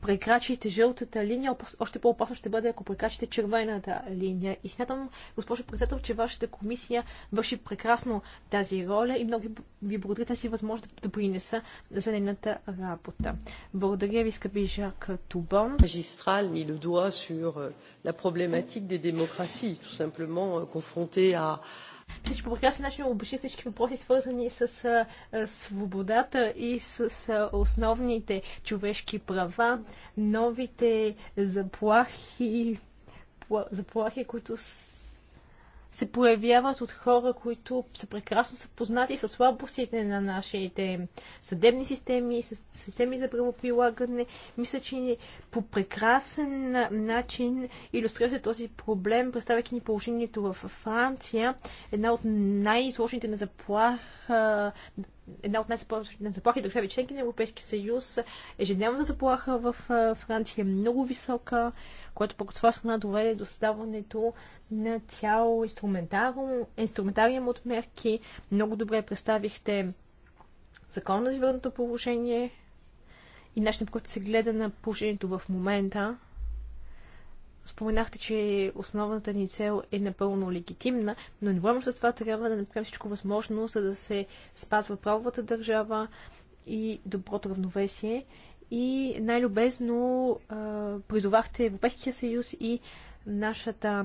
прекрачите жълтата линия, още по-опасно ще бъде, ако прекрачите червената линия. И смятам, госпожо председател, че вашата комисия върши прекрасно тази роля и много ви благодаря тази възможност да принеса за нейната работа. Благодаря ви, скъпи Жак Тубон. Магистрал ми le doigt sur euh, la problématique des démocraties, tout simplement euh, confrontée à, всичко по прекрасен начин обобщи всички въпроси, свързани с а, свободата и с а, основните човешки права, новите заплахи, заплахи, които с се появяват от хора, които са прекрасно съпознати с слабостите на нашите съдебни системи, с системи за правоприлагане. Мисля, че по прекрасен начин иллюстрирате този проблем, представяйки ни положението в Франция, една от най-изложните на заплаха една от най-заплахи държави членки на Европейския съюз. Е ежедневната заплаха в Франция е много висока, което пък от своя страна доведе до създаването на цял инструментариум, инструментариум от мерки. Много добре представихте закона за извънното положение и начинът, по който се гледа на положението в момента. Споменахте, че основната ни цел е напълно легитимна, но едновременно за това трябва да направим всичко възможно, за да се спазва правовата държава и доброто равновесие. И най-любезно призовахте Европейския съюз и нашата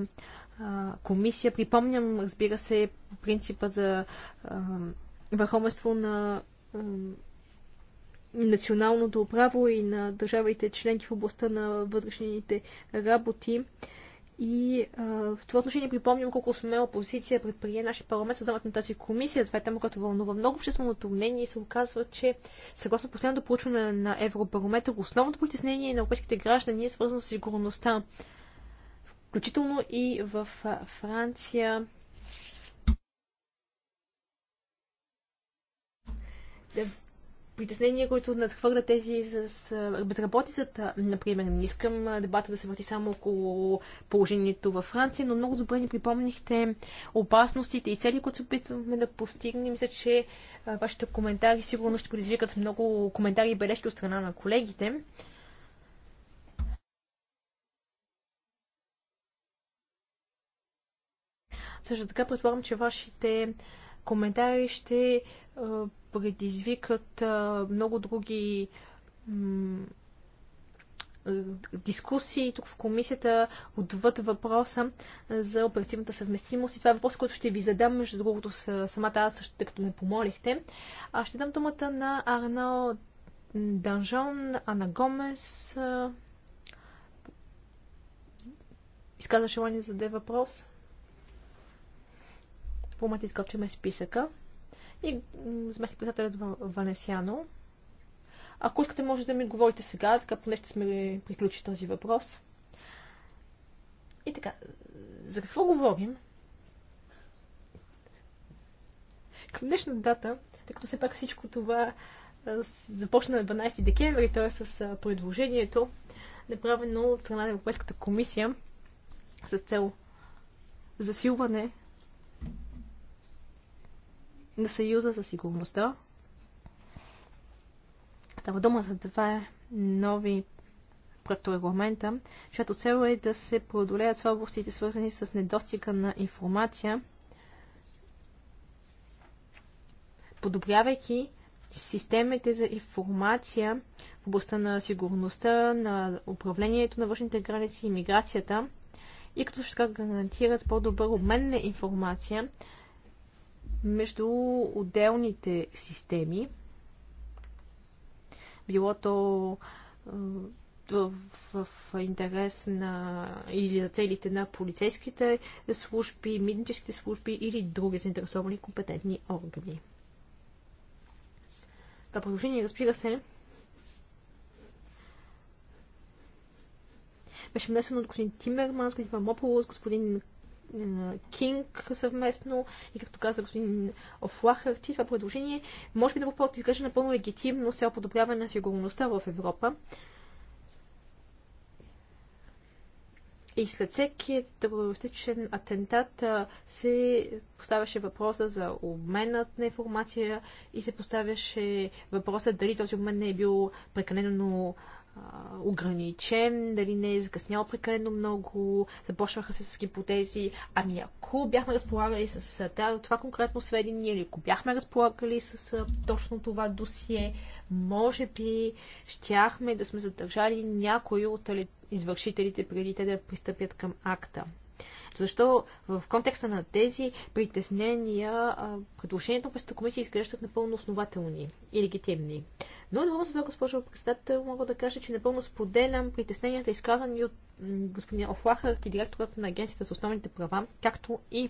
а, комисия. Припомням, разбира се, принципа за върховенство на националното право и на държавите членки в областта на вътрешните работи. И а, в това отношение припомням колко смела позиция предприе нашия парламент създаването на тази комисия. Това е тема, която вълнува много общественото мнение и се оказва, че съгласно последното проучване на Европарламента, основното притеснение на европейските граждани е свързано с сигурността. Включително и в Франция притеснения, които надхвърлят тези с безработицата, например. Не искам дебата да се върти само около положението във Франция, но много добре ни припомнихте опасностите и цели, които се опитваме да постигнем. Мисля, че вашите коментари сигурно ще предизвикат много коментари и бележки от страна на колегите. Също така предполагам, че вашите коментари ще предизвикат много други дискусии тук в комисията отвъд въпроса за оперативната съвместимост. И това е въпрос, който ще ви задам, между другото, с самата аз, също, тъй като ме помолихте. А ще дам думата на Арно Данжон, Ана Гомес. Изказа желание да зададе въпрос. Помните, изготвяме списъка и заместник председателят Ванесяно. Ако искате, може да ми говорите сега, така поне ще сме приключи този въпрос. И така, за какво говорим? Към днешна дата, тъй като все пак всичко това започна на 12 декември, т.е. с предложението, направено от страна на Европейската комисия с цел засилване на Съюза за сигурността. Става дума за два нови проекторегламента, чиято цел е да се преодолеят слабостите, свързани с недостига на информация, подобрявайки системите за информация в областта на сигурността, на управлението на външните граници и миграцията, и като ще гарантират по-добър обмен на информация, между отделните системи, било то в, в, в интерес на или за целите на полицейските служби, митническите служби или други заинтересовани компетентни органи. Това предложение, разбира се, беше внесено от господин Тимерман, господин Мамополос, господин Кинг съвместно и както каза господин Офлахарти, това предложение може би да попълно изглежда напълно легитимно с цел подобряване на сигурността в Европа. И след всеки терористичен атентат се поставяше въпроса за обменът на информация и се поставяше въпроса дали този обмен не е бил прекалено ограничен, дали не е закъснял прекалено много, започваха се с хипотези. Ами ако бяхме разполагали с това конкретно сведение или ако бяхме разполагали с точно това досие, може би щяхме да сме задържали някои от извършителите преди те да пристъпят към акта. Защо в контекста на тези притеснения предложението на Пъстата комисия изглеждат напълно основателни и легитимни. Но едновременно с това, госпожо председател, мога да кажа, че напълно споделям притесненията, изказани от господин Офлахър, и директорът на Агенцията за основните права, както и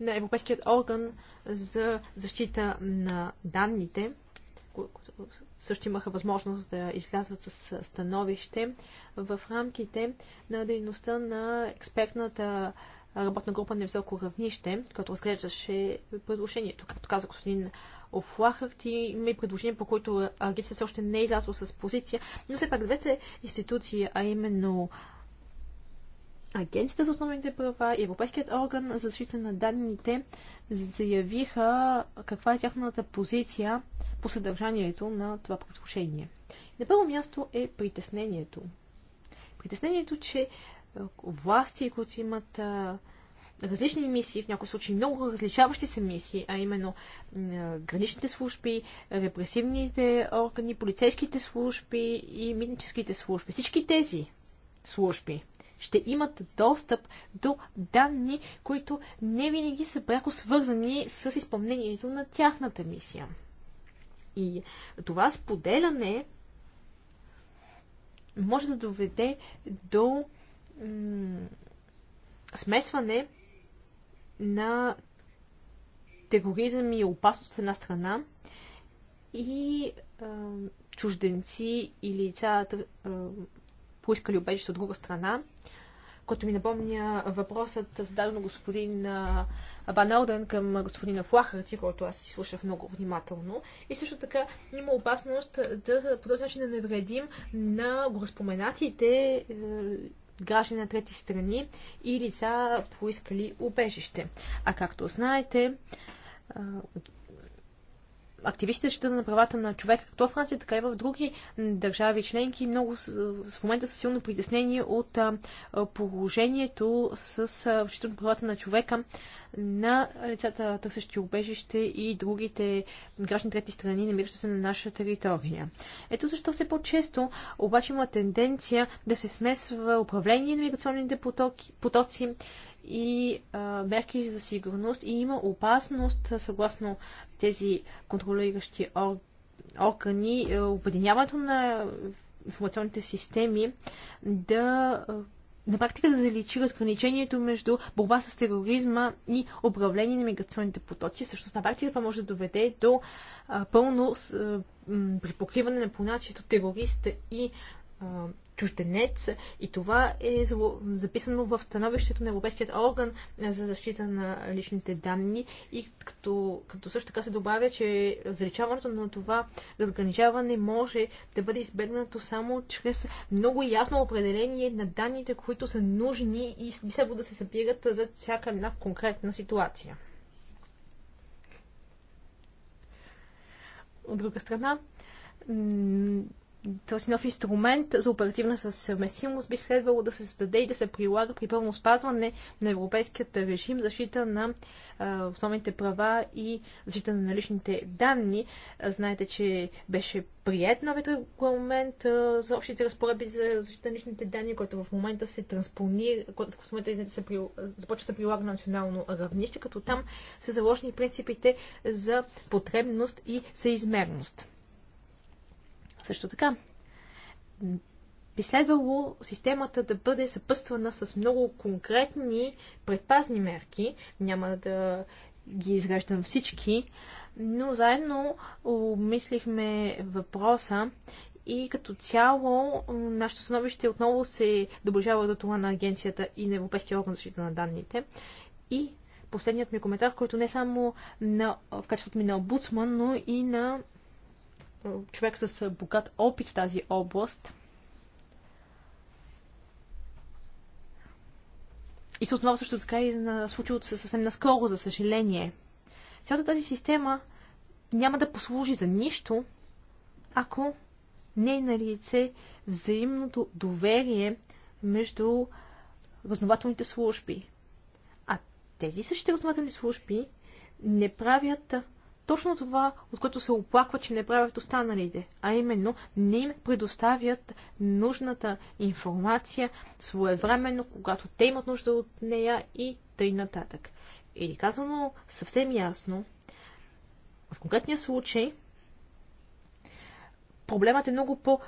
на Европейският орган за защита на данните, също имаха възможност да излязат с становище в рамките на дейността на експертната работна група на високо равнище, като разглеждаше предложението. Както каза господин Офлахарт, има и предложения, по които агенцията все още не е излязла с позиция, но все пак двете институции, а именно Агенцията за основните права и Европейският орган за защита на данните заявиха каква е тяхната позиция по съдържанието на това предложение. На първо място е притеснението. Притеснението, че е, власти, които имат е, различни мисии, в някои случаи много различаващи се мисии, а именно е, граничните служби, репресивните органи, полицейските служби и митническите служби. Всички тези служби ще имат достъп до данни, които не винаги са пряко свързани с изпълнението на тяхната мисия. И това споделяне може да доведе до смесване на тероризъм и опасност от една страна и а, чужденци или лица, а, поискали убежище от друга страна, което ми напомня въпросът зададен господин Ван към господина Флахарти, който аз слушах много внимателно. И също така има опасност да по този начин да не вредим на гореспоменатите е, граждани на трети страни и лица поискали убежище. А както знаете, Активистите защита на правата на човека, както в Франция, така и в други държави членки, много в момента са силно притеснени от положението с защита на правата на човека на лицата, търсещи убежище и другите граждани трети страни, намиращи се на наша територия. Ето защо все по-често обаче има тенденция да се смесва управление на миграционните потоки, потоци и а, мерки за сигурност и има опасност, съгласно тези контролиращи ор... органи, е, обединяването на информационните системи да на практика да заличи разграничението между борба с тероризма и управление на миграционните потоци. Също на практика това може да доведе до а, пълно припокриване на понятието терорист и чужденец и това е записано в становището на Европейският орган за защита на личните данни и като, като също така се добавя, че заличаването на това разграничаване може да бъде избегнато само чрез много ясно определение на данните, които са нужни и би следва да се събират за всяка една конкретна ситуация. От друга страна, този нов инструмент за оперативна съвместимост би следвало да се създаде и да се прилага при пълно спазване на европейският режим защита на а, основните права и защита на личните данни. Знаете, че беше прият новият регламент а, за общите разпоредби за защита на личните данни, който в момента се транспонира, който в момента извините, се при... започва да се прилага на национално равнище, като там са заложени принципите за потребност и съизмерност. Също така, би следвало системата да бъде съпъствана с много конкретни предпазни мерки. Няма да ги изреждам всички, но заедно обмислихме въпроса и като цяло нашето становище отново се доближава до това на агенцията и на Европейския орган за защита на данните. И последният ми коментар, който не само на, в качеството ми на обуцман, но и на човек с богат опит в тази област. И се основа също така и на случилото се съвсем наскоро, за съжаление. Цялата тази система няма да послужи за нищо, ако не е на лице взаимното доверие между разнователните служби. А тези същите разнователни служби не правят точно това, от което се оплакват, че не правят останалите, а именно не им предоставят нужната информация своевременно, когато те имат нужда от нея и тъй нататък. Или казано съвсем ясно, в конкретния случай проблемът е много по-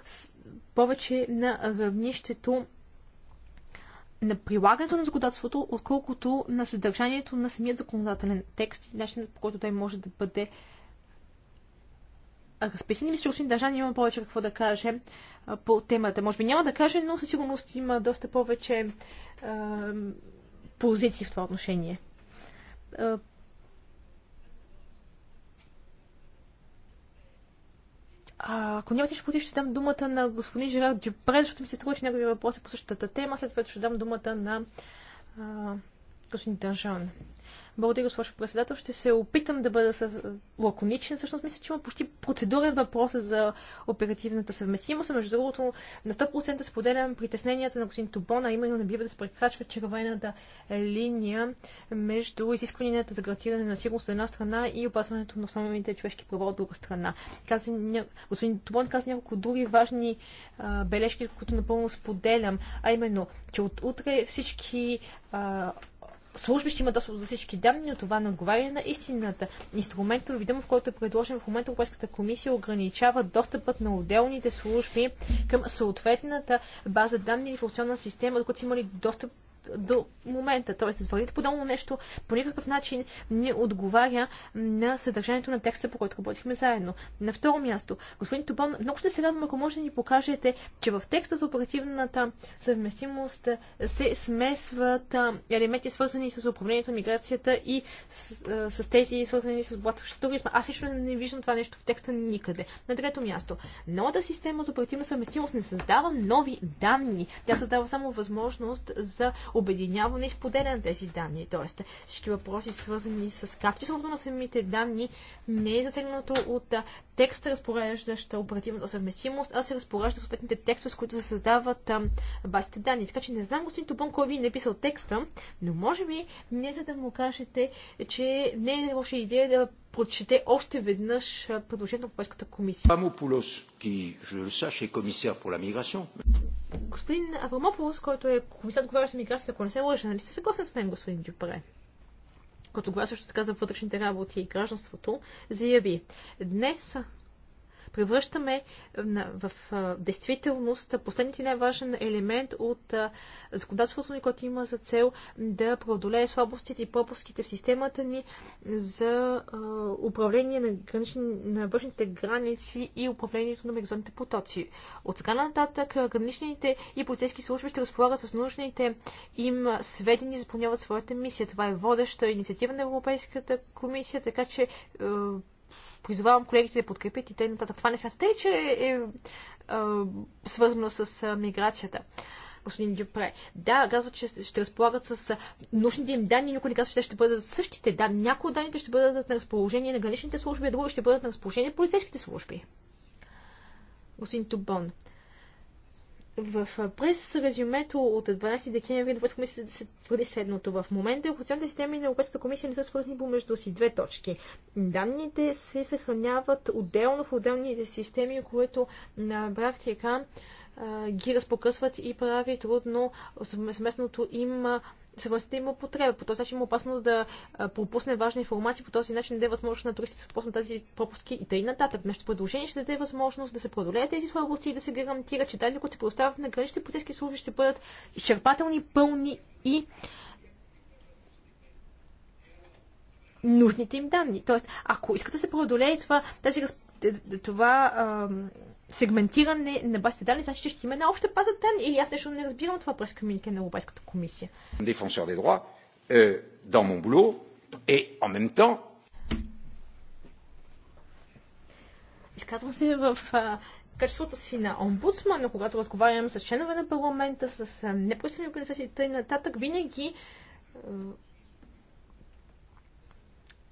повече на равнището на прилагането на законодателството, отколкото на съдържанието на самият законодателен текст и начинът по който той може да бъде разписан. Мисля, че господин Държан има повече какво да каже по темата. Може би няма да каже, но със сигурност има доста повече позиции в това отношение. А, ако нямате нищо против, ще дам думата на господин Жерар Дюпре, защото ми се струва, че неговия въпрос е по същата тема, след което ще дам думата на а, господин Държан. Благодаря, госпожо председател. Ще се опитам да бъда лаконичен. Всъщност мисля, че има почти процедурен въпрос за оперативната съвместимост. Между другото, на 100% споделям притесненията на господин а именно не бива да се прекрачва червената линия между изискванията за гарантиране на сигурност от една страна и опазването на основните човешки права от друга страна. Каза, господин Тубон, каза няколко други важни а, бележки, които напълно споделям, а именно, че от утре всички а, служби ще има достъп до всички данни, но това не отговаря на истината. Инструментът, видимо, в който е предложен в момента Европейската комисия, ограничава достъпът на отделните служби към съответната база данни и информационна система, докато са имали достъп до момента. Тоест, да твърдите подобно нещо по никакъв начин не отговаря на съдържанието на текста, по който работихме заедно. На второ място, господин Тубон, много ще се радвам, ако може да ни покажете, че в текста за оперативната съвместимост се смесват елементи, свързани с управлението на миграцията и с, с тези, свързани с борбата туризма. Аз лично не виждам това нещо в текста никъде. На трето място, новата система за оперативна съвместимост не създава нови данни. Тя създава само възможност за обединяване и споделяне на тези данни. Тоест, всички въпроси, свързани с качеството на самите данни, не е засегнато от текст, разпореждаща оперативната съвместимост, а се разпорежда съответните текстове, с които се създават а, базите данни. Така че не знам, господин Топон, кой ви е написал текста, но може би не за да му кажете, че не е лоша идея да прочете още веднъж предложението на Европейската комисия. Памопулос, ки, je le sache, est commissaire pour la migration. Господин Аврамополос, който е комисар, отговарящ за миграцията, ако не се лъжа, нали сте съгласен с мен, господин Дюпре? като гласа, също така за вътрешните работи и гражданството, заяви Днес превръщаме в действителност последният най-важен елемент от законодателството ни, което има за цел да преодолее слабостите и пропуските в системата ни за управление на, гранични, на външните граници и управлението на мегазонните потоци. От сега нататък граничните и полицейски служби ще разполагат с нужните им сведения и запълняват своята мисия. Това е водеща инициатива на Европейската комисия, така че призовавам колегите да подкрепят и те нататък. Това не смятате ли, че е, е, е свързано с миграцията? господин Дюпре. Да, казват, че ще разполагат с нужните им данни, никой не казва, че те ще бъдат същите. Да, някои от данните ще бъдат на разположение на граничните служби, а други ще бъдат на разположение на полицейските служби. Господин Тубон, в през резюмето от 12 декември на комисията се твърди следното. В момента официалните системи на Европейската комисия не са свързани помежду си две точки. Данните се съхраняват отделно в отделните системи, които на практика ги разпокъсват и прави трудно съвместното им съгласите има потреба. По този начин има опасност да пропусне важна информация, по този начин да даде възможност на туристите да пропуснат тази пропуски и т.н. нататък. Нашето предложение ще даде възможност да се преодолеят тези слабости и да се гарантира, че данни, които се предоставят на гранични полицейски служби, ще бъдат изчерпателни, пълни и нужните им данни. Тоест, ако искате да се преодолее това, тази, това а, сегментиране на базите данни, значи, че ще има една обща база данни или аз нещо не разбирам това през комюнике на Европейската комисия. Euh, Изказвам се в а, качеството си на омбудсман, но когато разговарям с членове на парламента, с непрофесионални организации и т.н., винаги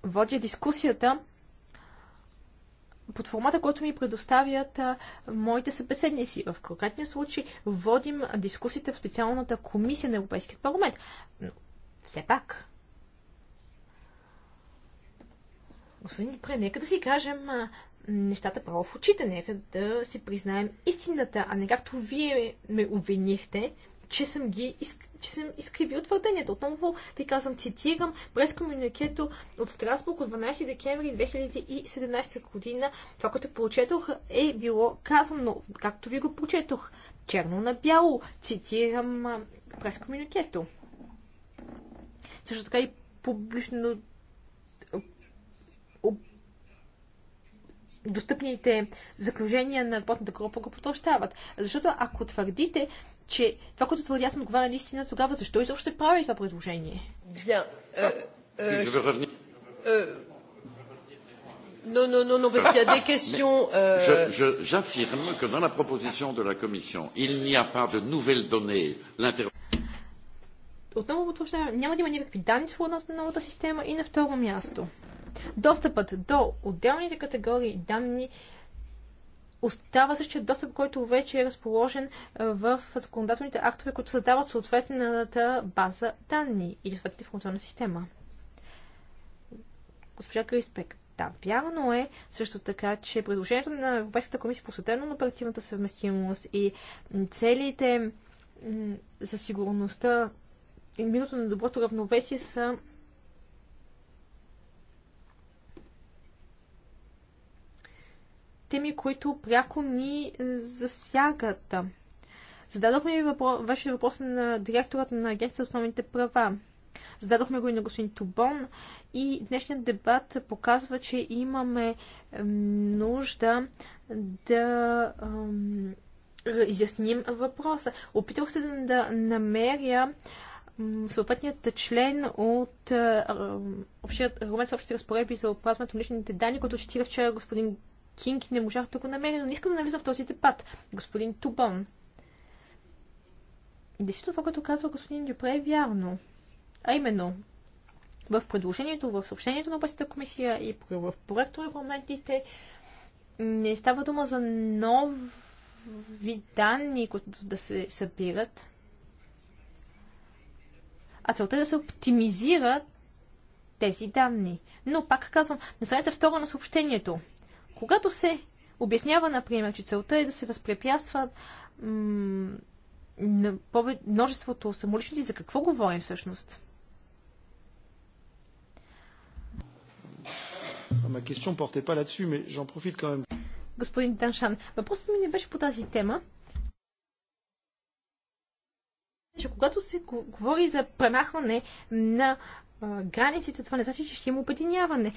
водя дискусията под формата, който ми предоставят а, моите събеседници. В конкретния случай водим дискусията в специалната комисия на Европейския парламент. Но все пак. Господин Пре, нека да си кажем а, нещата право в очите, нека да си признаем истината, а не както вие ме обвинихте, че съм ги че съм изкривил твърденията. Отново ви казвам, цитирам през комуникето от Страсбург от 12 декември 2017 година. Това, което прочетох е било казано, както ви го прочетох, черно на бяло. Цитирам през комуникето. Също така и публично достъпните заключения на работната група го потълщават. Защото ако твърдите, че това, което твърдя, съм отговаря наистина тогава, защо изобщо се прави това предложение? Non, non, non, non, parce qu'il y a des [LAUGHS] questions. Euh... J'affirme que dans la proposition de la Commission, il n'y a pas de nouvelles données. Отново утвърждавам, няма да има никакви данни свободно на новата система и на второ място. Достъпът до отделните категории данни остава същия достъп, който вече е разположен в законодателните актове, които създават съответната база данни или съответната информационна система. Госпожа Криспек, да, вярно е също така, че предложението на Европейската комисия е по съдебно на оперативната съвместимост и целите за сигурността и минуто на доброто равновесие са теми, които пряко ни е, засягат. Зададохме ви въпро... вашия въпрос на директорът на Агенцията за основните права. Зададохме го и на господин Тубон и днешният дебат показва, че имаме е, нужда да ам, изясним въпроса. Опитвах се да, да намеря съответният член от е, общият регламент за общите разпоредби за опазването на личните данни, който четира вчера господин Кинг не можах да го намеря, но не искам да навлизам в този дебат. Господин Тубон. Действително това, което казва господин Дюпре е вярно. А именно, в предложението, в съобщението на областната комисия и в на регламентите не става дума за нови данни, които да се събират, а целта е да се оптимизират тези данни. Но, пак казвам, на страница втора на съобщението. Когато се обяснява, например, че целта е да се възпрепятства множеството самоличности, за какво говорим всъщност? Ma question portait pas là-dessus, mais j'en profite quand même. Господин Даншан, въпросът ми не беше по тази тема. Че когато се говори за премахване на границите, това не значи, че ще има обединяване.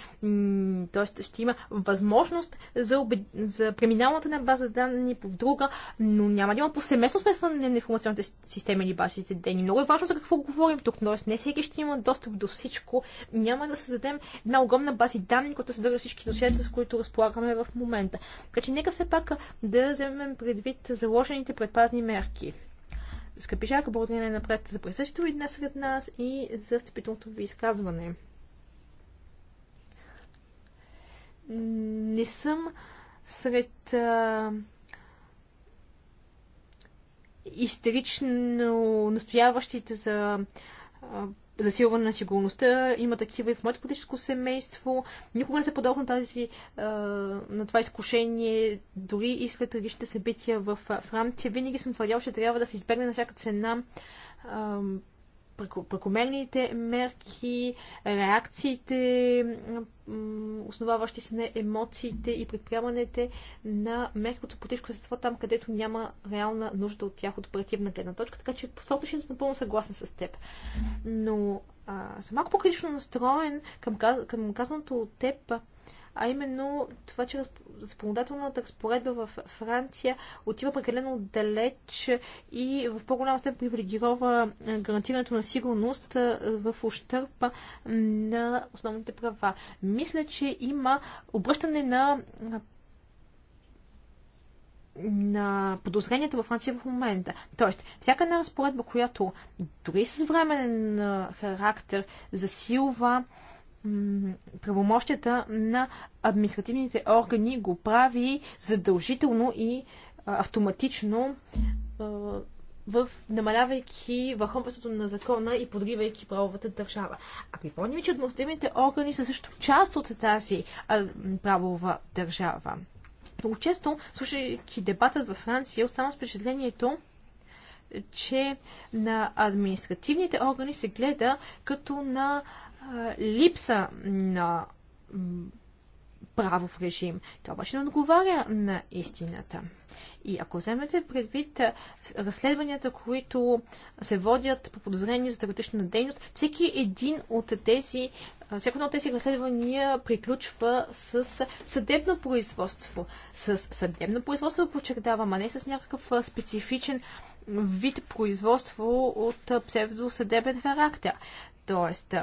Тоест ще има възможност за, обед... за преминаването на база данни по друга, но няма да има повсеместно сметване на информационните системи или базите данни. Много е важно за какво говорим тук, но не всеки ще има достъп до всичко. Няма да създадем една огромна база данни, която съдържа всички досиета, с които разполагаме в момента. Така че нека все пак да вземем предвид заложените предпазни мерки. Скъпи Жака, благодаря най-напред за присъствието ви днес сред нас и за встъпителното ви изказване. Не съм сред а, истерично настояващите за а, засилване на сигурността. Има такива и в моето политическо семейство. Никога не се подох на, тази, на това изкушение, дори и след трагичните събития в Франция. Винаги съм твърдял, че трябва да се избегне на всяка цена прекомерните мерки, реакциите, основаващи се на емоциите и предприемането на мерки от съпротивно естество там, където няма реална нужда от тях от оперативна гледна точка. Така че в това съм напълно съгласен с теб. Но а, съм малко по-критично настроен към, каз... към казаното от теб а именно това, че законодателната разпоредба в Франция отива прекалено далеч и в по-голяма степен привилегирова гарантирането на сигурност в ущърпа на основните права. Мисля, че има обръщане на на подозренията във Франция в момента. Тоест, всяка една разпоредба, която дори с временен характер засилва а, правомощията на административните органи го прави задължително и автоматично в намалявайки върховенството на закона и подривайки правовата държава. А припомним, че административните органи са също част от тази правова държава. Много често, слушайки дебатът във Франция, остана с впечатлението, че на административните органи се гледа като на липса на правов режим. Това обаче не отговаря на истината. И ако вземете предвид разследванията, които се водят по подозрение за терористична дейност, всеки един от тези всяко едно от тези разследвания приключва с съдебно производство. С съдебно производство подчертавам, а не с някакъв специфичен вид производство от псевдосъдебен характер. Тоест,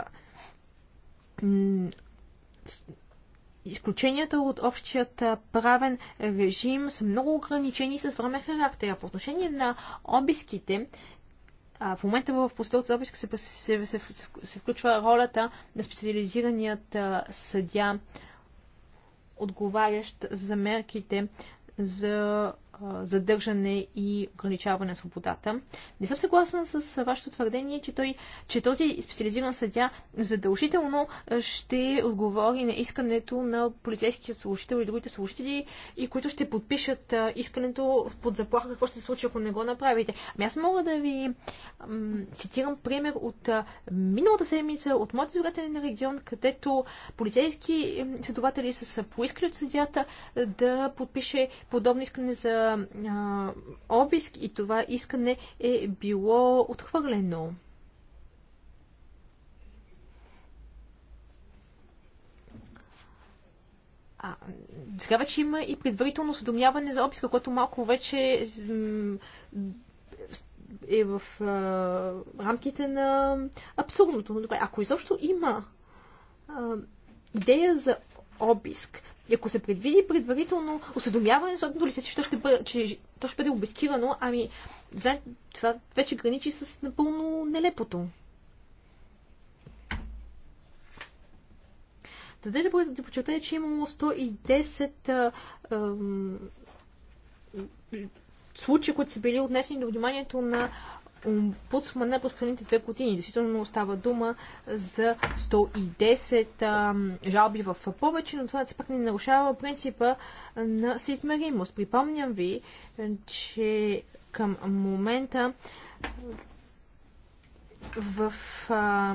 изключенията от общият правен режим са много ограничени с време характера. По отношение на обиските, в момента в постелца обиска се, се, се, се включва ролята на специализираният съдя, отговарящ за мерките за задържане и ограничаване на свободата. Не съм съгласна с вашето твърдение, че, той, че този специализиран съдя задължително ще отговори на искането на полицейския служител и другите служители, и които ще подпишат искането под заплаха какво ще се случи, ако не го направите. Ами аз мога да ви цитирам пример от миналата седмица от моят избирателен регион, където полицейски следователи са поискали от съдята да подпише подобно искане за обиск и това искане е било отхвърлено. А, сега вече има и предварително съдомяване за обиска, което малко вече е в а, рамките на абсурдното. Но добре, ако изобщо има а, идея за обиск, и ако се предвиди предварително осведомяване, защото лице, че то ще бъде, че то ще бъде обискирано, ами, знаете, това вече граничи с напълно нелепото. Даде да, да подчертая, че е имало 110 а, случаи, които са били отнесени до вниманието на омбудсман през последните две години. Действително остава дума за 110 а, жалби в повече, но това все пак не нарушава принципа на съизмеримост. Припомням ви, че към момента в а,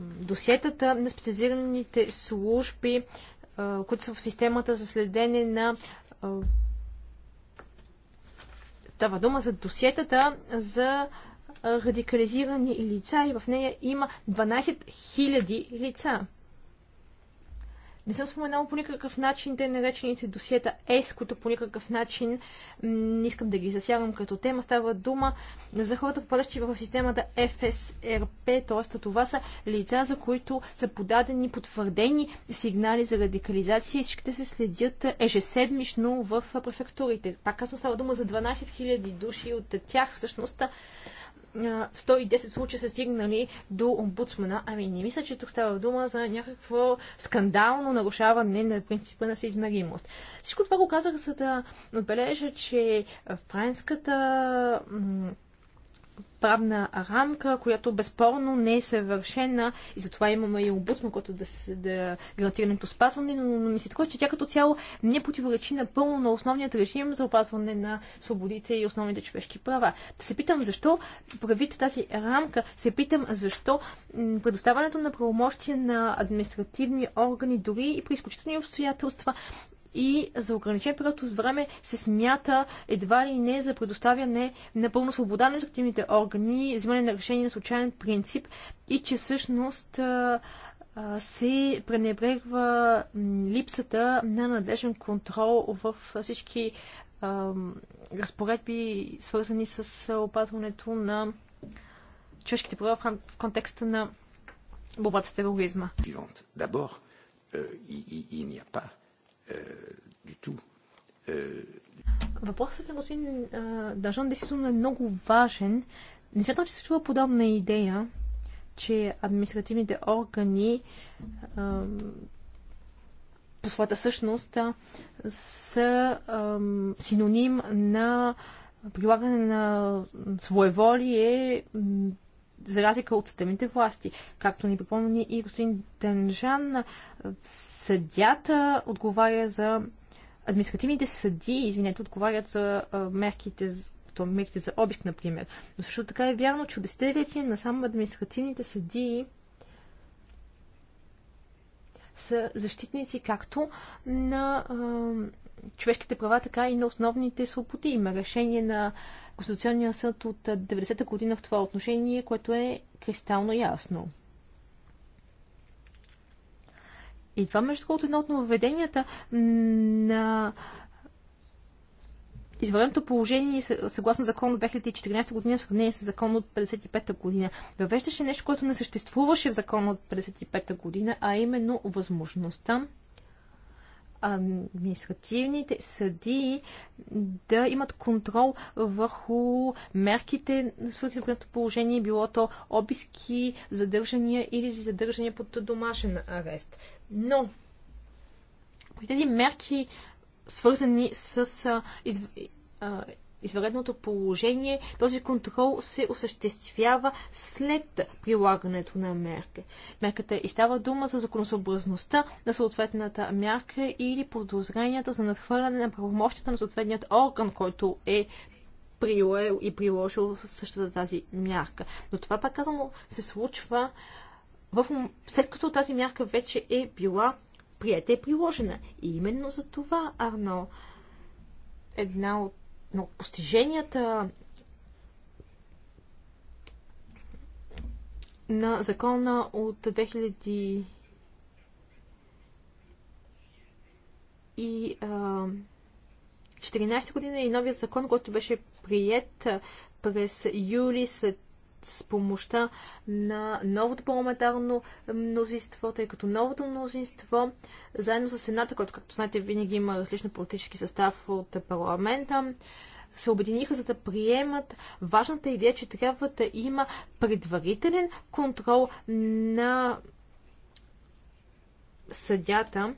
досиетата на специализираните служби, а, които са в системата за следене на Става дума за досиетата за радикализирани лица и в нея има 12 000 лица. Не съм споменала по никакъв начин те наречените досиета ЕС, които по никакъв начин не искам да ги засягам като тема. Става дума за хората, попадащи в системата ФСРП, т.е. това са лица, за които са подадени потвърдени сигнали за радикализация и всичките се следят ежеседмично в префектурите. Пак казвам, става дума за 12 000 души от тях всъщност 110 случая са стигнали до омбудсмана. Ами не мисля, че тук става дума за някакво скандално нарушаване на принципа на съизмеримост. Всичко това го казах, за да отбележа, че френската правна рамка, която безспорно не е съвършена и затова имаме и обусма, който да, да гарантира нето спазване, но, но ми се такова, че тя като цяло не противоречи напълно на основният режим за опазване на свободите и основните човешки права. Да се питам защо, правите тази рамка, се питам защо предоставането на правомощия на административни органи, дори и при изключителни обстоятелства, и за ограничен период от време се смята едва ли не за предоставяне на пълно свобода на ефективните органи, взимане на решение на случайен принцип и че всъщност се пренебрегва липсата на надежен контрол в всички разпоредби, свързани с опазването на човешките права в контекста на борбата с тероризма. Дабор, euh, il du tout. Euh, Въпросът на е, господин Дажан действително е много важен. Не смятам, че съществува подобна идея, че административните органи а, по своята същност са а, синоним на прилагане на своеволие за разлика от съдебните власти. Както ни припомни и господин Денжан, съдята отговаря за административните съди, извинете, отговарят за мерките, мерките за обиск, например. Но също така е вярно, че от десетилетия на само административните съдии са защитници както на а, човешките права, така и на основните свободи. Има решение на Конституционния съд от 90-та година в това отношение, което е кристално ясно. И това, между другото, е едно от нововведенията на извънредното положение съгласно закон от 2014 година в сравнение с закон от 55 година. Въвеждаше нещо, което не съществуваше в закон от 55 година, а именно възможността административните съдии да имат контрол върху мерките на свързаното положение, било то обиски, задържания или задържания под домашен арест. Но при тези мерки, свързани с а, из, а, извънредното положение, този контрол се осъществява след прилагането на мерка. Мерката и става дума за законосъобразността на съответната мярка или подозренията за надхвърляне на правомощията на съответният орган, който е приел и приложил същата тази мярка. Но това, пак казано, се случва в, след като тази мярка вече е била прията и приложена. И именно за това, Арно, една от но постиженията на закона от 2000 и година и новият закон, който беше прият през юли след с помощта на новото парламентарно мнозинство, тъй като новото мнозинство, заедно с Сената, който, както знаете, винаги има различен политически състав от парламента, се обединиха за да приемат важната идея, е, че трябва да има предварителен контрол на съдята,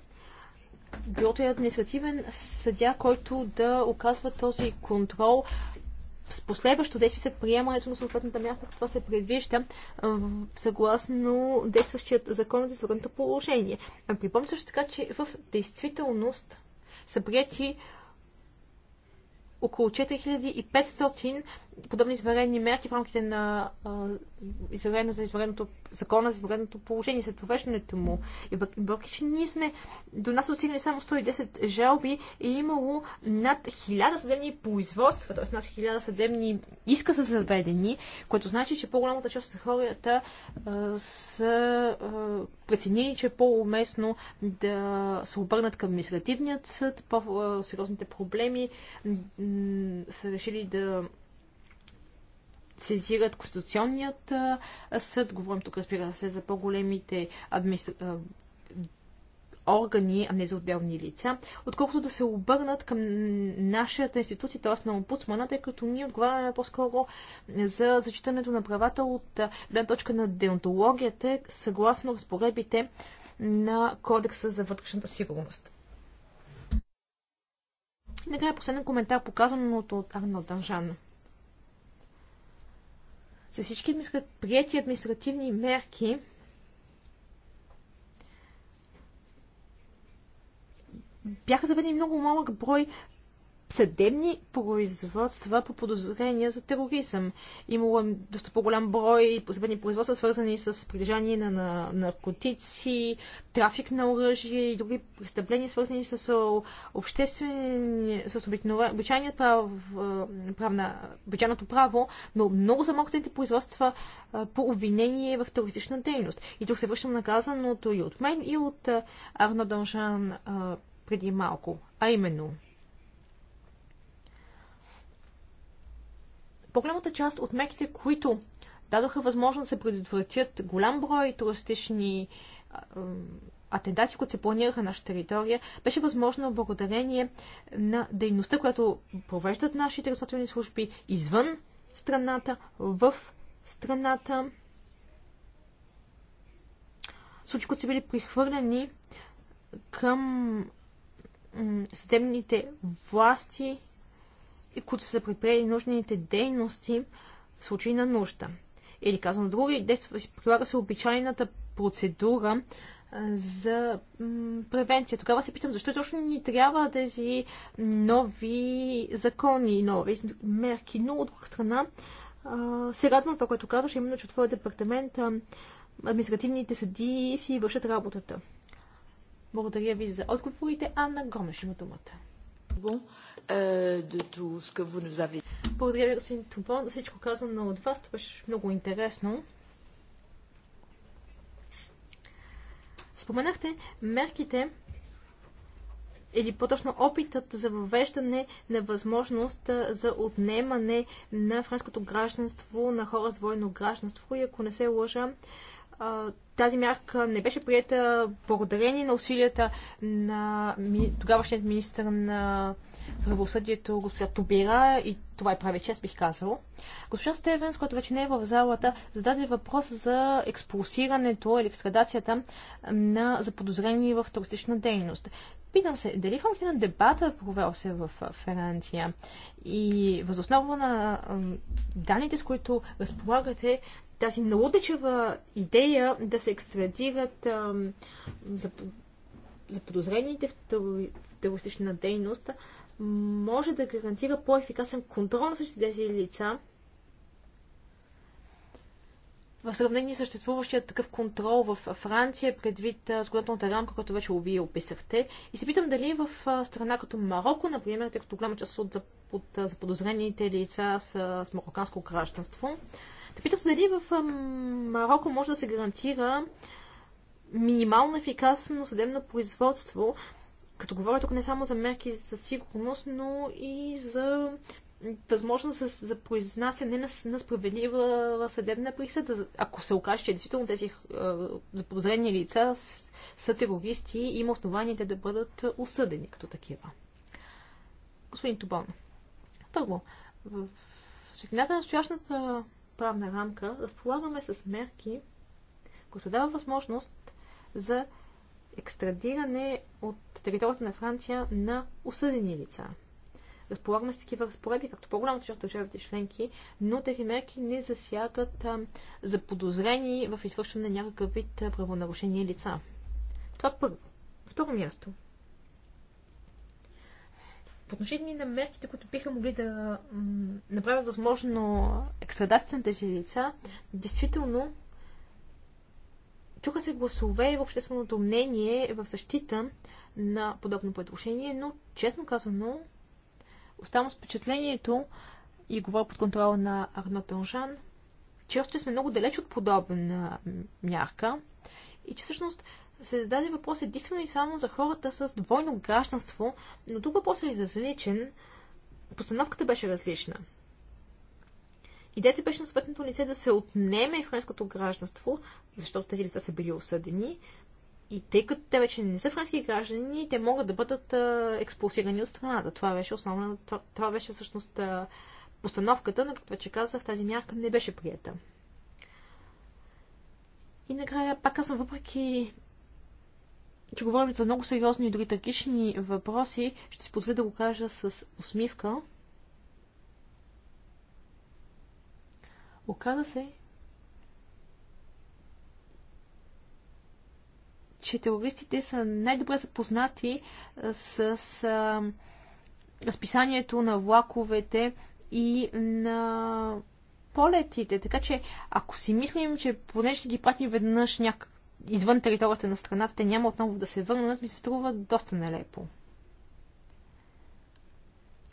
било то и е административен съдя, който да оказва този контрол с последващо действие след приемането на съответната мярка, това се предвижда съгласно действащият закон за съответното положение. А припомня също така, че в действителност са прияти около 4500 подобни изварени мерки в рамките на изварено за извареното, закона за извареното положение, след провеждането му. И въпреки, че ние сме, до нас достигнали само 110 жалби, и е имало над 1000 съдебни производства, т.е. над 1000 съдебни иска са заведени, което значи, че по-голямата част от хората а, са а, преценили, че е по-уместно да се обърнат към административният съд, по-сериозните проблеми са решили да сезират Конституционният съд. Говорим тук, разбира се, за по-големите администра органи, а не за отделни лица, отколкото да се обърнат към нашата институция, т.е. на омбудсмана, тъй като ние отговаряме по-скоро за зачитането на правата от гледна точка на деонтологията, съгласно разпоредбите на Кодекса за вътрешната сигурност. накрая последен коментар, показаното от Арнал Данжан с всички прияти административни мерки, бяха заведени много малък брой съдебни производства по подозрения за тероризъм. Имало е доста по-голям брой съдебни производства, свързани с притежание на, на наркотици, трафик на оръжие и други престъпления, свързани с обществен, с обичайният прав, правна, обичайното право, но много замоксените производства по обвинение в терористична дейност. И тук се връщам на казаното и от мен, и от Арно Донжан преди малко. А именно, По-голямата част от меките, които дадоха възможност да се предотвратят голям брой туристични атентати, които се планираха на нашата територия, беше възможно благодарение на дейността, която провеждат нашите разследвателни служби извън страната, в страната. Случаи, които са били прихвърлени към съдебните власти и които са предприели нужните дейности в случай на нужда. Или казвам други, действа, прилага се обичайната процедура за превенция. Тогава се питам, защо точно ни трябва тези нови закони, нови мерки. Но от друга страна, се радвам това, което казваш, именно, че от твоя департамент административните съдии си вършат работата. Благодаря ви за отговорите. Анна Гомеш има думата. Е, Благодаря ви, господин Тупон, за всичко казано от вас. Това беше много интересно. Споменахте мерките или по-точно опитът за въвеждане на възможност за отнемане на френското гражданство на хора с двойно гражданство. И ако не се лъжа, тази мярка не беше приета благодарение на усилията на тогавашният министр на правосъдието госпожа Тобира и това е прави чест, бих казал. Госпожа Стевенс, който вече не е в залата, зададе въпрос за експулсирането или екстрадацията на заподозрени в туристична дейност. Питам се, дали в рамките на дебата, провел се в Франция и възоснова на данните, с които разполагате, тази налудечева идея да се екстрадират за, за подозрените в терористична дейност може да гарантира по-ефикасен контрол на същите тези лица, в сравнение с съществуващия такъв контрол в Франция, предвид законодателната рамка, която вече вие описахте. И се питам дали в страна като Марокко, например, тъй като голяма част от заподозрените лица са с мароканско гражданство, да питам се дали в Марокко може да се гарантира минимално ефикасно съдебно производство, като говоря тук не само за мерки за сигурност, но и за възможност за, за произнасяне на, на справедлива съдебна присъда. Ако се окаже, че действително тези е, заподозрени лица са терористи, има основаните да бъдат осъдени като такива. Господин Тубон, първо, в светлината на настоящата правна рамка разполагаме с мерки, които дава възможност за екстрадиране от територията на Франция на осъдени лица. Разполагаме с такива разпоредби, както по-голямата част от държавите членки, но тези мерки не засягат заподозрени в извършване на някакъв вид правонарушение лица. Това е първо. Второ място. По отношение на мерките, които биха могли да направят възможно екстрадацията на тези лица, действително Чуха се гласове и в общественото мнение в защита на подобно предложение, но честно казано оставам с впечатлението и говоря под контрола на Арно Тонжан, че още сме много далеч от подобна мярка и че всъщност се зададе въпрос единствено и само за хората с двойно гражданство, но тук въпросът е различен. Постановката беше различна. Идеята беше на съответното лице да се отнеме френското гражданство, защото тези лица са били осъдени. И тъй като те вече не са френски граждани, те могат да бъдат а, експулсирани от страната. Това беше основна, това, това беше всъщност а, постановката, но както вече казах, тази мярка не беше прията. И накрая, пак казвам, въпреки че говорим за много сериозни и дори трагични въпроси, ще си позволя да го кажа с усмивка. Оказа се, че терористите са най-добре запознати с, с разписанието на влаковете и на полетите. Така че, ако си мислим, че поне ще ги пратим веднъж някак извън територията на страната, те няма отново да се върнат, ми се струва доста нелепо.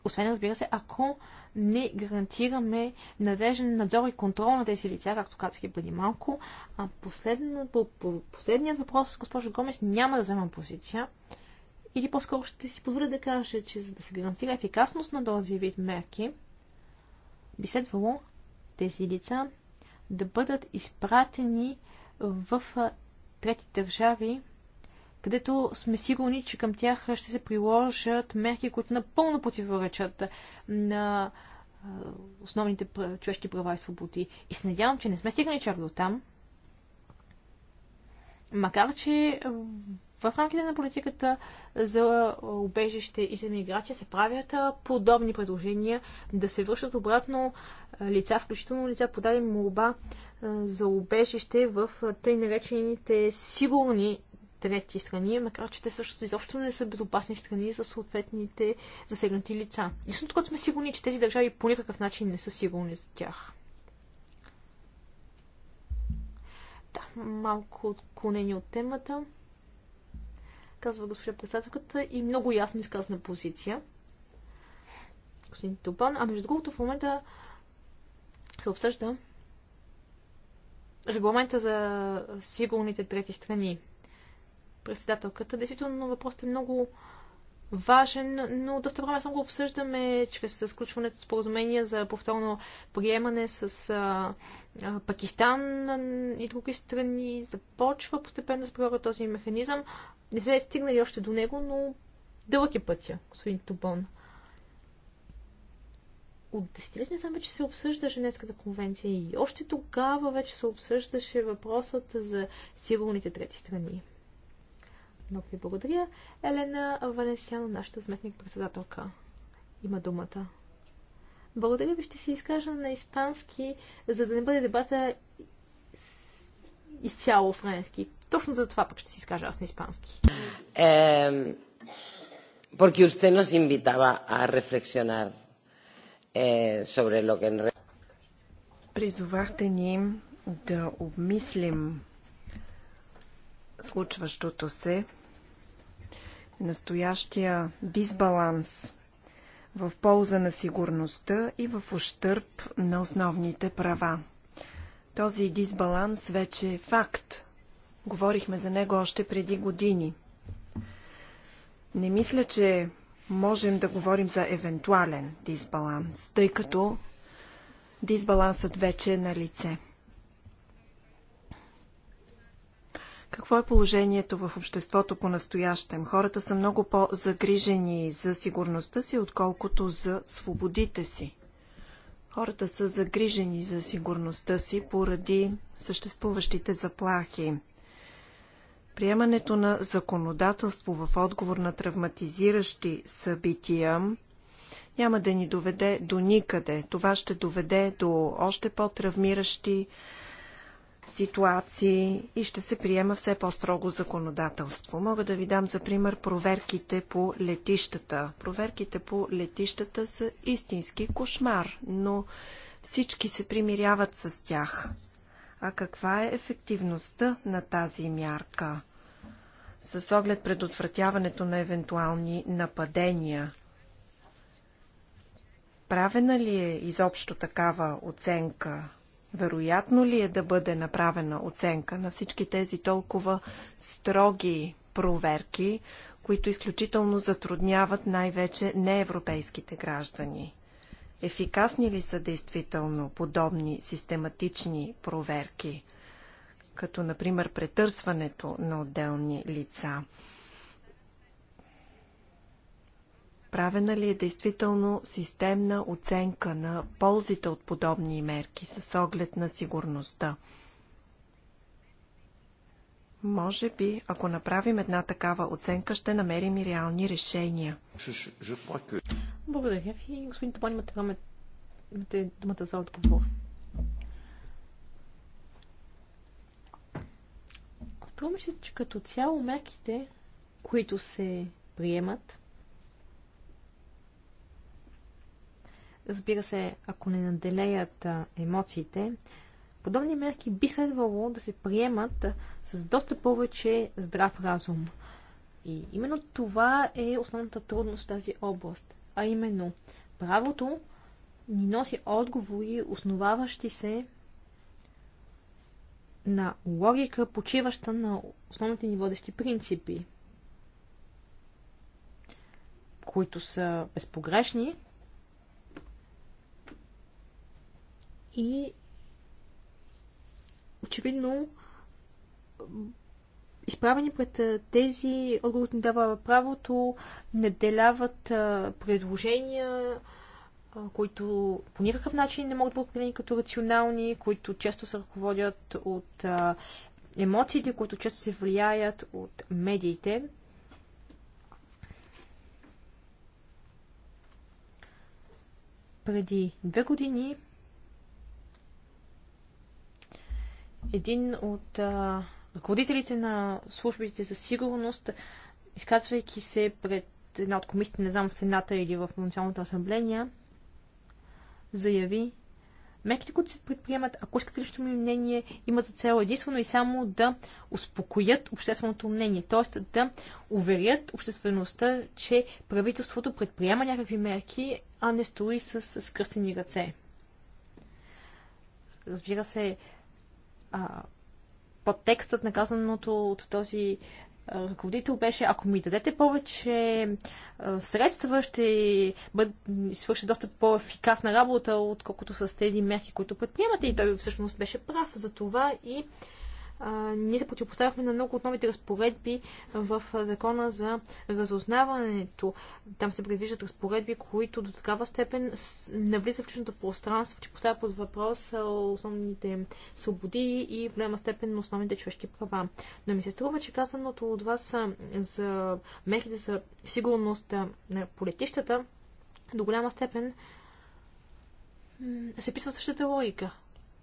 Освен, разбира се, ако не гарантираме надежен надзор и контрол на тези лица, както казах и преди малко. А последна, по, по, последният въпрос, госпожо Гомес, няма да взема позиция. Или по-скоро ще си позволя да кажа, че за да се гарантира ефикасност на този вид мерки, би следвало тези лица да бъдат изпратени в трети държави, където сме сигурни, че към тях ще се приложат мерки, които напълно противоречат на основните човешки права и свободи. И се надявам, че не сме стигнали чак до там. Макар, че в рамките на политиката за убежище и за миграция се правят подобни предложения да се връщат обратно лица, включително лица подали молба за убежище в тъй наречените сигурни трети страни, макар че те също изобщо не са безопасни страни за съответните засегнати лица. Единственото, което сме сигурни, е, че тези държави по никакъв начин не са сигурни за тях. Да, малко отклонение от темата. Казва госпожа председателката и много ясно изказана позиция. Господин Тупан, А между другото, в момента се обсъжда регламента за сигурните трети страни председателката. Действително въпросът е много важен, но доста време само го обсъждаме чрез сключването споразумения за повторно приемане с а, а, Пакистан и други страни. Започва постепенно да прилага този механизъм. Не сме стигнали още до него, но дълъг е пътя, господин Тубон. От десетилетия знам вече се обсъжда Женевската конвенция и още тогава вече се обсъждаше въпросът за сигурните трети страни. Много ви благодаря. Елена Валенсиано, нашата заместник-председателка, има думата. Благодаря ви, ще се изкажа на испански, за да не бъде дебата изцяло френски. Точно за това пък ще си изкажа аз на испански. porque usted nos invitaba a reflexionar eh, sobre lo que... Призовахте ни да обмислим случващото се настоящия дисбаланс в полза на сигурността и в ущърп на основните права. Този дисбаланс вече е факт. Говорихме за него още преди години. Не мисля, че можем да говорим за евентуален дисбаланс, тъй като дисбалансът вече е на лице. Какво е положението в обществото по настоящем? Хората са много по-загрижени за сигурността си, отколкото за свободите си. Хората са загрижени за сигурността си поради съществуващите заплахи. Приемането на законодателство в отговор на травматизиращи събития няма да ни доведе до никъде. Това ще доведе до още по-травмиращи събития ситуации и ще се приема все по-строго законодателство. Мога да ви дам за пример проверките по летищата. Проверките по летищата са истински кошмар, но всички се примиряват с тях. А каква е ефективността на тази мярка? С оглед предотвратяването на евентуални нападения, правена ли е изобщо такава оценка вероятно ли е да бъде направена оценка на всички тези толкова строги проверки, които изключително затрудняват най-вече неевропейските граждани? Ефикасни ли са действително подобни систематични проверки, като например претърсването на отделни лица? Правена ли е действително системна оценка на ползите от подобни мерки с оглед на сигурността? Може би, ако направим една такава оценка, ще намерим и реални решения. Благодаря ви. Господин Топан, имате, имате думата за отговор. Струва ми се, че като цяло мерките, които се приемат, разбира се, ако не наделеят емоциите, подобни мерки би следвало да се приемат с доста повече здрав разум. И именно това е основната трудност в тази област. А именно, правото ни носи отговори, основаващи се на логика, почиваща на основните ни водещи принципи, които са безпогрешни, и очевидно изправени пред тези, отговорът ни дава правото, наделяват предложения, които по никакъв начин не могат да бъдат определени като рационални, които често се ръководят от емоциите, които често се влияят от медиите. Преди две години един от а, ръководителите на службите за сигурност, изказвайки се пред една от комисиите, не знам в Сената или в Националната асамблея, заяви, мерките, които се предприемат, ако искате лично ми мнение, имат за цел единствено и само да успокоят общественото мнение, т.е. да уверят обществеността, че правителството предприема някакви мерки, а не стои с скръстени ръце. Разбира се, подтекстът на казаното от този ръководител беше, ако ми дадете повече средства, ще бъд, свърши доста по-ефикасна работа, отколкото с тези мерки, които предприемате. И той всъщност беше прав. За това и ние се противопоставяхме на много от новите разпоредби в закона за разузнаването. Там се предвиждат разпоредби, които до такава степен навлизат в личното пространство, че поставят под въпрос основните свободи и в голяма степен основните човешки права. Но ми се струва, че казаното от вас за мерките за сигурност на полетищата до голяма степен се писва същата логика.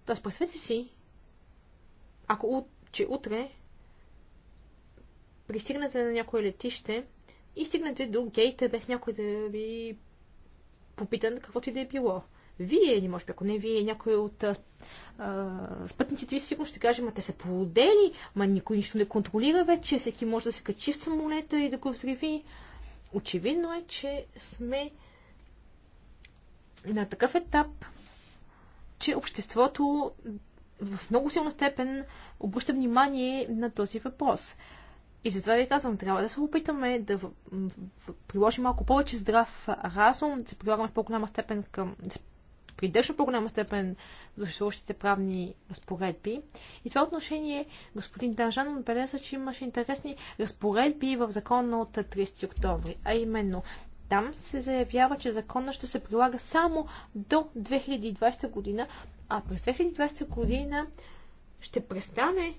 Тоест, представете си, ако че утре пристигнете на някое летище и стигнете до гейта без някой да ви попитан каквото и да е било. Вие или може би, ако не вие, някой от а, спътниците ви сигурно ще каже, ма те са полудели, ма никой нищо не контролира вече, всеки може да се качи в самолета и да го взриви. Очевидно е, че сме на такъв етап, че обществото в много силна степен обръща внимание на този въпрос. И затова ви казвам, трябва да се опитаме да приложим малко повече здрав разум, да се прилагаме в по-голяма степен към да придържа по-голяма степен до съществуващите правни разпоредби. И това отношение господин Държан отбеляза, че имаше интересни разпоредби в закона от 30 октомври, а именно там се заявява, че закона ще се прилага само до 2020 година, а през 2020 година ще престане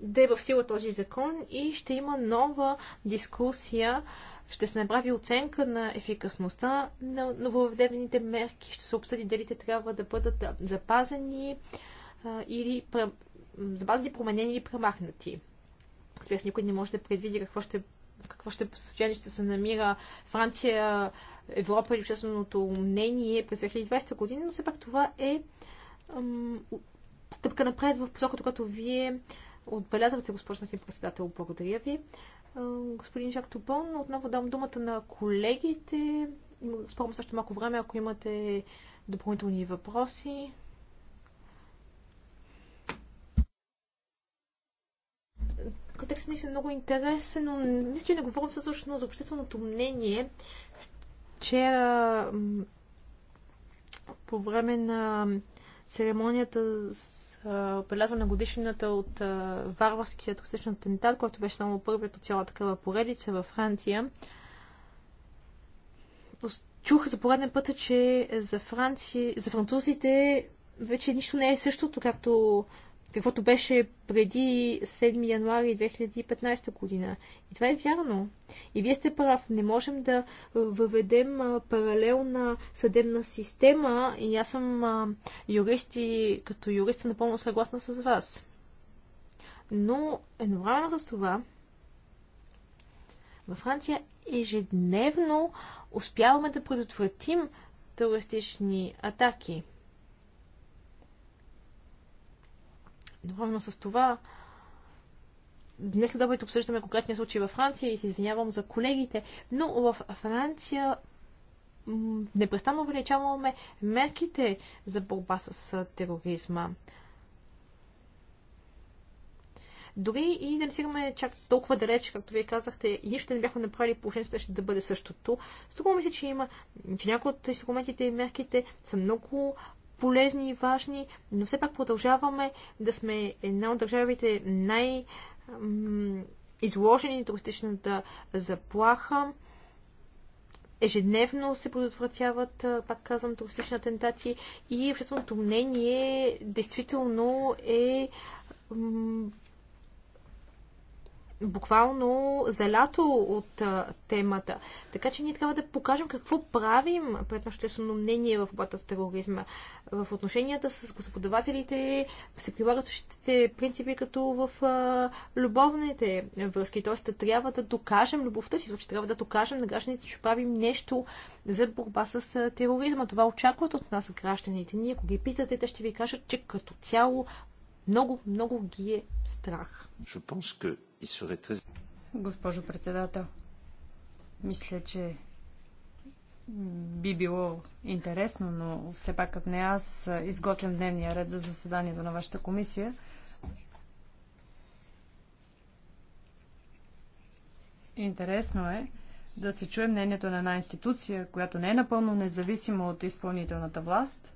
да е в сила този закон и ще има нова дискусия, ще се направи оценка на ефикасността на нововведените мерки, ще се обсъди дали те трябва да бъдат запазени а, или запазени, променени или премахнати. Разбира никой не може да предвиди какво ще в какво ще състояние ще се намира Франция, Европа или общественото мнение през 2020 година, но все пак това е ам, стъпка напред в посоката, която вие госпожа си председател. Благодаря ви. Господин Жак Топон, отново дам думата на колегите. Спомням също малко време, ако имате допълнителни въпроси. контекст не е много интересен, но мисля, че не говорим точно за общественото мнение. Вчера по време на церемонията за отбелязване на годишнината от варварския токсичен атентат, който беше само първият от цялата такава поредица във Франция, чух за пореден път, че за, Франци... за французите вече нищо не е същото, както каквото беше преди 7 януари 2015 година. И това е вярно. И вие сте прав. Не можем да въведем паралелна съдебна система и аз съм юрист и като юрист съм напълно съгласна с вас. Но едновременно с това във Франция ежедневно успяваме да предотвратим терористични атаки – Едновременно с това, днес следобед обсъждаме конкретния случай във Франция и се извинявам за колегите, но в Франция непрестанно увеличаваме мерките за борба с тероризма. Дори и да не стигаме чак толкова далеч, както вие казахте, и нищо не бяхме направили, положението ще да бъде същото. Струва се, че има, че някои от инструментите и мерките са много полезни и важни, но все пак продължаваме да сме една от държавите най- изложени на туристичната заплаха. Ежедневно се предотвратяват, пак казвам, туристични атентати и общественото мнение действително е буквално залято от а, темата. Така че ние трябва да покажем какво правим пред нашето мнение в борбата с тероризма. В отношенията с господавателите се прилагат същите принципи, като в а, любовните връзки. Тоест, да трябва да докажем любовта си, защото трябва да докажем на гражданите, че правим нещо за борба с а, тероризма. Това очакват от нас гражданите. Ние, ако ги питате, те ще ви кажат, че като цяло много, много ги е страх. Госпожо председател, мисля, че би било интересно, но все пак не аз изготвям дневния ред за заседанието на вашата комисия. Интересно е да се чуе мнението на една институция, която не е напълно независима от изпълнителната власт,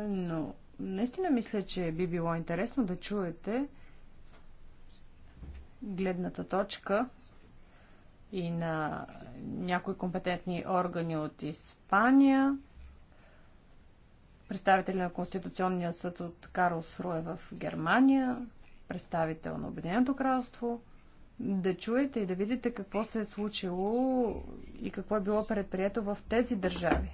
но наистина мисля, че би било интересно да чуете гледната точка и на някои компетентни органи от Испания, представители на Конституционния съд от Карлс Руе в Германия, представител на Обединеното кралство, да чуете и да видите какво се е случило и какво е било предприето в тези държави.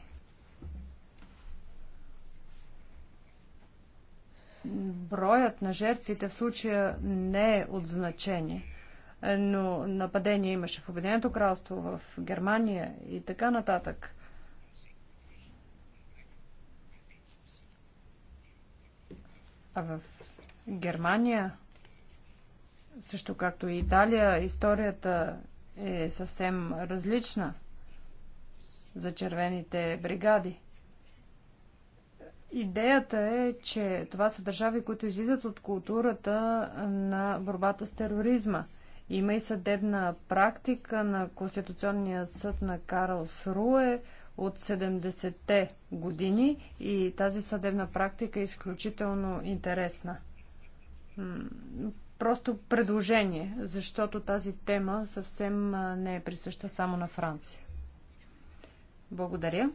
броят на жертвите в случая не е от значение, но нападение имаше в Обединеното кралство, в Германия и така нататък. А в Германия, също както и Италия, историята е съвсем различна за червените бригади – Идеята е, че това са държави, които излизат от културата на борбата с тероризма. Има и съдебна практика на Конституционния съд на Карлс Руе от 70-те години и тази съдебна практика е изключително интересна. Просто предложение, защото тази тема съвсем не е присъща само на Франция. Благодаря.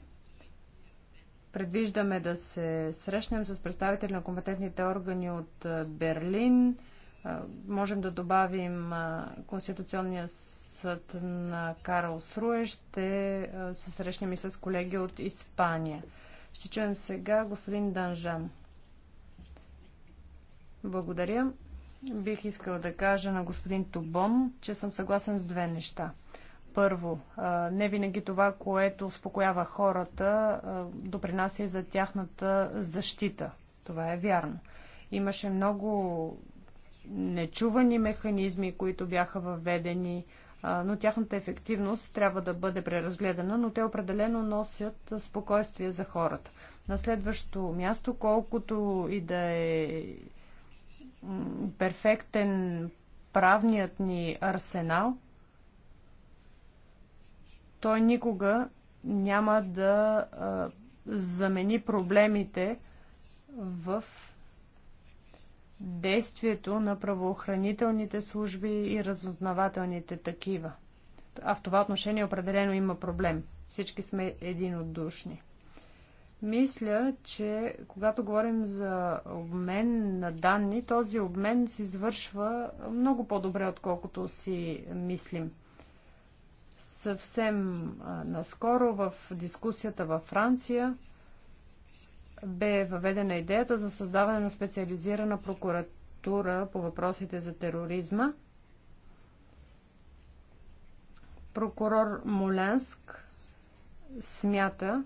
Предвиждаме да се срещнем с представители на компетентните органи от Берлин. Можем да добавим Конституционния съд на Карл Сруе. Ще се срещнем и с колеги от Испания. Ще чуем сега господин Данжан. Благодаря. Бих искала да кажа на господин Тубон, че съм съгласен с две неща първо. Не винаги това, което успокоява хората, допринася и за тяхната защита. Това е вярно. Имаше много нечувани механизми, които бяха въведени, но тяхната ефективност трябва да бъде преразгледана, но те определено носят спокойствие за хората. На следващо място, колкото и да е перфектен правният ни арсенал – той никога няма да а, замени проблемите в действието на правоохранителните служби и разузнавателните такива. А в това отношение определено има проблем. Всички сме единодушни. Мисля, че когато говорим за обмен на данни, този обмен се извършва много по-добре, отколкото си мислим. Съвсем наскоро в дискусията във Франция бе въведена идеята за създаване на специализирана прокуратура по въпросите за тероризма. Прокурор Молянск смята,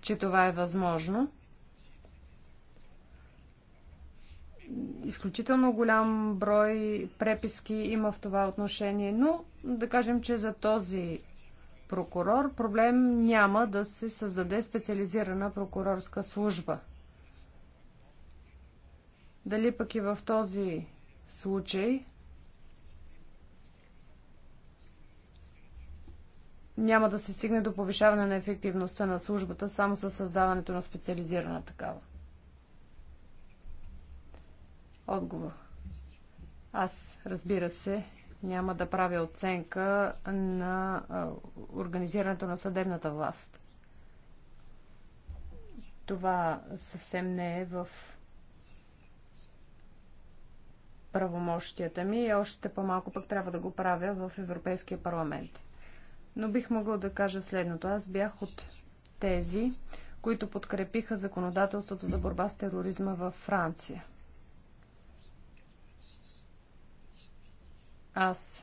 че това е възможно. изключително голям брой преписки има в това отношение, но да кажем, че за този прокурор проблем няма да се създаде специализирана прокурорска служба. Дали пък и в този случай няма да се стигне до повишаване на ефективността на службата само със създаването на специализирана такава. Отговор. Аз, разбира се, няма да правя оценка на организирането на съдебната власт. Това съвсем не е в правомощията ми и още по-малко пък трябва да го правя в Европейския парламент. Но бих могъл да кажа следното. Аз бях от тези, които подкрепиха законодателството за борба с тероризма във Франция – Аз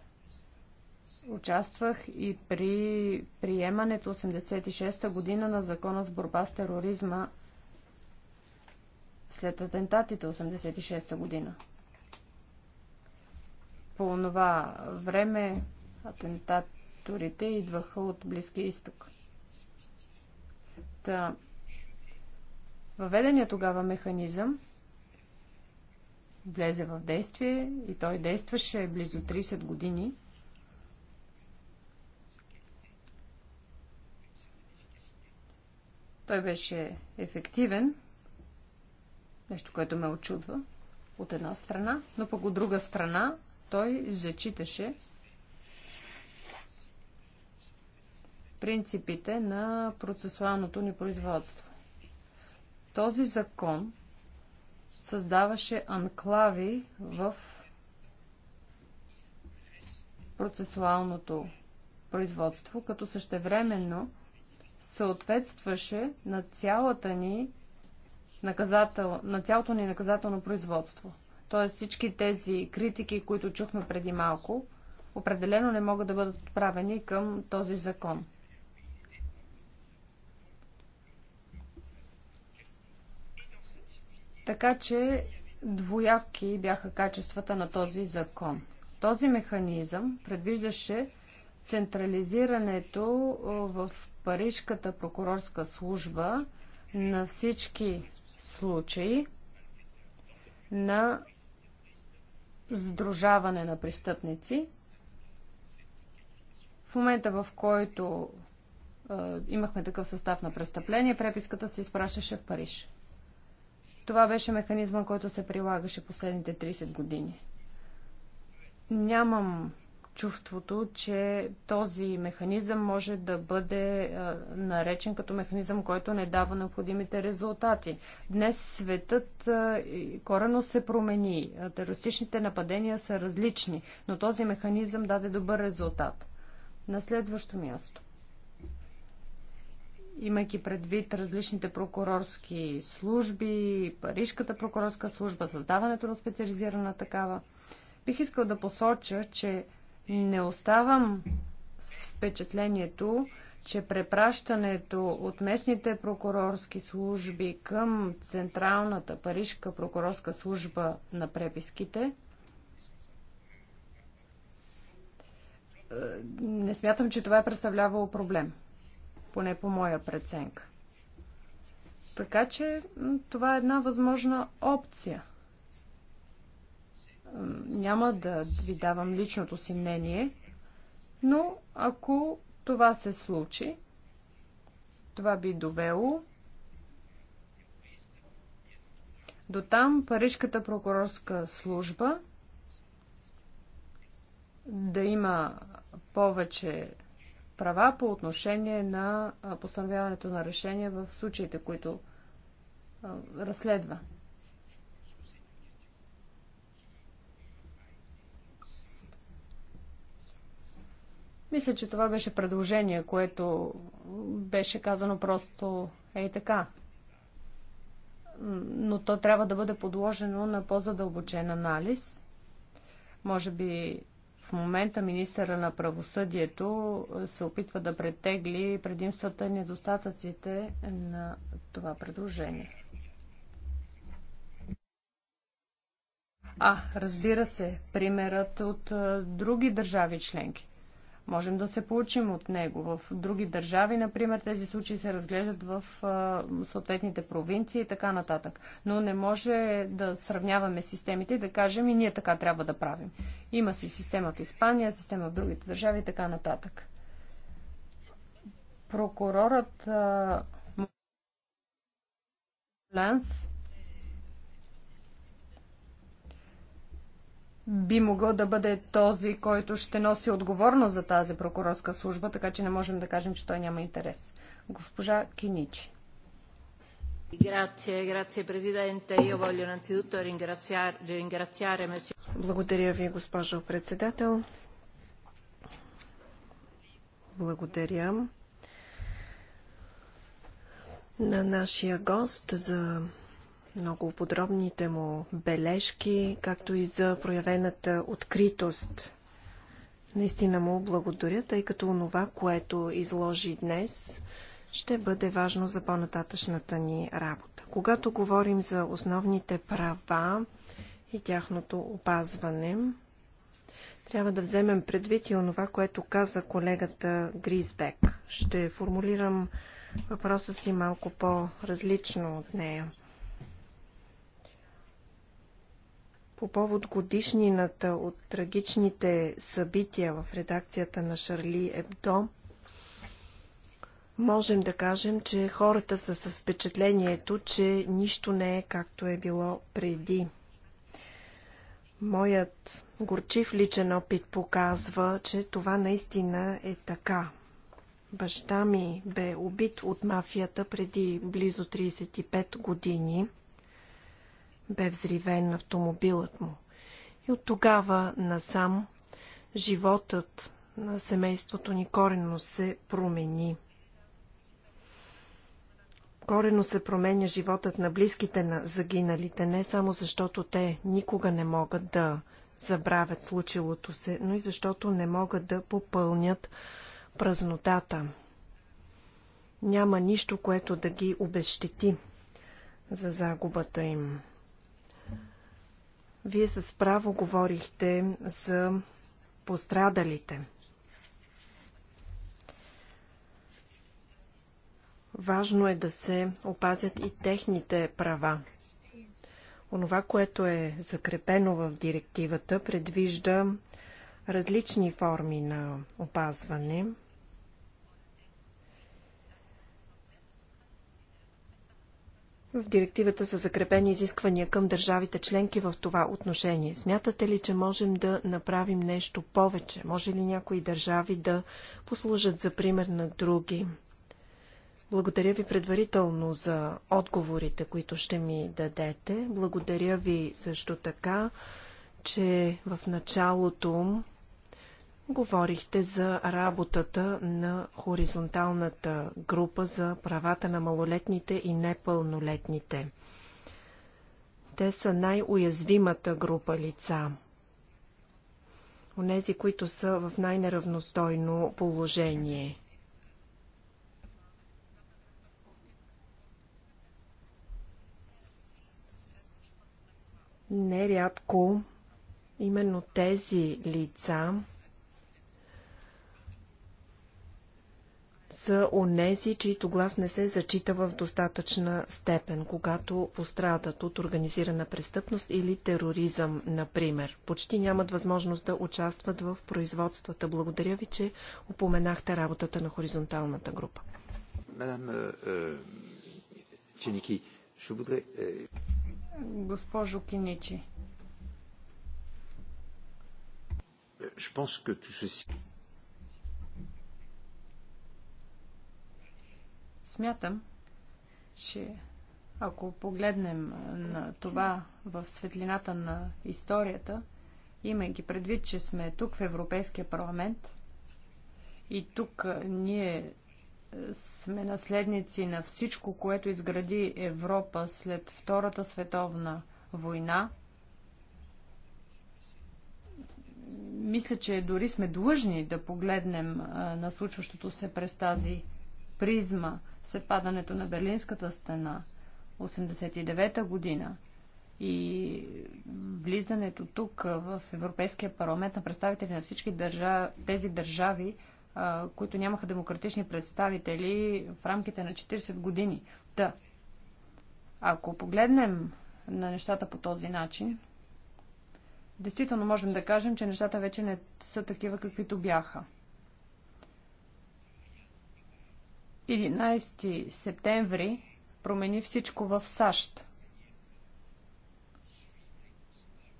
участвах и при приемането 86-та година на закона с борба с тероризма след атентатите 86-та година. По това време атентаторите идваха от Близкия изток. Та, въведения тогава механизъм влезе в действие и той действаше близо 30 години. Той беше ефективен, нещо, което ме очудва от една страна, но пък от друга страна той зачиташе принципите на процесуалното ни производство. Този закон създаваше анклави в процесуалното производство, като същевременно съответстваше на цялата ни наказател, на цялото ни наказателно производство. Тоест всички тези критики, които чухме преди малко, определено не могат да бъдат отправени към този закон. Така че двояки бяха качествата на този закон. Този механизъм предвиждаше централизирането в Парижката прокурорска служба на всички случаи на сдружаване на престъпници. В момента, в който е, имахме такъв състав на престъпление, преписката се изпращаше в Париж. Това беше механизма, който се прилагаше последните 30 години. Нямам чувството, че този механизъм може да бъде а, наречен като механизъм, който не дава необходимите резултати. Днес светът а, корено се промени. Терористичните нападения са различни, но този механизъм даде добър резултат. На следващо място имайки предвид различните прокурорски служби, Парижката прокурорска служба, създаването на специализирана такава, бих искал да посоча, че не оставам с впечатлението, че препращането от местните прокурорски служби към Централната парижка прокурорска служба на преписките е, не смятам, че това е представлявало проблем поне по моя преценка. Така че това е една възможна опция. Няма да ви давам личното си мнение, но ако това се случи, това би довело до там Парижката прокурорска служба да има повече права по отношение на постановяването на решения в случаите, които разследва. Мисля, че това беше предложение, което беше казано просто ей така. Но то трябва да бъде подложено на по-задълбочен анализ. Може би в момента министъра на правосъдието се опитва да претегли предимствата и недостатъците на това предложение. А, разбира се, примерът от други държави членки. Можем да се получим от него. В други държави, например, тези случаи се разглеждат в съответните провинции и така нататък. Но не може да сравняваме системите и да кажем и ние така трябва да правим. Има си система в Испания, система в другите държави и така нататък. Прокурорът Ланс би могъл да бъде този, който ще носи отговорност за тази прокурорска служба, така че не можем да кажем, че той няма интерес. Госпожа Киничи. Благодаря ви, госпожо председател. Благодаря на нашия гост за много подробните му бележки, както и за проявената откритост. Наистина му благодаря, тъй като онова, което изложи днес, ще бъде важно за по-нататъчната ни работа. Когато говорим за основните права и тяхното опазване, трябва да вземем предвид и онова, което каза колегата Гризбек. Ще формулирам въпроса си малко по-различно от нея. По повод годишнината от трагичните събития в редакцията на Шарли Ебдо, можем да кажем, че хората са с впечатлението, че нищо не е както е било преди. Моят горчив личен опит показва, че това наистина е така. Баща ми бе убит от мафията преди близо 35 години – бе взривен автомобилът му. И от тогава насам животът на семейството ни корено се промени. Корено се променя животът на близките на загиналите, не само защото те никога не могат да забравят случилото се, но и защото не могат да попълнят празнотата. Няма нищо, което да ги обещети за загубата им. Вие с право говорихте за пострадалите. Важно е да се опазят и техните права. Онова, което е закрепено в директивата, предвижда различни форми на опазване – В директивата са закрепени изисквания към държавите членки в това отношение. Смятате ли, че можем да направим нещо повече? Може ли някои държави да послужат за пример на други? Благодаря ви предварително за отговорите, които ще ми дадете. Благодаря ви също така, че в началото Говорихте за работата на хоризонталната група за правата на малолетните и непълнолетните. Те са най-уязвимата група лица. Онези, които са в най-неравностойно положение. Нерядко именно тези лица са онези, чието глас не се зачита в достатъчна степен, когато пострадат от организирана престъпност или тероризъм, например. Почти нямат възможност да участват в производствата. Благодаря ви, че упоменахте работата на хоризонталната група. Мадам е, е, Чиники, ще бъде... Е, Госпожо Киничи. Смятам, че ако погледнем на това в светлината на историята, имайки предвид, че сме тук в Европейския парламент и тук ние сме наследници на всичко, което изгради Европа след Втората световна война, мисля, че дори сме длъжни да погледнем на случващото се през тази призма, се падането на Берлинската стена 89-та година и влизането тук в Европейския парламент на представители на всички държа... тези държави, които нямаха демократични представители в рамките на 40 години. Та, да. ако погледнем на нещата по този начин, действително можем да кажем, че нещата вече не са такива, каквито бяха. 11 септември промени всичко в САЩ.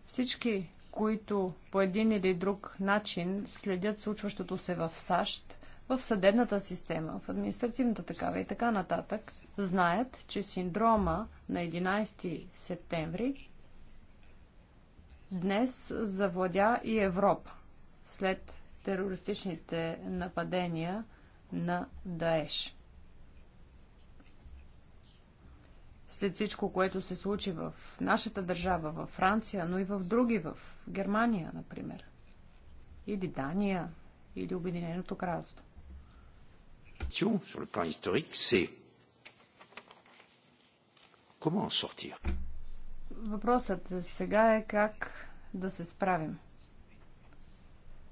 Всички, които по един или друг начин следят случващото се в САЩ, в съдебната система, в административната такава и така нататък, знаят, че синдрома на 11 септември днес завладя и Европа след терористичните нападения – на Даеш. След всичко, което се случи в нашата държава, във Франция, но и в други, в Германия, например, или Дания, или Обединеното кралство. Sur le plan historique, c'est comment en sortir? Въпросът сега е как да се справим.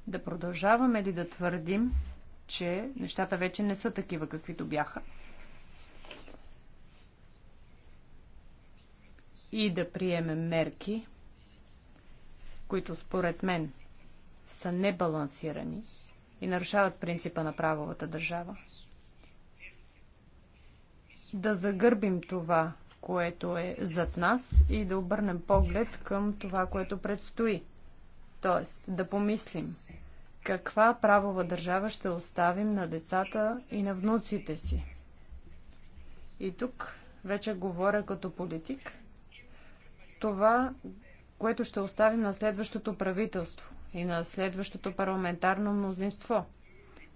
Да продължаваме ли да твърдим, че нещата вече не са такива, каквито бяха. И да приемем мерки, които според мен са небалансирани и нарушават принципа на правовата държава. Да загърбим това, което е зад нас и да обърнем поглед към това, което предстои. Тоест, да помислим каква правова държава ще оставим на децата и на внуците си. И тук вече говоря като политик. Това, което ще оставим на следващото правителство и на следващото парламентарно мнозинство.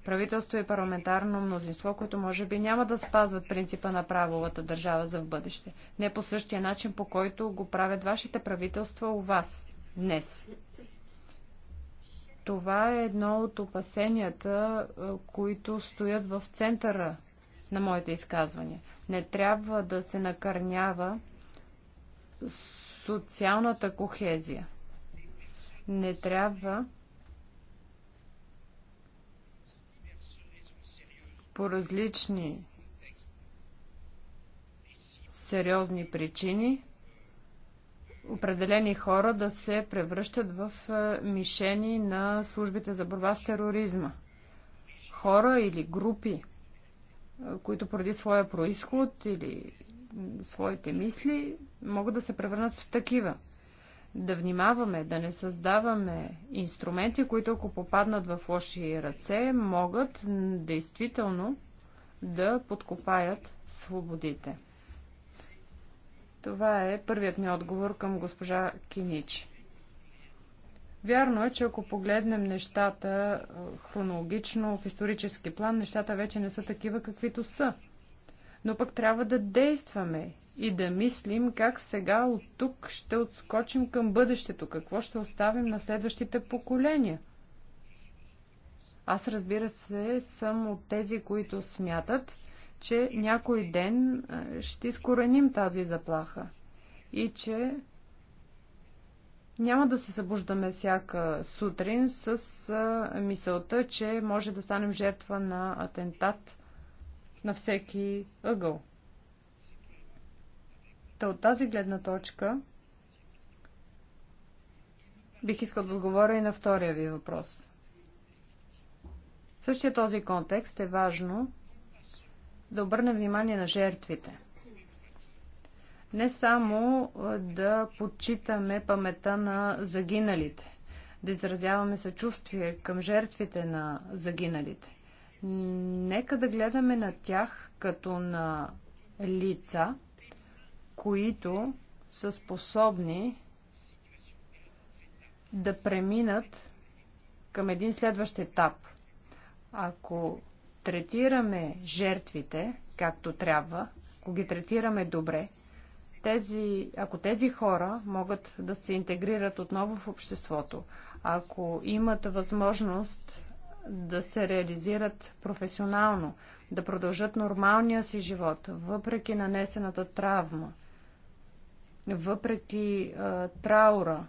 Правителство и парламентарно мнозинство, което може би няма да спазват принципа на правовата държава за в бъдеще. Не по същия начин, по който го правят вашите правителства у вас днес. Това е едно от опасенията, е, които стоят в центъра на моите изказвания. Не трябва да се накърнява социалната кохезия. Не трябва по различни сериозни причини определени хора да се превръщат в е, мишени на службите за борба с тероризма. Хора или групи, е, които поради своя происход или своите мисли могат да се превърнат в такива. Да внимаваме, да не създаваме инструменти, които ако попаднат в лоши ръце, могат действително да подкопаят свободите. Това е първият ми отговор към госпожа Киничи. Вярно е, че ако погледнем нещата хронологично, в исторически план, нещата вече не са такива, каквито са. Но пък трябва да действаме и да мислим как сега от тук ще отскочим към бъдещето, какво ще оставим на следващите поколения. Аз разбира се съм от тези, които смятат, че някой ден ще изкореним тази заплаха и че няма да се събуждаме всяка сутрин с мисълта, че може да станем жертва на атентат на всеки ъгъл. Та от тази гледна точка бих искал да отговоря и на втория ви въпрос. В същия този контекст е важно да обърнем внимание на жертвите. Не само да почитаме памета на загиналите, да изразяваме съчувствие към жертвите на загиналите. Нека да гледаме на тях като на лица, които са способни да преминат към един следващ етап. Ако третираме жертвите както трябва, ако ги третираме добре, тези, ако тези хора могат да се интегрират отново в обществото, ако имат възможност да се реализират професионално, да продължат нормалния си живот, въпреки нанесената травма, въпреки е, траура,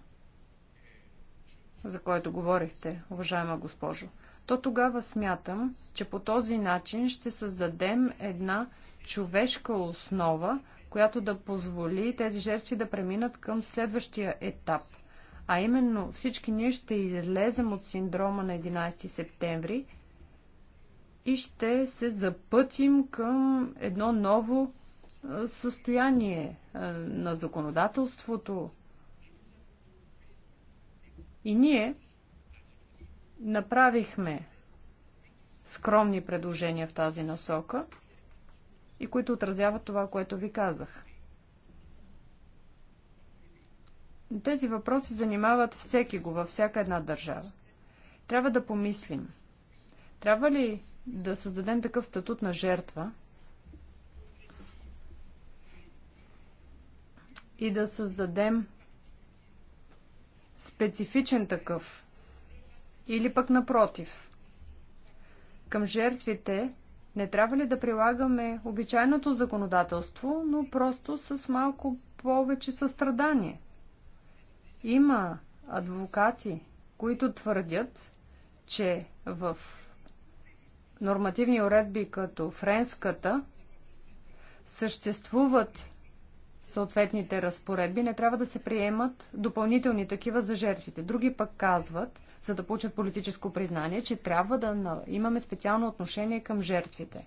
за който говорихте, уважаема госпожо то тогава смятам, че по този начин ще създадем една човешка основа, която да позволи тези жертви да преминат към следващия етап. А именно всички ние ще излезем от синдрома на 11 септември и ще се запътим към едно ново състояние на законодателството. И ние направихме скромни предложения в тази насока и които отразяват това, което ви казах. Тези въпроси занимават всеки го във всяка една държава. Трябва да помислим. Трябва ли да създадем такъв статут на жертва и да създадем специфичен такъв или пък напротив. Към жертвите не трябва ли да прилагаме обичайното законодателство, но просто с малко повече състрадание? Има адвокати, които твърдят, че в нормативни уредби като френската съществуват съответните разпоредби, не трябва да се приемат допълнителни такива за жертвите. Други пък казват, за да получат политическо признание, че трябва да имаме специално отношение към жертвите.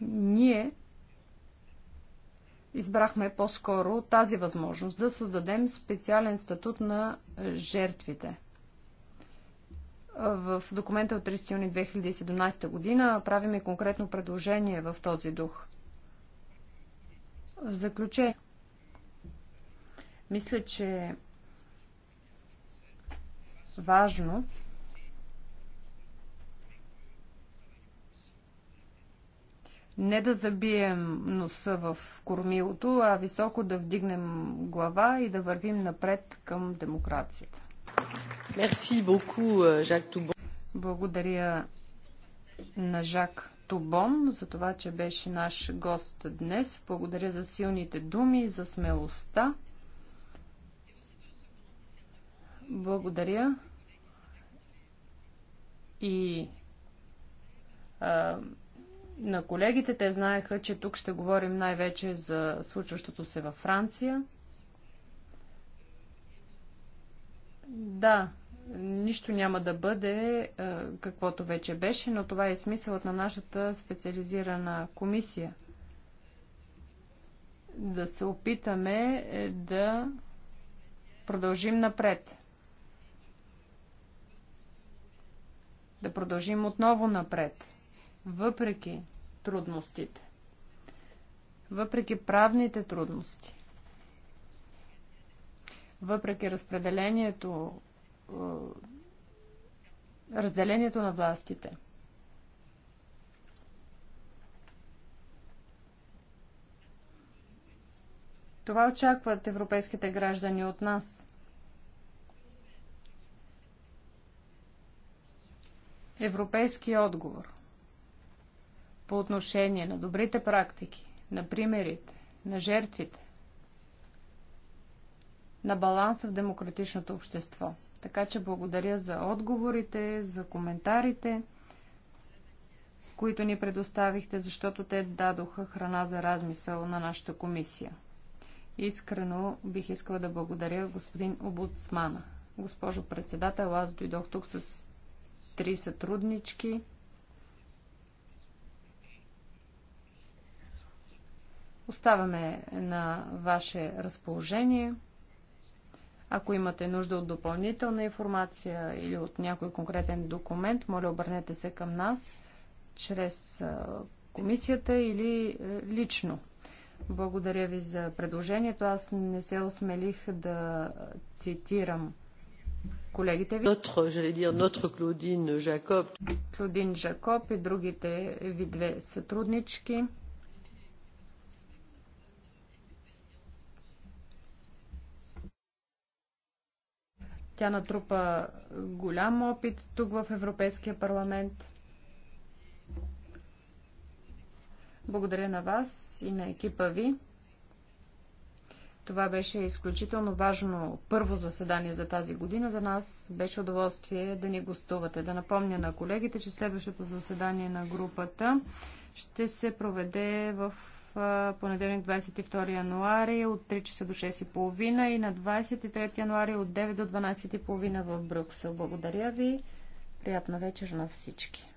Ние избрахме по-скоро тази възможност да създадем специален статут на жертвите. В документа от 30 юни 2017 година правиме конкретно предложение в този дух. В заключение, мисля, че важно не да забием носа в кормилото, а високо да вдигнем глава и да вървим напред към демокрацията. Merci beaucoup, euh, Благодаря на Жак Тубон за това, че беше наш гост днес. Благодаря за силните думи, за смелостта. Благодаря и а, на колегите. Те знаеха, че тук ще говорим най-вече за случващото се във Франция. Да, нищо няма да бъде каквото вече беше, но това е смисълът на нашата специализирана комисия. Да се опитаме е, да продължим напред. да продължим отново напред, въпреки трудностите, въпреки правните трудности, въпреки разпределението, разделението на властите. Това очакват европейските граждани от нас – европейски отговор по отношение на добрите практики, на примерите, на жертвите, на баланса в демократичното общество. Така че благодаря за отговорите, за коментарите, които ни предоставихте, защото те дадоха храна за размисъл на нашата комисия. Искрено бих искала да благодаря господин Обудсмана. Госпожо председател, аз дойдох тук с три сътруднички. Оставаме на ваше разположение. Ако имате нужда от допълнителна информация или от някой конкретен документ, моля обърнете се към нас чрез комисията или лично. Благодаря ви за предложението. Аз не се осмелих да цитирам колегите ви. Notre, j'allais dire, notre Клодин Жакоб. Клодин Жакоб и другите ви две сътруднички. Тя натрупа голям опит тук в Европейския парламент. Благодаря на вас и на екипа ви. Това беше изключително важно първо заседание за тази година. За нас беше удоволствие да ни гостувате. Да напомня на колегите, че следващото заседание на групата ще се проведе в понеделник 22 януари от 3 часа до 6.30 и на 23 януари от 9 до 12.30 в Брюксел. Благодаря ви. Приятна вечер на всички.